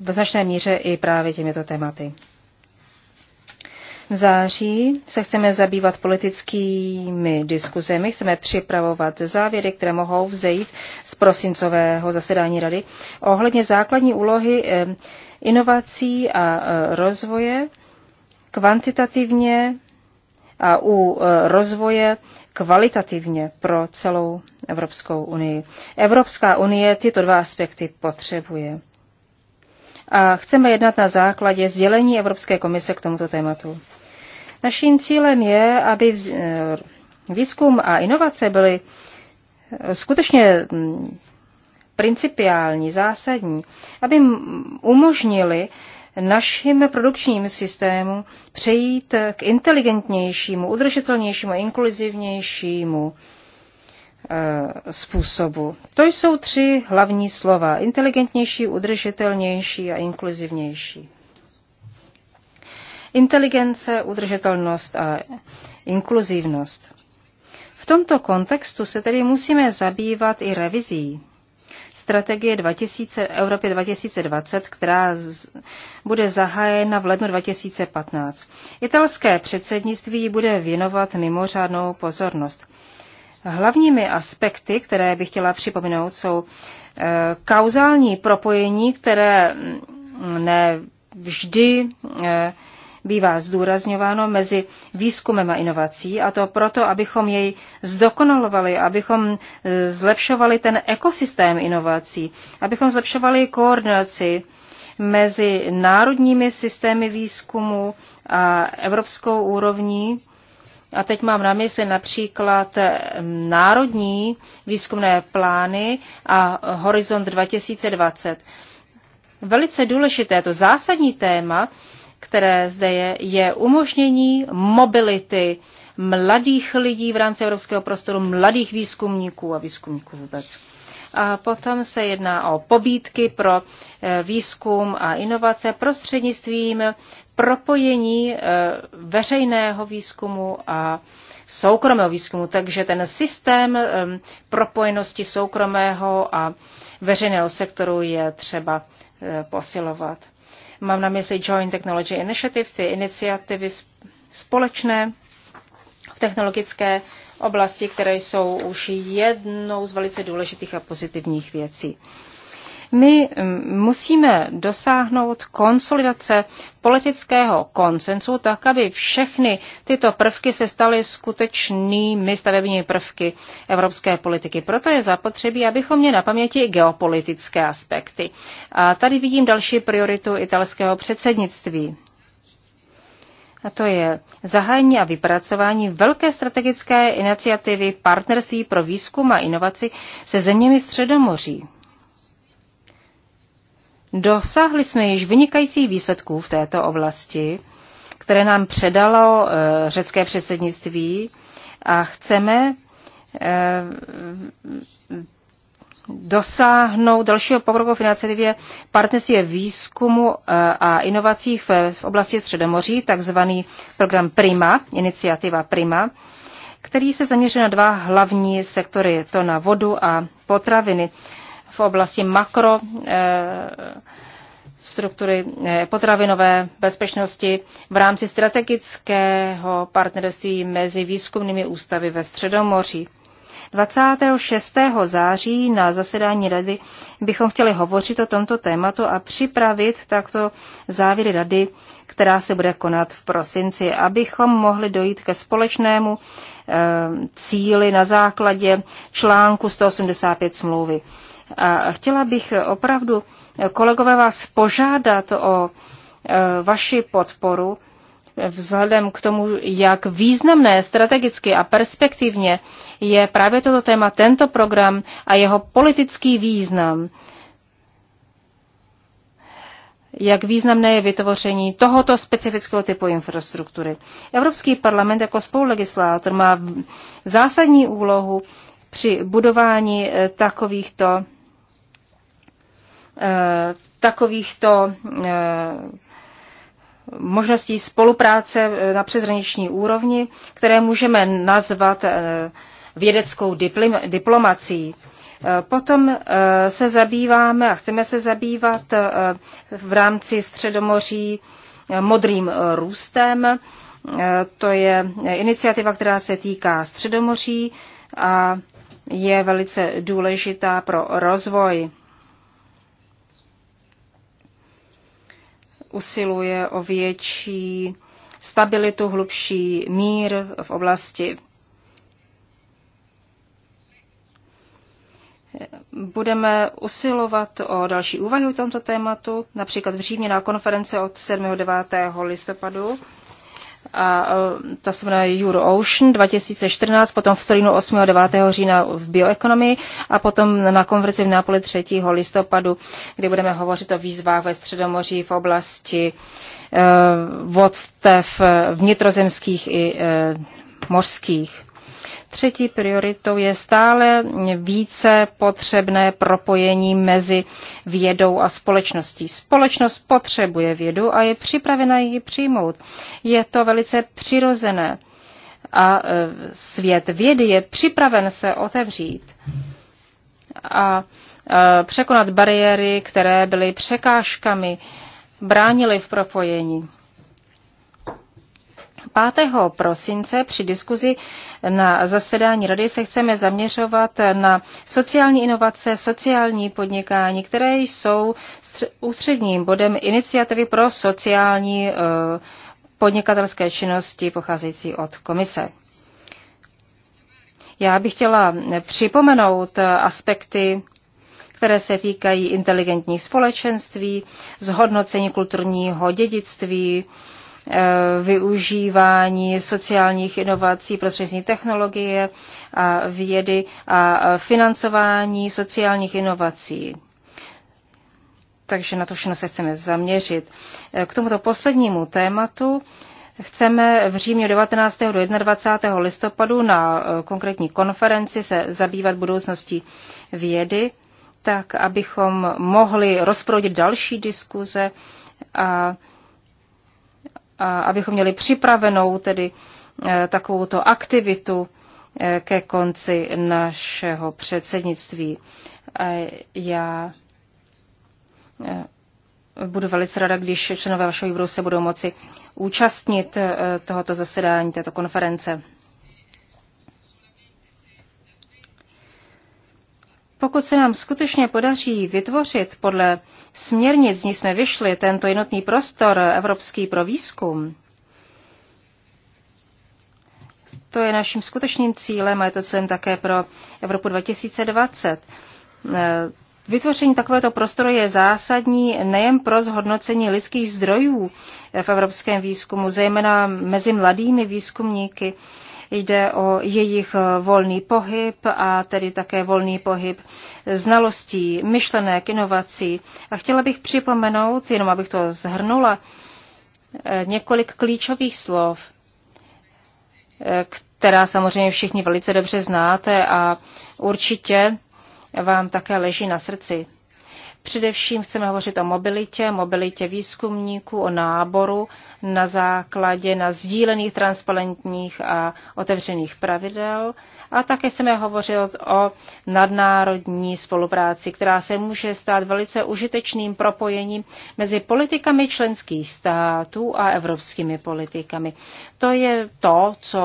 S3: v značné míře i právě těmito tématy. V září se chceme zabývat politickými diskuzemi, chceme připravovat závěry, které mohou vzejít z prosincového zasedání rady ohledně základní úlohy eh, inovací a eh, rozvoje kvantitativně u e, rozvoje kvalitativně pro celou Evropskou unii. Evropská unie tyto dva aspekty potřebuje. A chceme jednat na základě sdělení Evropské komise k tomuto tématu. Naším cílem je, aby e, výzkum a inovace byly e, skutečně principiální, zásadní, aby umožnili našim produkčním systému přejít k inteligentnějšímu, udržitelnějšímu, inkluzivnějšímu eh, způsobu. To jsou tři hlavní slova. Inteligentnější, udržitelnější a inkluzivnější. Inteligence, udržitelnost a inkluzivnost. V tomto kontextu se tedy musíme zabývat i revizí strategie 2000, Evropě 2020, která z, bude zahájena v lednu 2015. Italské předsednictví bude věnovat mimořádnou pozornost. Hlavními aspekty, které bych chtěla připomenout, jsou e, kauzální propojení, které mm, ne vždy e, bývá zdůrazňováno mezi výzkumem a inovací, a to proto, abychom jej zdokonalovali, abychom e, zlepšovali ten ekosystém inovací, abychom zlepšovali koordinaci mezi národními systémy výzkumu a evropskou úrovní. A teď mám na mysli například e, národní výzkumné plány a Horizont 2020. Velice důležité, to zásadní téma které zde je, je umožnění mobility mladých lidí v rámci evropského prostoru, mladých výzkumníků a výzkumníků vůbec. A potom se jedná o pobídky pro eh, výzkum a inovace prostřednictvím propojení eh, veřejného výzkumu a soukromého výzkumu. Takže ten systém ehm, propojenosti soukromého a veřejného sektoru je třeba eh, posilovat. Mám na mysli Joint Technology Initiatives, ty iniciativy společné v technologické oblasti, které jsou už jednou z velice důležitých a pozitivních věcí. My mm, musíme dosáhnout konsolidace politického konsensu, tak aby všechny tyto prvky se staly skutečnými stavebními prvky evropské politiky. Proto je zapotřebí, abychom měli na paměti geopolitické aspekty. A tady vidím další prioritu italského předsednictví. A to je zahájení a vypracování velké strategické iniciativy partnerství pro výzkum a inovaci se zeměmi Středomoří. Dosáhli jsme již vynikající výsledků v této oblasti, které nám předalo eh, řecké předsednictví a chceme eh, dosáhnout dalšího pokroku v iniciativě partnerství výzkumu eh, a inovací v oblasti Středomoří, takzvaný program PRIMA, iniciativa PRIMA, který se zaměřuje na dva hlavní sektory, to na vodu a potraviny v oblasti makro eh, struktury eh, potravinové bezpečnosti v rámci strategického partnerství mezi výzkumnými ústavy ve Středomoří. 26. září na zasedání rady bychom chtěli hovořit o tomto tématu a připravit takto závěry rady, která se bude konat v prosinci, abychom mohli dojít ke společnému e, cíli na základě článku 185 smlouvy. A chtěla bych opravdu, kolegové, vás požádat o e, vaši podporu vzhledem k tomu, jak významné strategicky a perspektivně je právě toto téma, tento program a jeho politický význam. Jak významné je vytvoření tohoto specifického typu infrastruktury. Evropský parlament jako spolulegislátor má zásadní úlohu při budování e, takovýchto Eh, takovýchto eh, možností spolupráce eh, na přezraniční úrovni, které můžeme nazvat vědeckou diplomací. Potom se zabýváme a chceme se zabývat v rámci Středomoří modrým růstem. To je iniciativa, která se týká Středomoří a je velice důležitá pro rozvoj usiluje o větší stabilitu, hlubší mír v oblasti. Budeme usilovat o další úvahy o tomto tématu, například v Římě na konference od 7. 9. listopadu a e, ta se jmenuje Euro Ocean 2014, potom v Torinu 8. a 9. října v bioekonomii a potom na konferenci v Nápoli 3. listopadu, kdy budeme hovořit o výzvách ve Středomoří v oblasti eh, vodstev vnitrozemských i eh, mořských. Třetí prioritou je stále více potřebné propojení mezi vědou a společností. Společnost potřebuje vědu a je připravena ji přijmout. Je to velice přirozené a e, svět vědy je připraven se otevřít a e, překonat bariéry, které byly překážkami, bránily v propojení. 5. prosince při diskuzi na zasedání rady se chceme zaměřovat na sociální inovace, sociální podnikání, které jsou ústředním bodem iniciativy pro sociální eh, podnikatelské činnosti pocházející od komise. Já bych chtěla připomenout aspekty které se týkají inteligentních společenství, zhodnocení kulturního dědictví, Eh, využívání sociálních inovací prostřední technologie a vědy a eh, financování sociálních inovací. Takže na to všechno se chceme zaměřit. Eh, k tomuto poslednímu tématu chceme v Římě 19. do 21. listopadu na konkrétní konferenci se zabývat budoucností vědy, tak abychom mohli rozprodit další diskuze a a abychom měli připravenou tedy eh, takovouto aktivitu eh, ke konci našeho předsednictví. Já eh, budu velice ráda, když členové vašeho výboru se budou moci účastnit tohoto zasedání, této konference. Pokud se nám skutečně podaří vytvořit podle směrnic, z ní jsme vyšli, tento jednotný prostor evropský pro výzkum, to je naším skutečným cílem a je to cílem také pro Evropu 2020. Eh, vytvoření takovéto prostoru je zásadní nejen pro zhodnocení lidských zdrojů v evropském výzkumu, zejména mezi mladými výzkumníky, Jde o jejich eh, volný pohyb a tedy také volný pohyb znalostí, myšlenek, inovací. A chtěla bych připomenout, jenom abych to zhrnula, eh, několik klíčových slov, eh, která samozřejmě všichni velice dobře znáte a určitě vám také leží na srdci. Především chceme hovořit o mobilitě, mobilitě výzkumníků, o náboru na základě na sdílených, transparentních a otevřených pravidel. A také chceme hovořit o nadnárodní spolupráci, která se může stát velice užitečným propojením mezi politikami členských států a evropskými politikami. To je to, co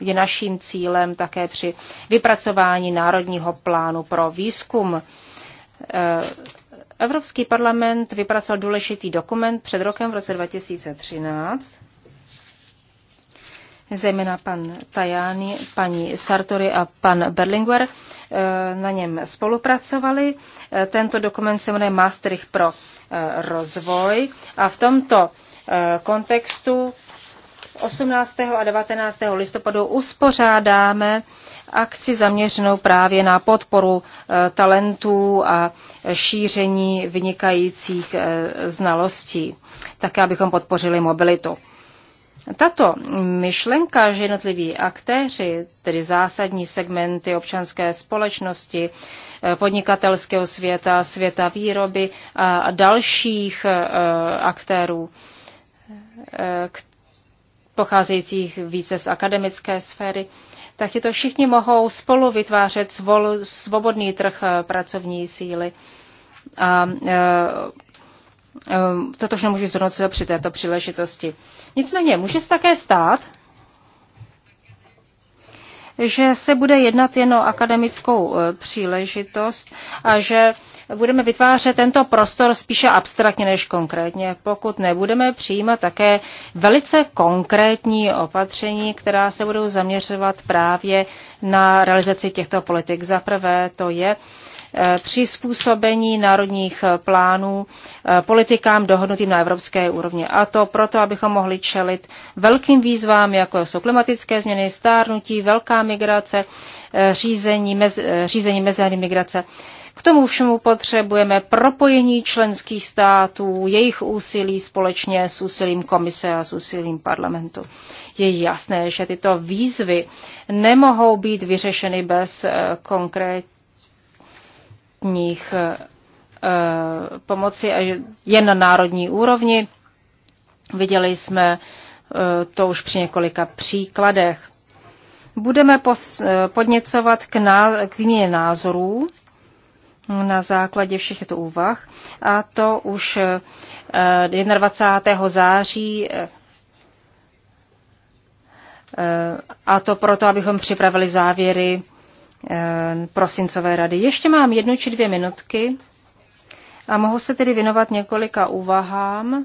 S3: je naším cílem také při vypracování Národního plánu pro výzkum. Eh, Evropský parlament vypracoval důležitý dokument před rokem v roce 2013. Zejména pan Tajani, paní Sartori a pan Berlinguer eh, na něm spolupracovali. Eh, tento dokument se jmenuje Maastricht pro rozvoj a v tomto kontextu 18. a 19. listopadu uspořádáme akci zaměřenou právě na podporu eh, talentů a šíření vynikajících eh, znalostí, tak abychom podpořili mobilitu. Tato myšlenka, že jednotliví aktéři, tedy zásadní segmenty občanské společnosti, eh, podnikatelského světa, světa výroby a dalších aktérů, pocházejících více z akademické sféry, tak to všichni mohou spolu vytvářet svobodný trh eh, pracovní síly. A eh, eh, toto už nemůžu zhodnocovat při této příležitosti. Nicméně může se také stát, že se bude jednat jen o akademickou e, příležitost a že budeme vytvářet tento prostor spíše abstraktně než konkrétně, pokud nebudeme přijímat také velice konkrétní opatření, která se budou zaměřovat právě na realizaci těchto politik. Za prvé to je Eh, přizpůsobení národních eh, plánů eh, politikám dohodnutým na evropské úrovni. A to proto, abychom mohli čelit velkým výzvám, jako jsou klimatické změny, stárnutí, velká migrace, řízení, mez, řízení mezinárodní migrace. K tomu všemu potřebujeme propojení členských států, jejich úsilí společně s úsilím komise a s úsilím parlamentu. Je jasné, že tyto výzvy nemohou být vyřešeny bez konkrétní státních eh, eh, pomoci jen na národní úrovni. Viděli jsme eh, to už při několika příkladech. Budeme podněcovat k, ná- k výměně názorů na základě všech těchto úvah a to už 21. září a to proto, abychom připravili závěry Eh, prosincové rady. Ještě mám jednu či dvě minutky a mohu se tedy věnovat několika úvahám.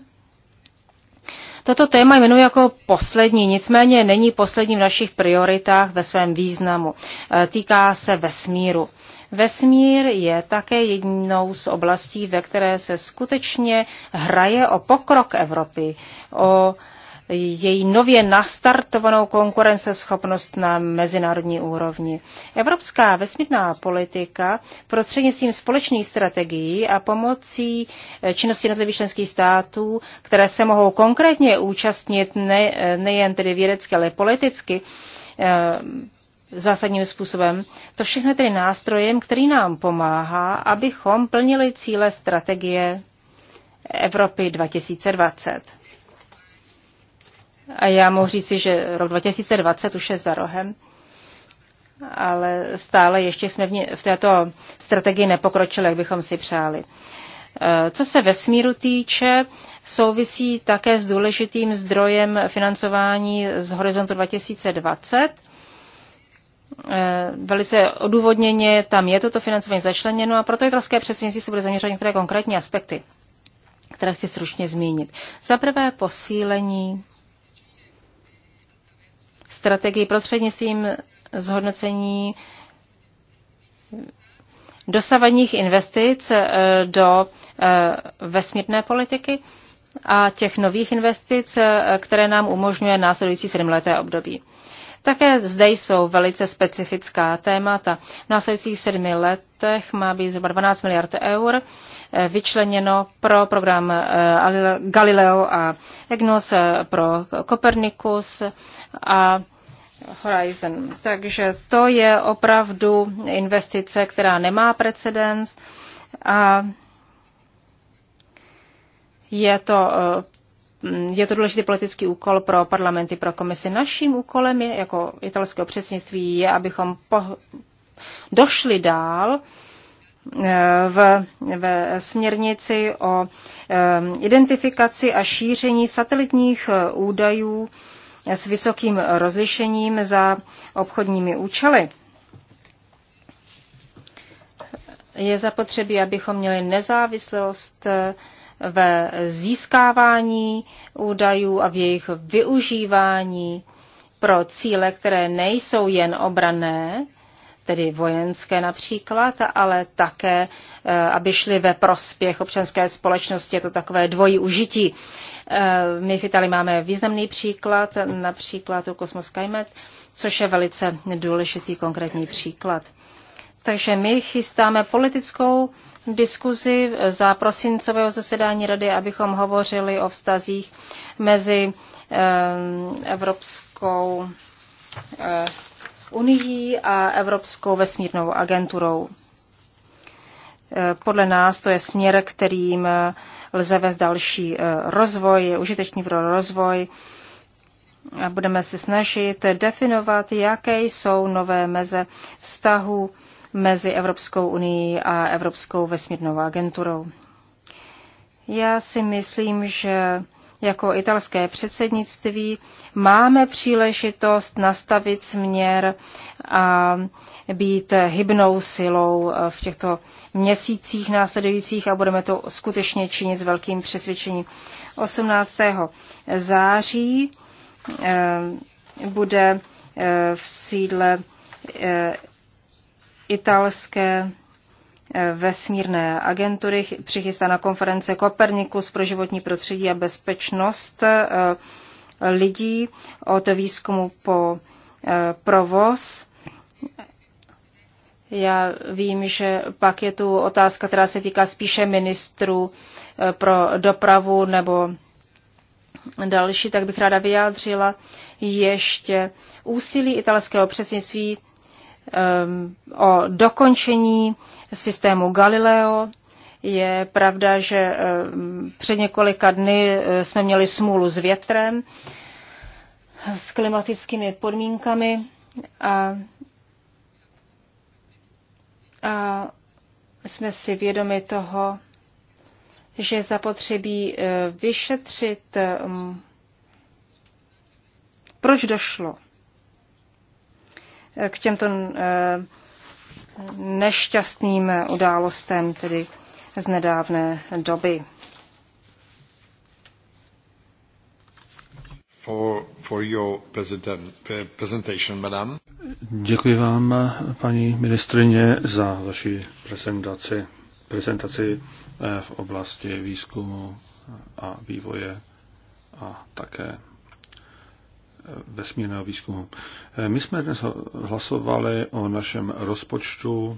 S3: Toto téma jmenuji jako poslední, nicméně není poslední v našich prioritách ve svém významu. Eh, týká se vesmíru. Vesmír je také jednou z oblastí, ve které se skutečně hraje o pokrok Evropy, o její nově nastartovanou konkurenceschopnost na mezinárodní úrovni. Evropská vesmírná politika prostřednictvím společných strategií a pomocí eh, činnosti jednotlivých členských států, které se mohou konkrétně účastnit ne, eh, nejen tedy vědecky, ale politicky, eh, zásadním způsobem. To všechno tedy nástrojem, který nám pomáhá, abychom plnili cíle strategie Evropy 2020. A já mohu říci, že rok 2020 už je za rohem, ale stále ještě jsme v této strategii nepokročili, jak bychom si přáli. Eh, co se vesmíru týče, souvisí také s důležitým zdrojem financování z horizontu 2020. Eh, velice odůvodněně tam je toto financování začleněno a proto je italské předsednictví se bude zaměřovat některé konkrétní aspekty, které chci stručně zmínit. Za prvé posílení strategii prostřednictvím zhodnocení dosavadních investic eh, do eh, vesmírné politiky a těch nových investic, eh, které nám umožňuje následující sedmleté období. Také zde jsou velice specifická témata. V následujících sedmi letech má být zhruba 12 miliard eur eh, vyčleněno pro program eh, Galileo a EGNOS, eh, pro Copernicus a Horizon. Takže to je opravdu investice, která nemá precedens a je to je to důležitý politický úkol pro parlamenty, pro komisi. Naším úkolem je, jako italského předsednictví, je, abychom po, došli dál eh, v, v směrnici o eh, identifikaci a šíření satelitních eh, údajů s vysokým rozlišením za obchodními účely. Je zapotřebí, abychom měli nezávislost ve získávání údajů a v jejich využívání pro cíle, které nejsou jen obrané, tedy vojenské například, ale také, eh, aby šly ve prospěch občanské společnosti. Je to takové dvojí užití. Eh, my v Itálii máme významný příklad, například u Cosmos Skymet, což je velice důležitý konkrétní příklad. Takže my chystáme politickou diskuzi za prosincového zasedání rady, abychom hovořili o vztazích mezi eh, Evropskou eh, unii a Evropskou vesmírnou agenturou. Eh, podle nás to je směr, kterým lze vést další rozvoj, je užitečný pro rozvoj a budeme se snažit definovat, jaké jsou nové meze vztahu mezi Evropskou unii a Evropskou vesmírnou agenturou. Já si myslím, že jako italské předsednictví máme příležitost nastavit směr a být hybnou silou v těchto měsících následujících a budeme to skutečně činit s velkým přesvědčením. 18. září eh, bude eh, v sídle eh, italské eh, vesmírné agentury přichystána konference Kopernikus pro životní prostředí a bezpečnost eh, lidí od výzkumu po eh, provoz. Já vím, že pak je tu otázka, která se týká spíše ministrů pro dopravu nebo další, tak bych ráda vyjádřila ještě úsilí italského předsednictví Ehm, o dokončení systému Galileo. Je pravda, že ehm, před několika dny eh, jsme měli smůlu s větrem, s klimatickými podmínkami a, a jsme si vědomi toho, že zapotřebí eh, vyšetřit, ehm, proč došlo k těmto eh, nešťastným událostem, tedy z nedávné doby.
S1: For, for your presentation, madam. Děkuji vám, paní ministrině, za vaši prezentaci, prezentaci eh, v oblasti výzkumu a vývoje a také vesmírného výzkumu. Eh, my jsme dnes hlasovali o našem rozpočtu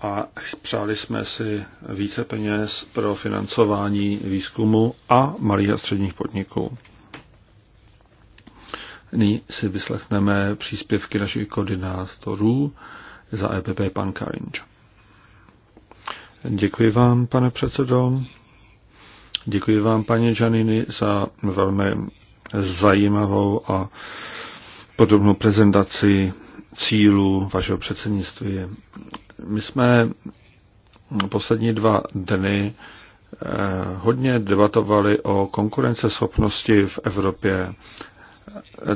S1: a přáli jsme si více peněz pro financování výzkumu a malých a středních podniků. Nyní si vyslechneme příspěvky našich koordinátorů za EPP pan Karinč. Děkuji vám, pane předsedo. Děkuji vám, paní Janiny, za velmi zajímavou a podobnou prezentaci cílů vašeho předsednictví. My jsme poslední dva dny eh, hodně debatovali o konkurenceschopnosti v Evropě,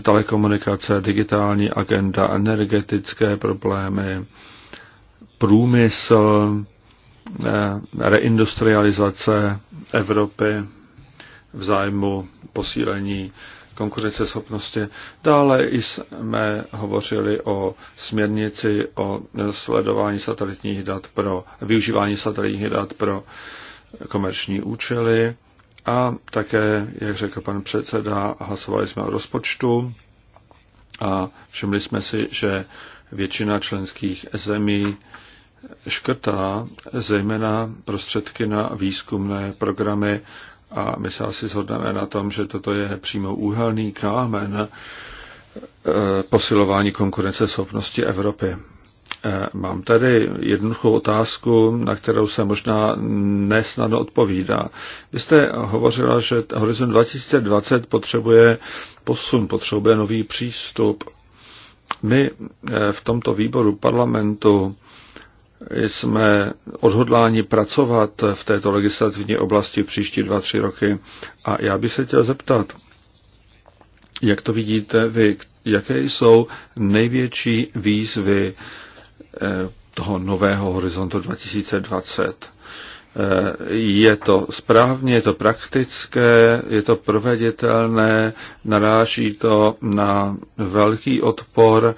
S1: telekomunikace, digitální agenda, energetické problémy, průmysl, eh, reindustrializace Evropy v zájmu posílení konkurenceschopnosti. Dále jsme hovořili o směrnici o sledování satelitních dat pro využívání satelitních dat pro komerční účely a také, jak řekl pan předseda, hlasovali jsme o rozpočtu a všimli jsme si, že většina členských zemí škrtá zejména prostředky na výzkumné programy a my se asi shodneme na tom, že toto je přímo úhelný kámen eh, posilování konkurenceschopnosti Evropy. Eh, mám tady jednoduchou otázku, na kterou se možná nesnadno odpovídá. Vy jste hovořila, že Horizon 2020 potřebuje posun, potřebuje nový přístup. My eh, v tomto výboru parlamentu jsme odhodláni pracovat v této legislativní oblasti příští dva, tři roky. A já bych se chtěl zeptat, jak to vidíte vy, jaké jsou největší výzvy eh, toho nového horizontu 2020? Eh, je to správně, je to praktické, je to proveditelné, naráží to na velký odpor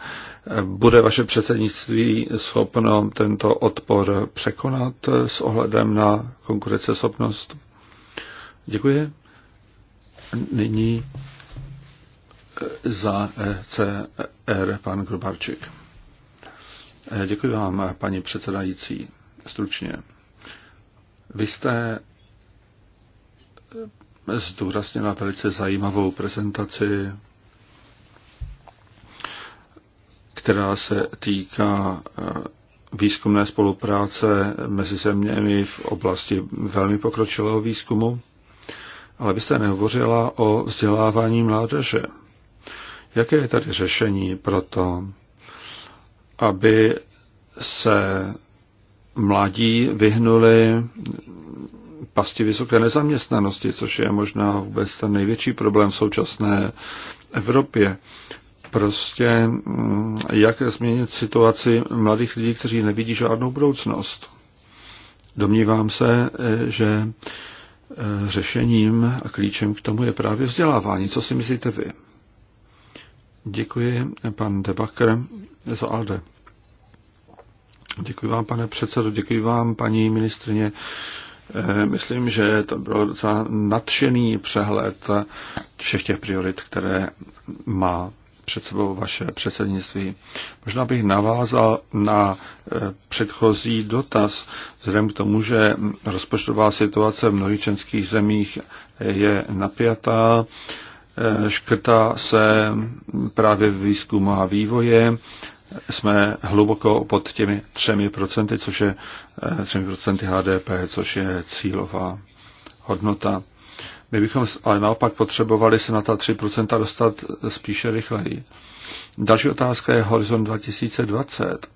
S1: bude vaše předsednictví schopno tento odpor překonat s ohledem na konkurenceschopnost? Děkuji. Nyní eh, za eh, CR pan Grubarčik. Eh, děkuji vám, paní předsedající, stručně. Vy jste zdůraznila velice zajímavou prezentaci která se týká eh, výzkumné spolupráce mezi zeměmi v oblasti velmi pokročilého výzkumu, ale byste nehovořila o vzdělávání mládeže. Jaké je tady řešení pro to, aby se mladí vyhnuli pasti vysoké nezaměstnanosti, což je možná vůbec ten největší problém v současné Evropě prostě mm, jak změnit situaci mladých lidí, kteří nevidí žádnou budoucnost. Domnívám se, e, že e, řešením a klíčem k tomu je právě vzdělávání. Co si myslíte vy? Děkuji, pan Debakr, za ALDE. Děkuji vám, pane předsedo, děkuji vám, paní ministrině. E, myslím, že to byl docela nadšený přehled všech těch priorit, které má před sebou vaše předsednictví. Možná bych navázal na e, předchozí dotaz, vzhledem k tomu, že rozpočtová situace v mnohých členských zemích je napjatá, e, škrtá se právě výzkum a vývoje, jsme hluboko pod těmi třemi procenty, což je e, třemi procenty HDP, což je cílová hodnota. My bychom ale naopak potřebovali se na ta 3% dostat spíše rychleji. Další otázka je Horizon 2020.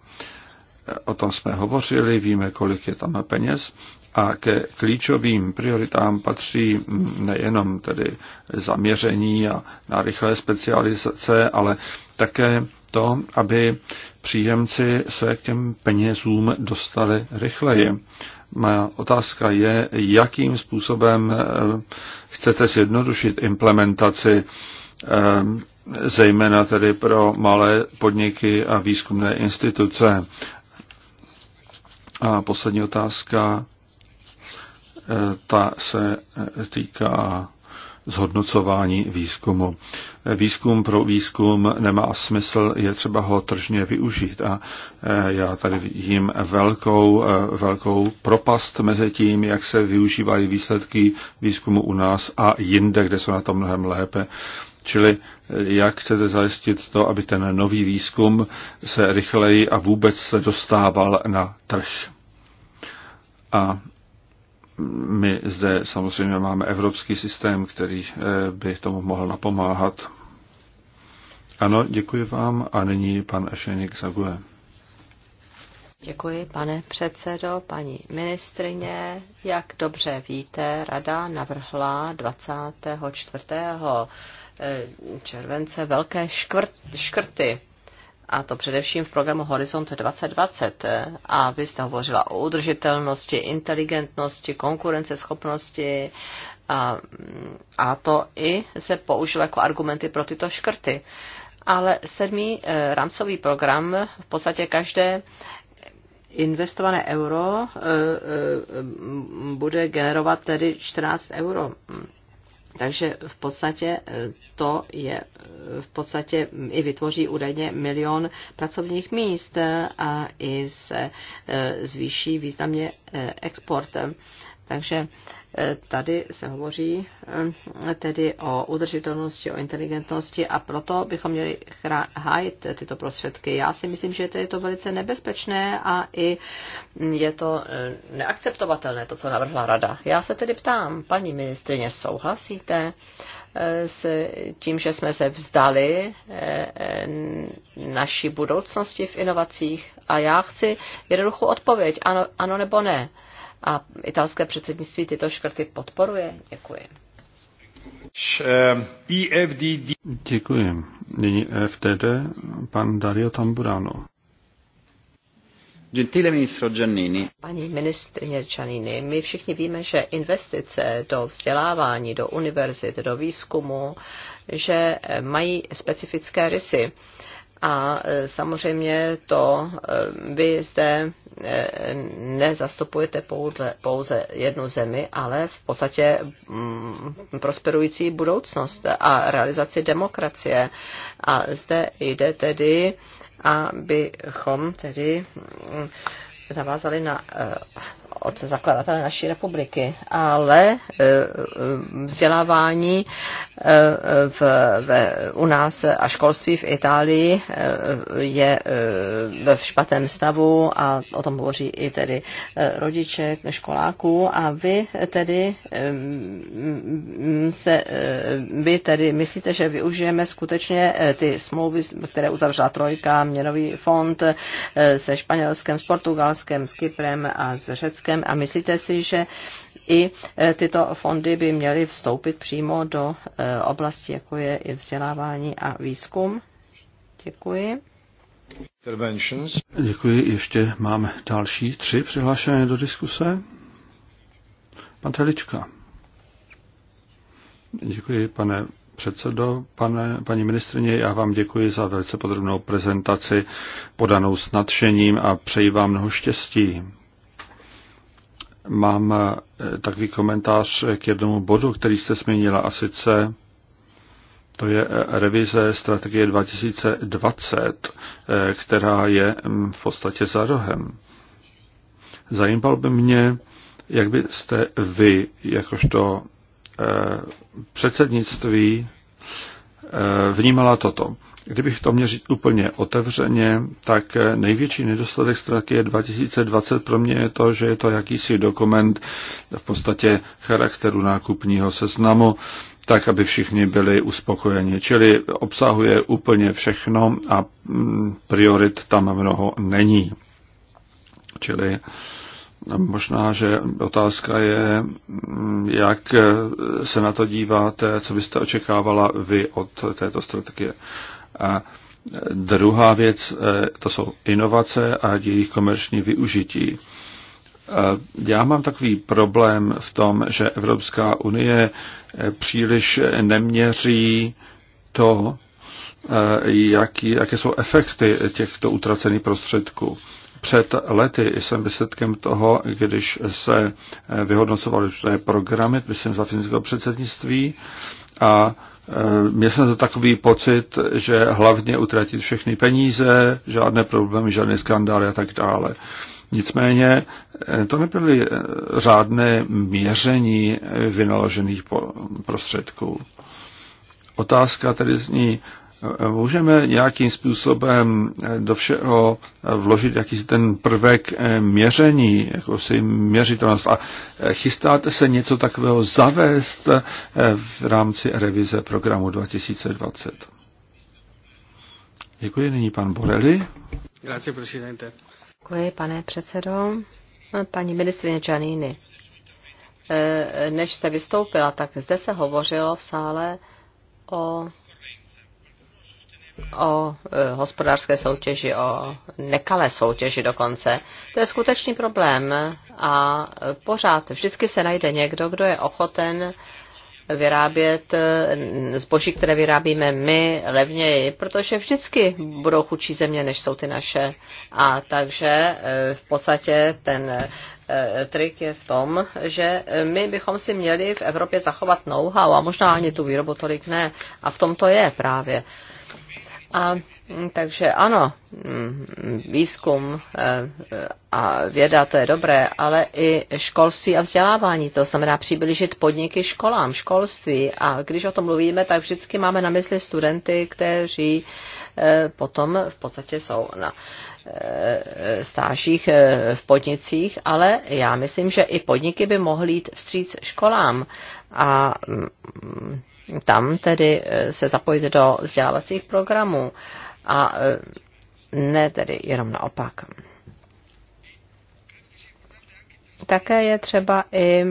S1: O tom jsme hovořili, víme, kolik je tam peněz a ke klíčovým prioritám patří mm, nejenom tedy zaměření a na rychlé specializace, ale také to, aby příjemci se k těm penězům dostali rychleji. Má otázka je, jakým způsobem eh, chcete zjednodušit implementaci eh, zejména tedy pro malé podniky a výzkumné instituce. A poslední otázka, eh, ta se týká zhodnocování výzkumu. Výzkum pro výzkum nemá smysl, je třeba ho tržně využít a eh, já tady vidím velkou, eh, velkou propast mezi tím, jak se využívají výsledky výzkumu u nás a jinde, kde jsou na tom mnohem lépe. Čili eh, jak chcete zajistit to, aby ten nový výzkum se rychleji a vůbec se dostával na trh. A my zde samozřejmě máme evropský systém, který eh, by tomu mohl napomáhat. Ano, děkuji vám a nyní pan Ešenik Zague.
S2: Děkuji, pane předsedo, paní ministrině. Jak dobře víte, rada navrhla 24. Eh, července velké škrty a to především v programu Horizont 2020. A vy jste hovořila o udržitelnosti, inteligentnosti, konkurenceschopnosti a, a to i se použilo jako argumenty pro tyto škrty. Ale sedmý eh, rámcový program v podstatě každé investované euro eh, eh, bude generovat tedy 14 euro takže v podstatě eh, to je, eh, v podstatě i vytvoří údajně milion pracovních míst eh, a i se zvýší významně export. Takže eh, tady se hovoří eh, tedy o udržitelnosti, o inteligentnosti a proto bychom měli hájit tyto prostředky. Já si myslím, že to je to velice nebezpečné a i mm, je to eh, neakceptovatelné, to, co navrhla rada. Já se tedy ptám, paní ministrině, souhlasíte s tím, že jsme se vzdali naší budoucnosti v inovacích? A já chci jednoduchou odpověď, ano, ano nebo ne a italské předsednictví tyto škrty podporuje? Děkuji.
S1: EFDD. Děkuji. Nyní FTD, pan Dario Tamburano.
S3: Gentile ministro Giannini.
S2: Paní ministrině Giannini, my všichni víme, že investice do vzdělávání, do univerzit, do výzkumu, že mají specifické rysy. A e, samozřejmě to e, vy zde e, nezastupujete pouze jednu zemi, ale v podstatě mm, prosperující budoucnost a realizaci demokracie. A zde jde tedy, abychom tedy mm, navázali na eh, od zakladatele naší republiky, ale eh, vzdělávání eh, v, v, u nás a školství v Itálii je ve špatném stavu a o tom hovoří i tedy rodiče školáků a vy tedy se, vy tedy myslíte, že využijeme skutečně ty smlouvy, které uzavřela Trojka, Měnový fond se Španělskem, s Portugalskem, Portugalskem, s Kyprem a s Řeckem. A myslíte si, že i e, tyto fondy by měly vstoupit přímo do e, oblasti, jako je i vzdělávání a výzkum? Děkuji.
S1: Děkuji. Ještě máme další tři přihlášené do diskuse. Pan Telička. Děkuji, pane předsedo, pane, paní ministrině, já vám děkuji za velice podrobnou prezentaci podanou s nadšením a přeji vám mnoho štěstí. Mám eh, takový komentář k jednomu bodu, který jste změnila, a sice to je eh, revize strategie 2020, eh, která je mm, v podstatě za rohem. Zajímal by mě, jak byste vy, jakožto Eh, předsednictví eh, vnímala toto. Kdybych to měl říct úplně otevřeně, tak největší nedostatek strategie 2020 pro mě je to, že je to jakýsi dokument v podstatě charakteru nákupního seznamu, tak, aby všichni byli uspokojeni. Čili obsahuje úplně všechno a mm, priorit tam mnoho není. Čili Možná, že otázka je, mm, jak se na to díváte, co byste očekávala vy od této strategie. A druhá věc, e, to jsou inovace a jejich komerční využití. E, já mám takový problém v tom, že Evropská unie e, příliš neměří to, jaký, jaké jsou efekty těchto utracených prostředků. Před lety jsem výsledkem toho, když se eh, vyhodnocovaly určité programy, myslím za fyzického předsednictví, a eh, Měl jsem to takový pocit, že hlavně utratit všechny peníze, žádné problémy, žádné skandály a tak dále. Nicméně eh, to nebyly řádné měření vynaložených prostředků. Otázka tedy zní, Můžeme nějakým způsobem do všeho vložit jakýsi ten prvek měření, jako si měřitelnost. A chystáte se něco takového zavést v rámci revize programu 2020? Děkuji, nyní pan Borelli.
S2: Děkuji, pane předsedo. Paní ministrině Čaníny, než jste vystoupila, tak zde se hovořilo v sále o o e, hospodářské soutěži, o nekalé soutěži dokonce. To je skutečný problém a pořád vždycky se najde někdo, kdo je ochoten vyrábět e, zboží, které vyrábíme my levněji, protože vždycky budou chudší země, než jsou ty naše. A takže e, v podstatě ten trik je v tom, že my bychom si měli v Evropě zachovat know-how a možná ani tu výrobu tolik ne. A v tom to je právě a takže ano, výzkum eh, a věda, to je dobré, ale i školství a vzdělávání, to znamená přiblížit podniky školám, školství. A když o tom mluvíme, tak vždycky máme na mysli studenty, kteří eh, potom v podstatě jsou na eh, stážích v podnicích, ale já myslím, že i podniky by mohly jít vstříc školám a mm, tam tedy eh, se zapojit do vzdělávacích programů a eh, ne tedy jenom naopak. Také je třeba i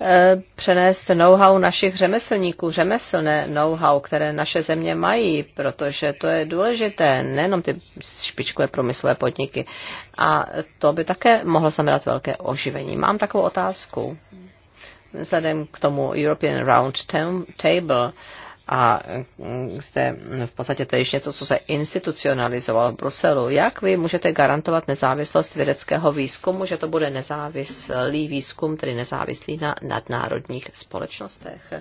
S2: eh, přenést know-how našich řemeslníků, řemeslné know-how, které naše země mají, protože to je důležité, nejenom ty špičkové průmyslové podniky. A to by také mohlo znamenat velké oživení. Mám takovou otázku vzhledem k tomu European Round Table a mm, zde v podstatě to je něco, co se institucionalizovalo v Bruselu. Jak vy můžete garantovat nezávislost vědeckého výzkumu, že to bude nezávislý výzkum, tedy nezávislý na nadnárodních společnostech?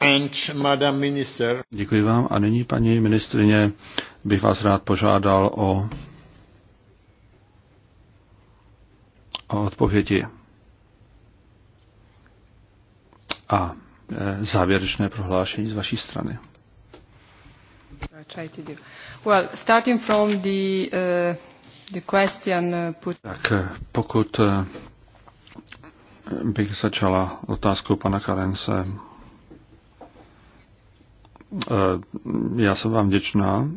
S2: And,
S1: Minister. Děkuji vám. A nyní, paní ministrině, bych vás rád požádal o, o odpovědi. závěrečné prohlášení z vaší strany.
S3: Uh, uh,
S1: tak uh, pokud bych začala otázkou pana Karence, já jsem vám děčná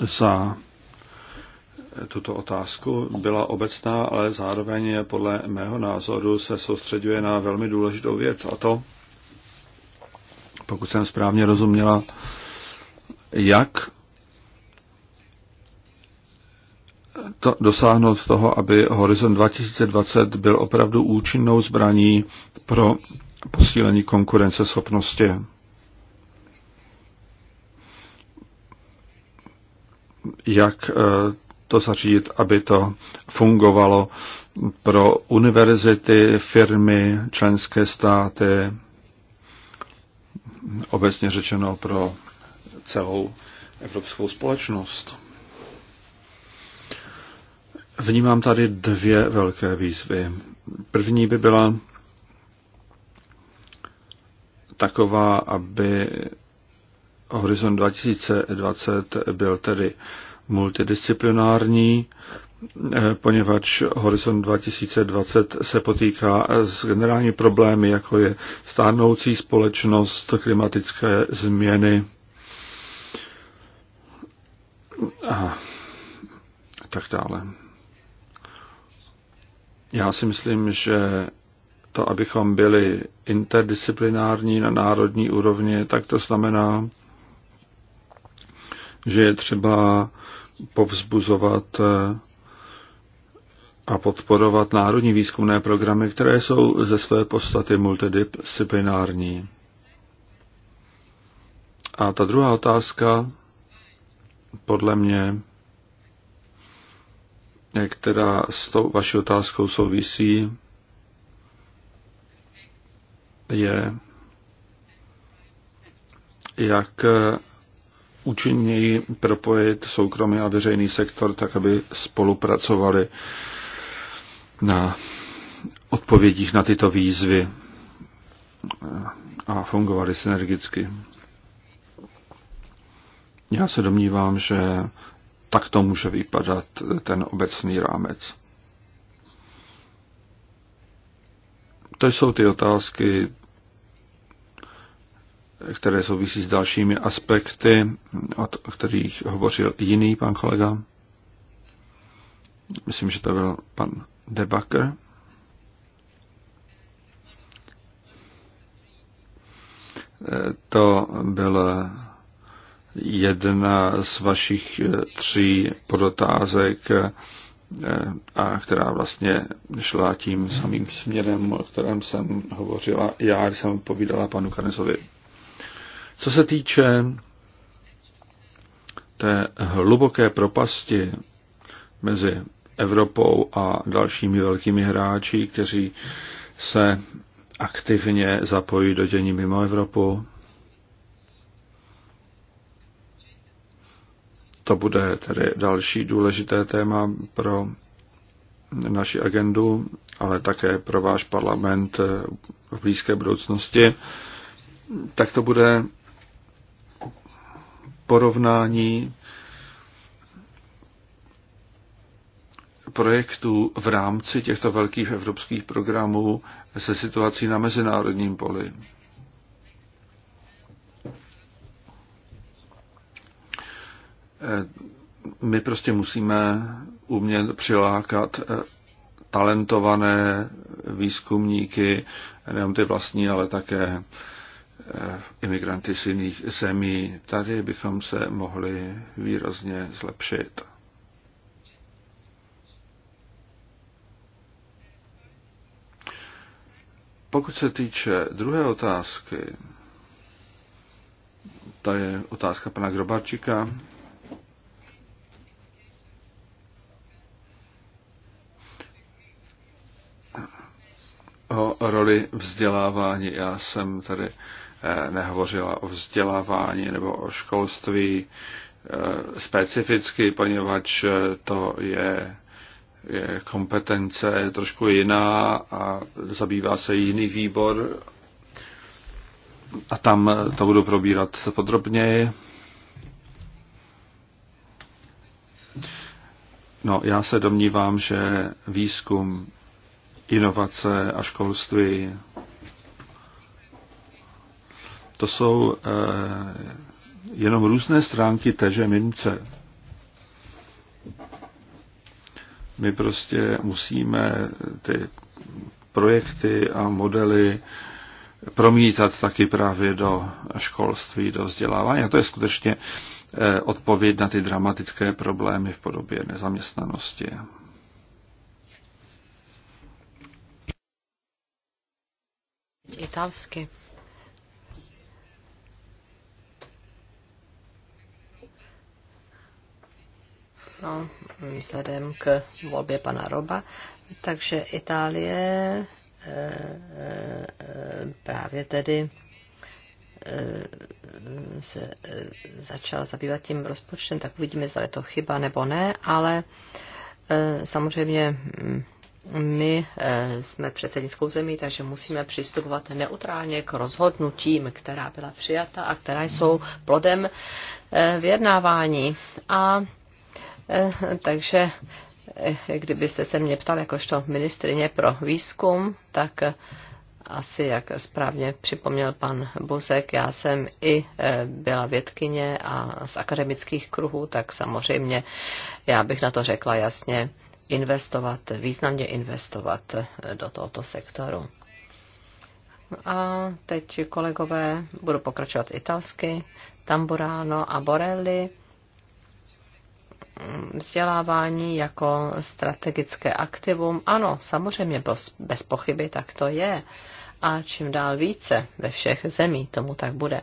S1: za tuto otázku. Byla obecná, ale zároveň podle mého názoru se soustředuje na velmi důležitou věc a to pokud jsem správně rozuměla, jak to, dosáhnout toho, aby Horizon 2020 byl opravdu účinnou zbraní pro posílení konkurenceschopnosti. Jak eh, to zařídit, aby to fungovalo pro univerzity, firmy, členské státy, obecně řečeno pro celou evropskou společnost. Vnímám tady dvě velké výzvy. První by byla taková, aby Horizon 2020 byl tedy multidisciplinární, Eh, poněvadž Horizon 2020 se potýká eh, s generální problémy, jako je stárnoucí společnost, klimatické změny a tak dále. Já si myslím, že to, abychom byli interdisciplinární na národní úrovni, tak to znamená, že je třeba povzbuzovat eh, a podporovat národní výzkumné programy, které jsou ze své podstaty multidisciplinární. A ta druhá otázka, podle mě, která s tou vaší otázkou souvisí, je, jak účinněji propojit soukromý a veřejný sektor tak, aby spolupracovali na odpovědích na tyto výzvy a fungovali synergicky. Já se domnívám, že tak to může vypadat ten obecný rámec. To jsou ty otázky, které souvisí s dalšími aspekty, o kterých hovořil jiný pan kolega. Myslím, že to byl pan Debakr. To byla jedna z vašich tří podotázek, a která vlastně šla tím samým směrem, o kterém jsem hovořila já, když jsem povídala panu Karnesovi. Co se týče té hluboké propasti mezi Evropou a dalšími velkými hráči, kteří se aktivně zapojí do dění mimo Evropu. To bude tedy další důležité téma pro naši agendu, ale také pro váš parlament v blízké budoucnosti. Tak to bude porovnání projektů v rámci těchto velkých evropských programů se situací na mezinárodním poli. Eh, my prostě musíme umět přilákat eh, talentované výzkumníky, nejenom ty vlastní, ale také eh, imigranty z jiných zemí. Tady bychom se mohli výrazně zlepšit. Pokud se týče druhé otázky, to je otázka pana Grobarčika. O roli vzdělávání. Já jsem tady eh, nehovořila o vzdělávání nebo o školství eh, specificky, poněvadž eh, to je je kompetence je trošku jiná a zabývá se jiný výbor a tam to budu probírat podrobněji. No, já se domnívám, že výzkum, inovace a školství to jsou eh, jenom různé stránky téže mince. My prostě musíme ty projekty a modely promítat taky právě do školství, do vzdělávání. A to je skutečně eh, odpověď na ty dramatické problémy v podobě nezaměstnanosti.
S3: Italsky.
S2: no, vzhledem k volbě pana Roba. Takže Itálie eh, eh, právě tedy eh, se začala zabývat tím rozpočtem, tak uvidíme, zda je to chyba nebo ne, ale samozřejmě hm, my jsme předsednickou zemí, takže musíme přistupovat neutrálně k rozhodnutím, která byla přijata a která jsou plodem vyjednávání. A Eh, takže eh, kdybyste se mě ptal jakožto ministrině pro výzkum, tak eh, asi, jak správně připomněl pan Buzek, já jsem i byla vědkyně a z akademických kruhů, tak samozřejmě já bych na to řekla jasně, investovat, významně investovat do tohoto sektoru. A teď kolegové, budu pokračovat italsky, Tamburano a Borelli vzdělávání jako strategické aktivum. Ano, samozřejmě bez pochyby tak to je. A čím dál více ve všech zemí tomu tak bude.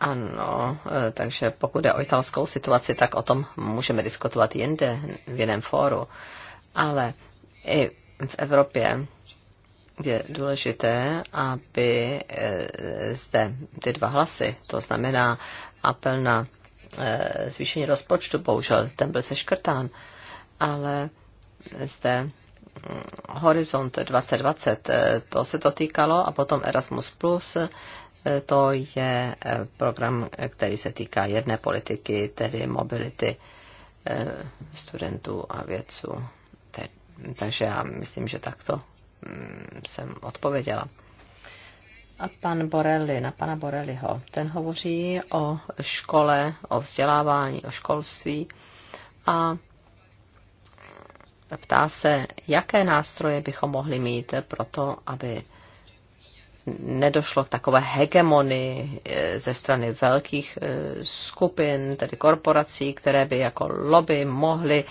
S2: Ano, e, takže pokud je o italskou situaci, tak o tom můžeme diskutovat jinde, v jiném fóru. Ale i v Evropě je důležité, aby e, zde ty dva hlasy, to znamená apel na Eh, zvýšení rozpočtu, bohužel ten byl seškrtán, ale zde mm, Horizont 2020, eh, to se to týkalo, a potom Erasmus+, Plus, eh, to je program, který se týká jedné politiky, tedy mobility studentů a vědců. Takže já myslím, že takto mm, jsem odpověděla a pan Borelli, na pana Borelliho. Ten hovoří o škole, o vzdělávání, o školství a ptá se, jaké nástroje bychom mohli mít pro to, aby nedošlo k takové hegemonii eh, ze strany velkých eh, skupin, tedy korporací, které by jako lobby mohly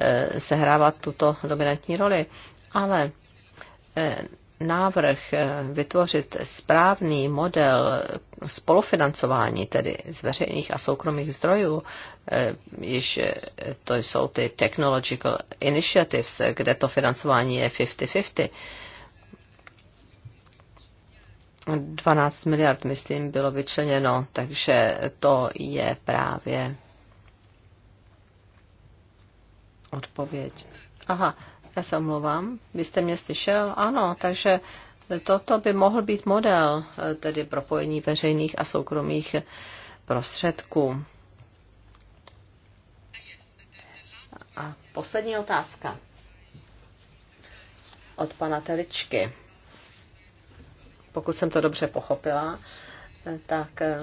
S2: eh, sehrávat tuto dominantní roli. Ale návrh eh, vytvořit správný model spolufinancování, tedy z veřejných a soukromých zdrojů, eh, již eh, to jsou ty technological initiatives, kde to financování je 50-50. 12 miliard, myslím, bylo vyčleněno, takže to je právě odpověď. Aha, já se omlouvám, vy jste mě slyšel? Ano, takže toto by mohl být model, eh, tedy propojení veřejných a soukromých prostředků. A poslední otázka od pana Teličky. Pokud jsem to dobře pochopila, eh, tak eh,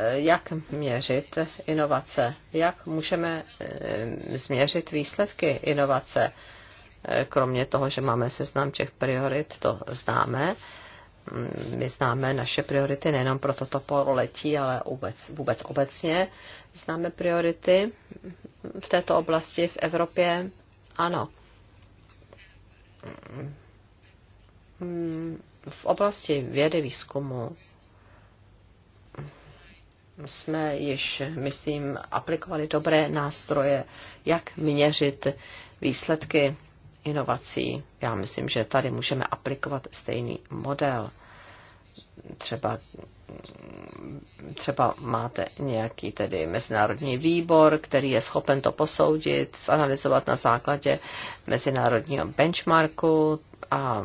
S2: Eh, jak měřit inovace, jak můžeme eh, změřit výsledky inovace. Eh, kromě toho, že máme seznam těch priorit, to známe. Mm, my známe naše priority nejenom pro toto pololetí, ale vůbec, vůbec obecně známe priority v této oblasti v Evropě. Ano. Mm, v oblasti vědy výzkumu jsme již, myslím, aplikovali dobré nástroje, jak měřit výsledky inovací. Já myslím, že tady můžeme aplikovat stejný model. Třeba, třeba máte nějaký tedy mezinárodní výbor, který je schopen to posoudit, zanalizovat na základě mezinárodního benchmarku a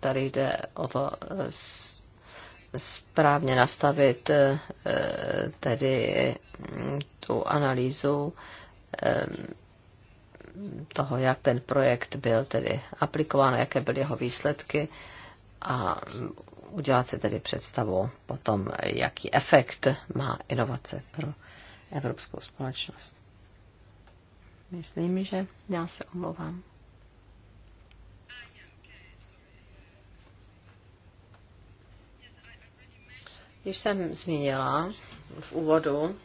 S2: tady jde o to eh, správně nastavit eh, tedy mm, tu analýzu eh, toho, jak ten projekt byl tedy aplikován, jaké byly jeho výsledky a udělat si tedy představu potom, jaký efekt má inovace pro evropskou společnost. Myslím, že já se omlouvám. Již jsem zmínila v úvodu,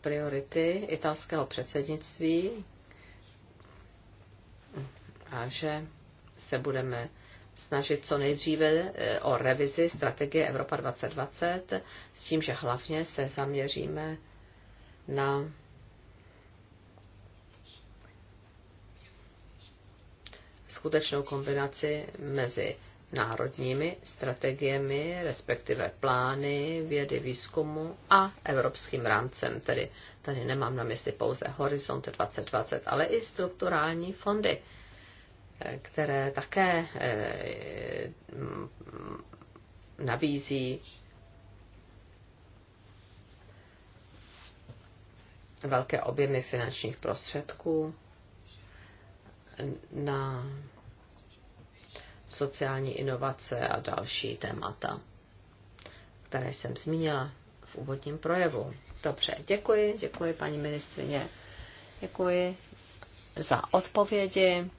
S2: priority italského předsednictví a že se budeme snažit co nejdříve eh, o revizi strategie Evropa 2020 s tím, že hlavně se zaměříme na skutečnou kombinaci mezi národními strategiemi, respektive plány vědy, výzkumu a evropským rámcem. Tedy tady nemám na mysli pouze Horizont 2020, ale i strukturální fondy, eh, které také eh, nabízí velké objemy finančních prostředků na sociální inovace a další témata, které jsem zmínila v úvodním projevu. Dobře, děkuji, děkuji paní ministrině, děkuji za odpovědi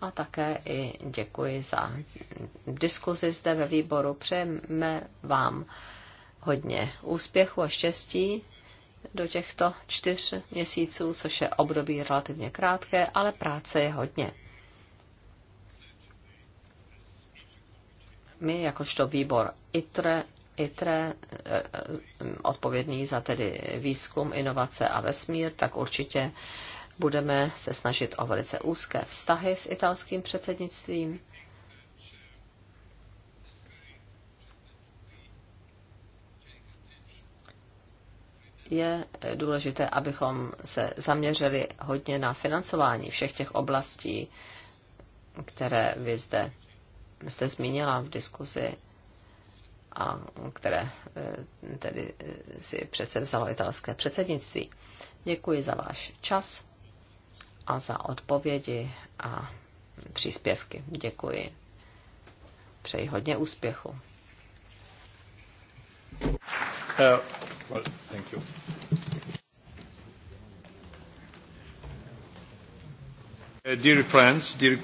S2: a také i děkuji za diskuzi zde ve výboru. Přejeme vám hodně úspěchu a štěstí do těchto čtyř měsíců, což je období relativně krátké, ale práce je hodně. My, jakožto výbor ITRE, ITRE, eh, odpovědný za tedy výzkum, inovace a vesmír, tak určitě budeme se snažit o velice úzké vztahy s italským předsednictvím je důležité, abychom se zaměřili hodně na financování všech těch oblastí, které vy zde jste zmínila v diskuzi a které eh, tedy eh, si přece vzalo italské předsednictví. Děkuji za váš čas a za odpovědi a příspěvky. Děkuji. Přeji hodně úspěchu.
S1: Uh. Well, thank you.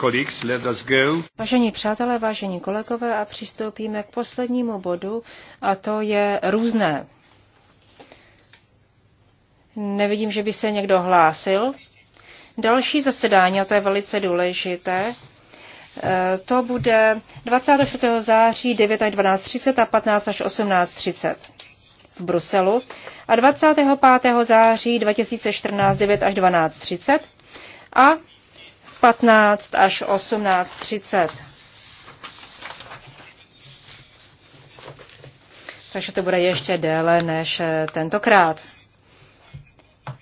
S1: Uh,
S3: vážení přátelé, vážení kolegové, a přistoupíme k poslednímu bodu, a to je různé. Nevidím, že by se někdo hlásil. Další zasedání, a to je velice důležité, eh, to bude 24. září 9 až 12.30 a 15 až 18.30 v Bruselu a 25. září 2014 9 až 12.30 a 15 až 18.30. Takže to bude ještě déle než eh, tentokrát.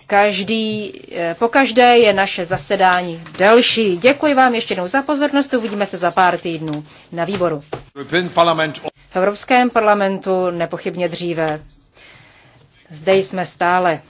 S3: Každý, eh, po každé je naše zasedání delší. Děkuji vám ještě jednou za pozornost, uvidíme se za pár týdnů na výboru. V Evropském parlamentu nepochybně dříve. Zde jsme stále.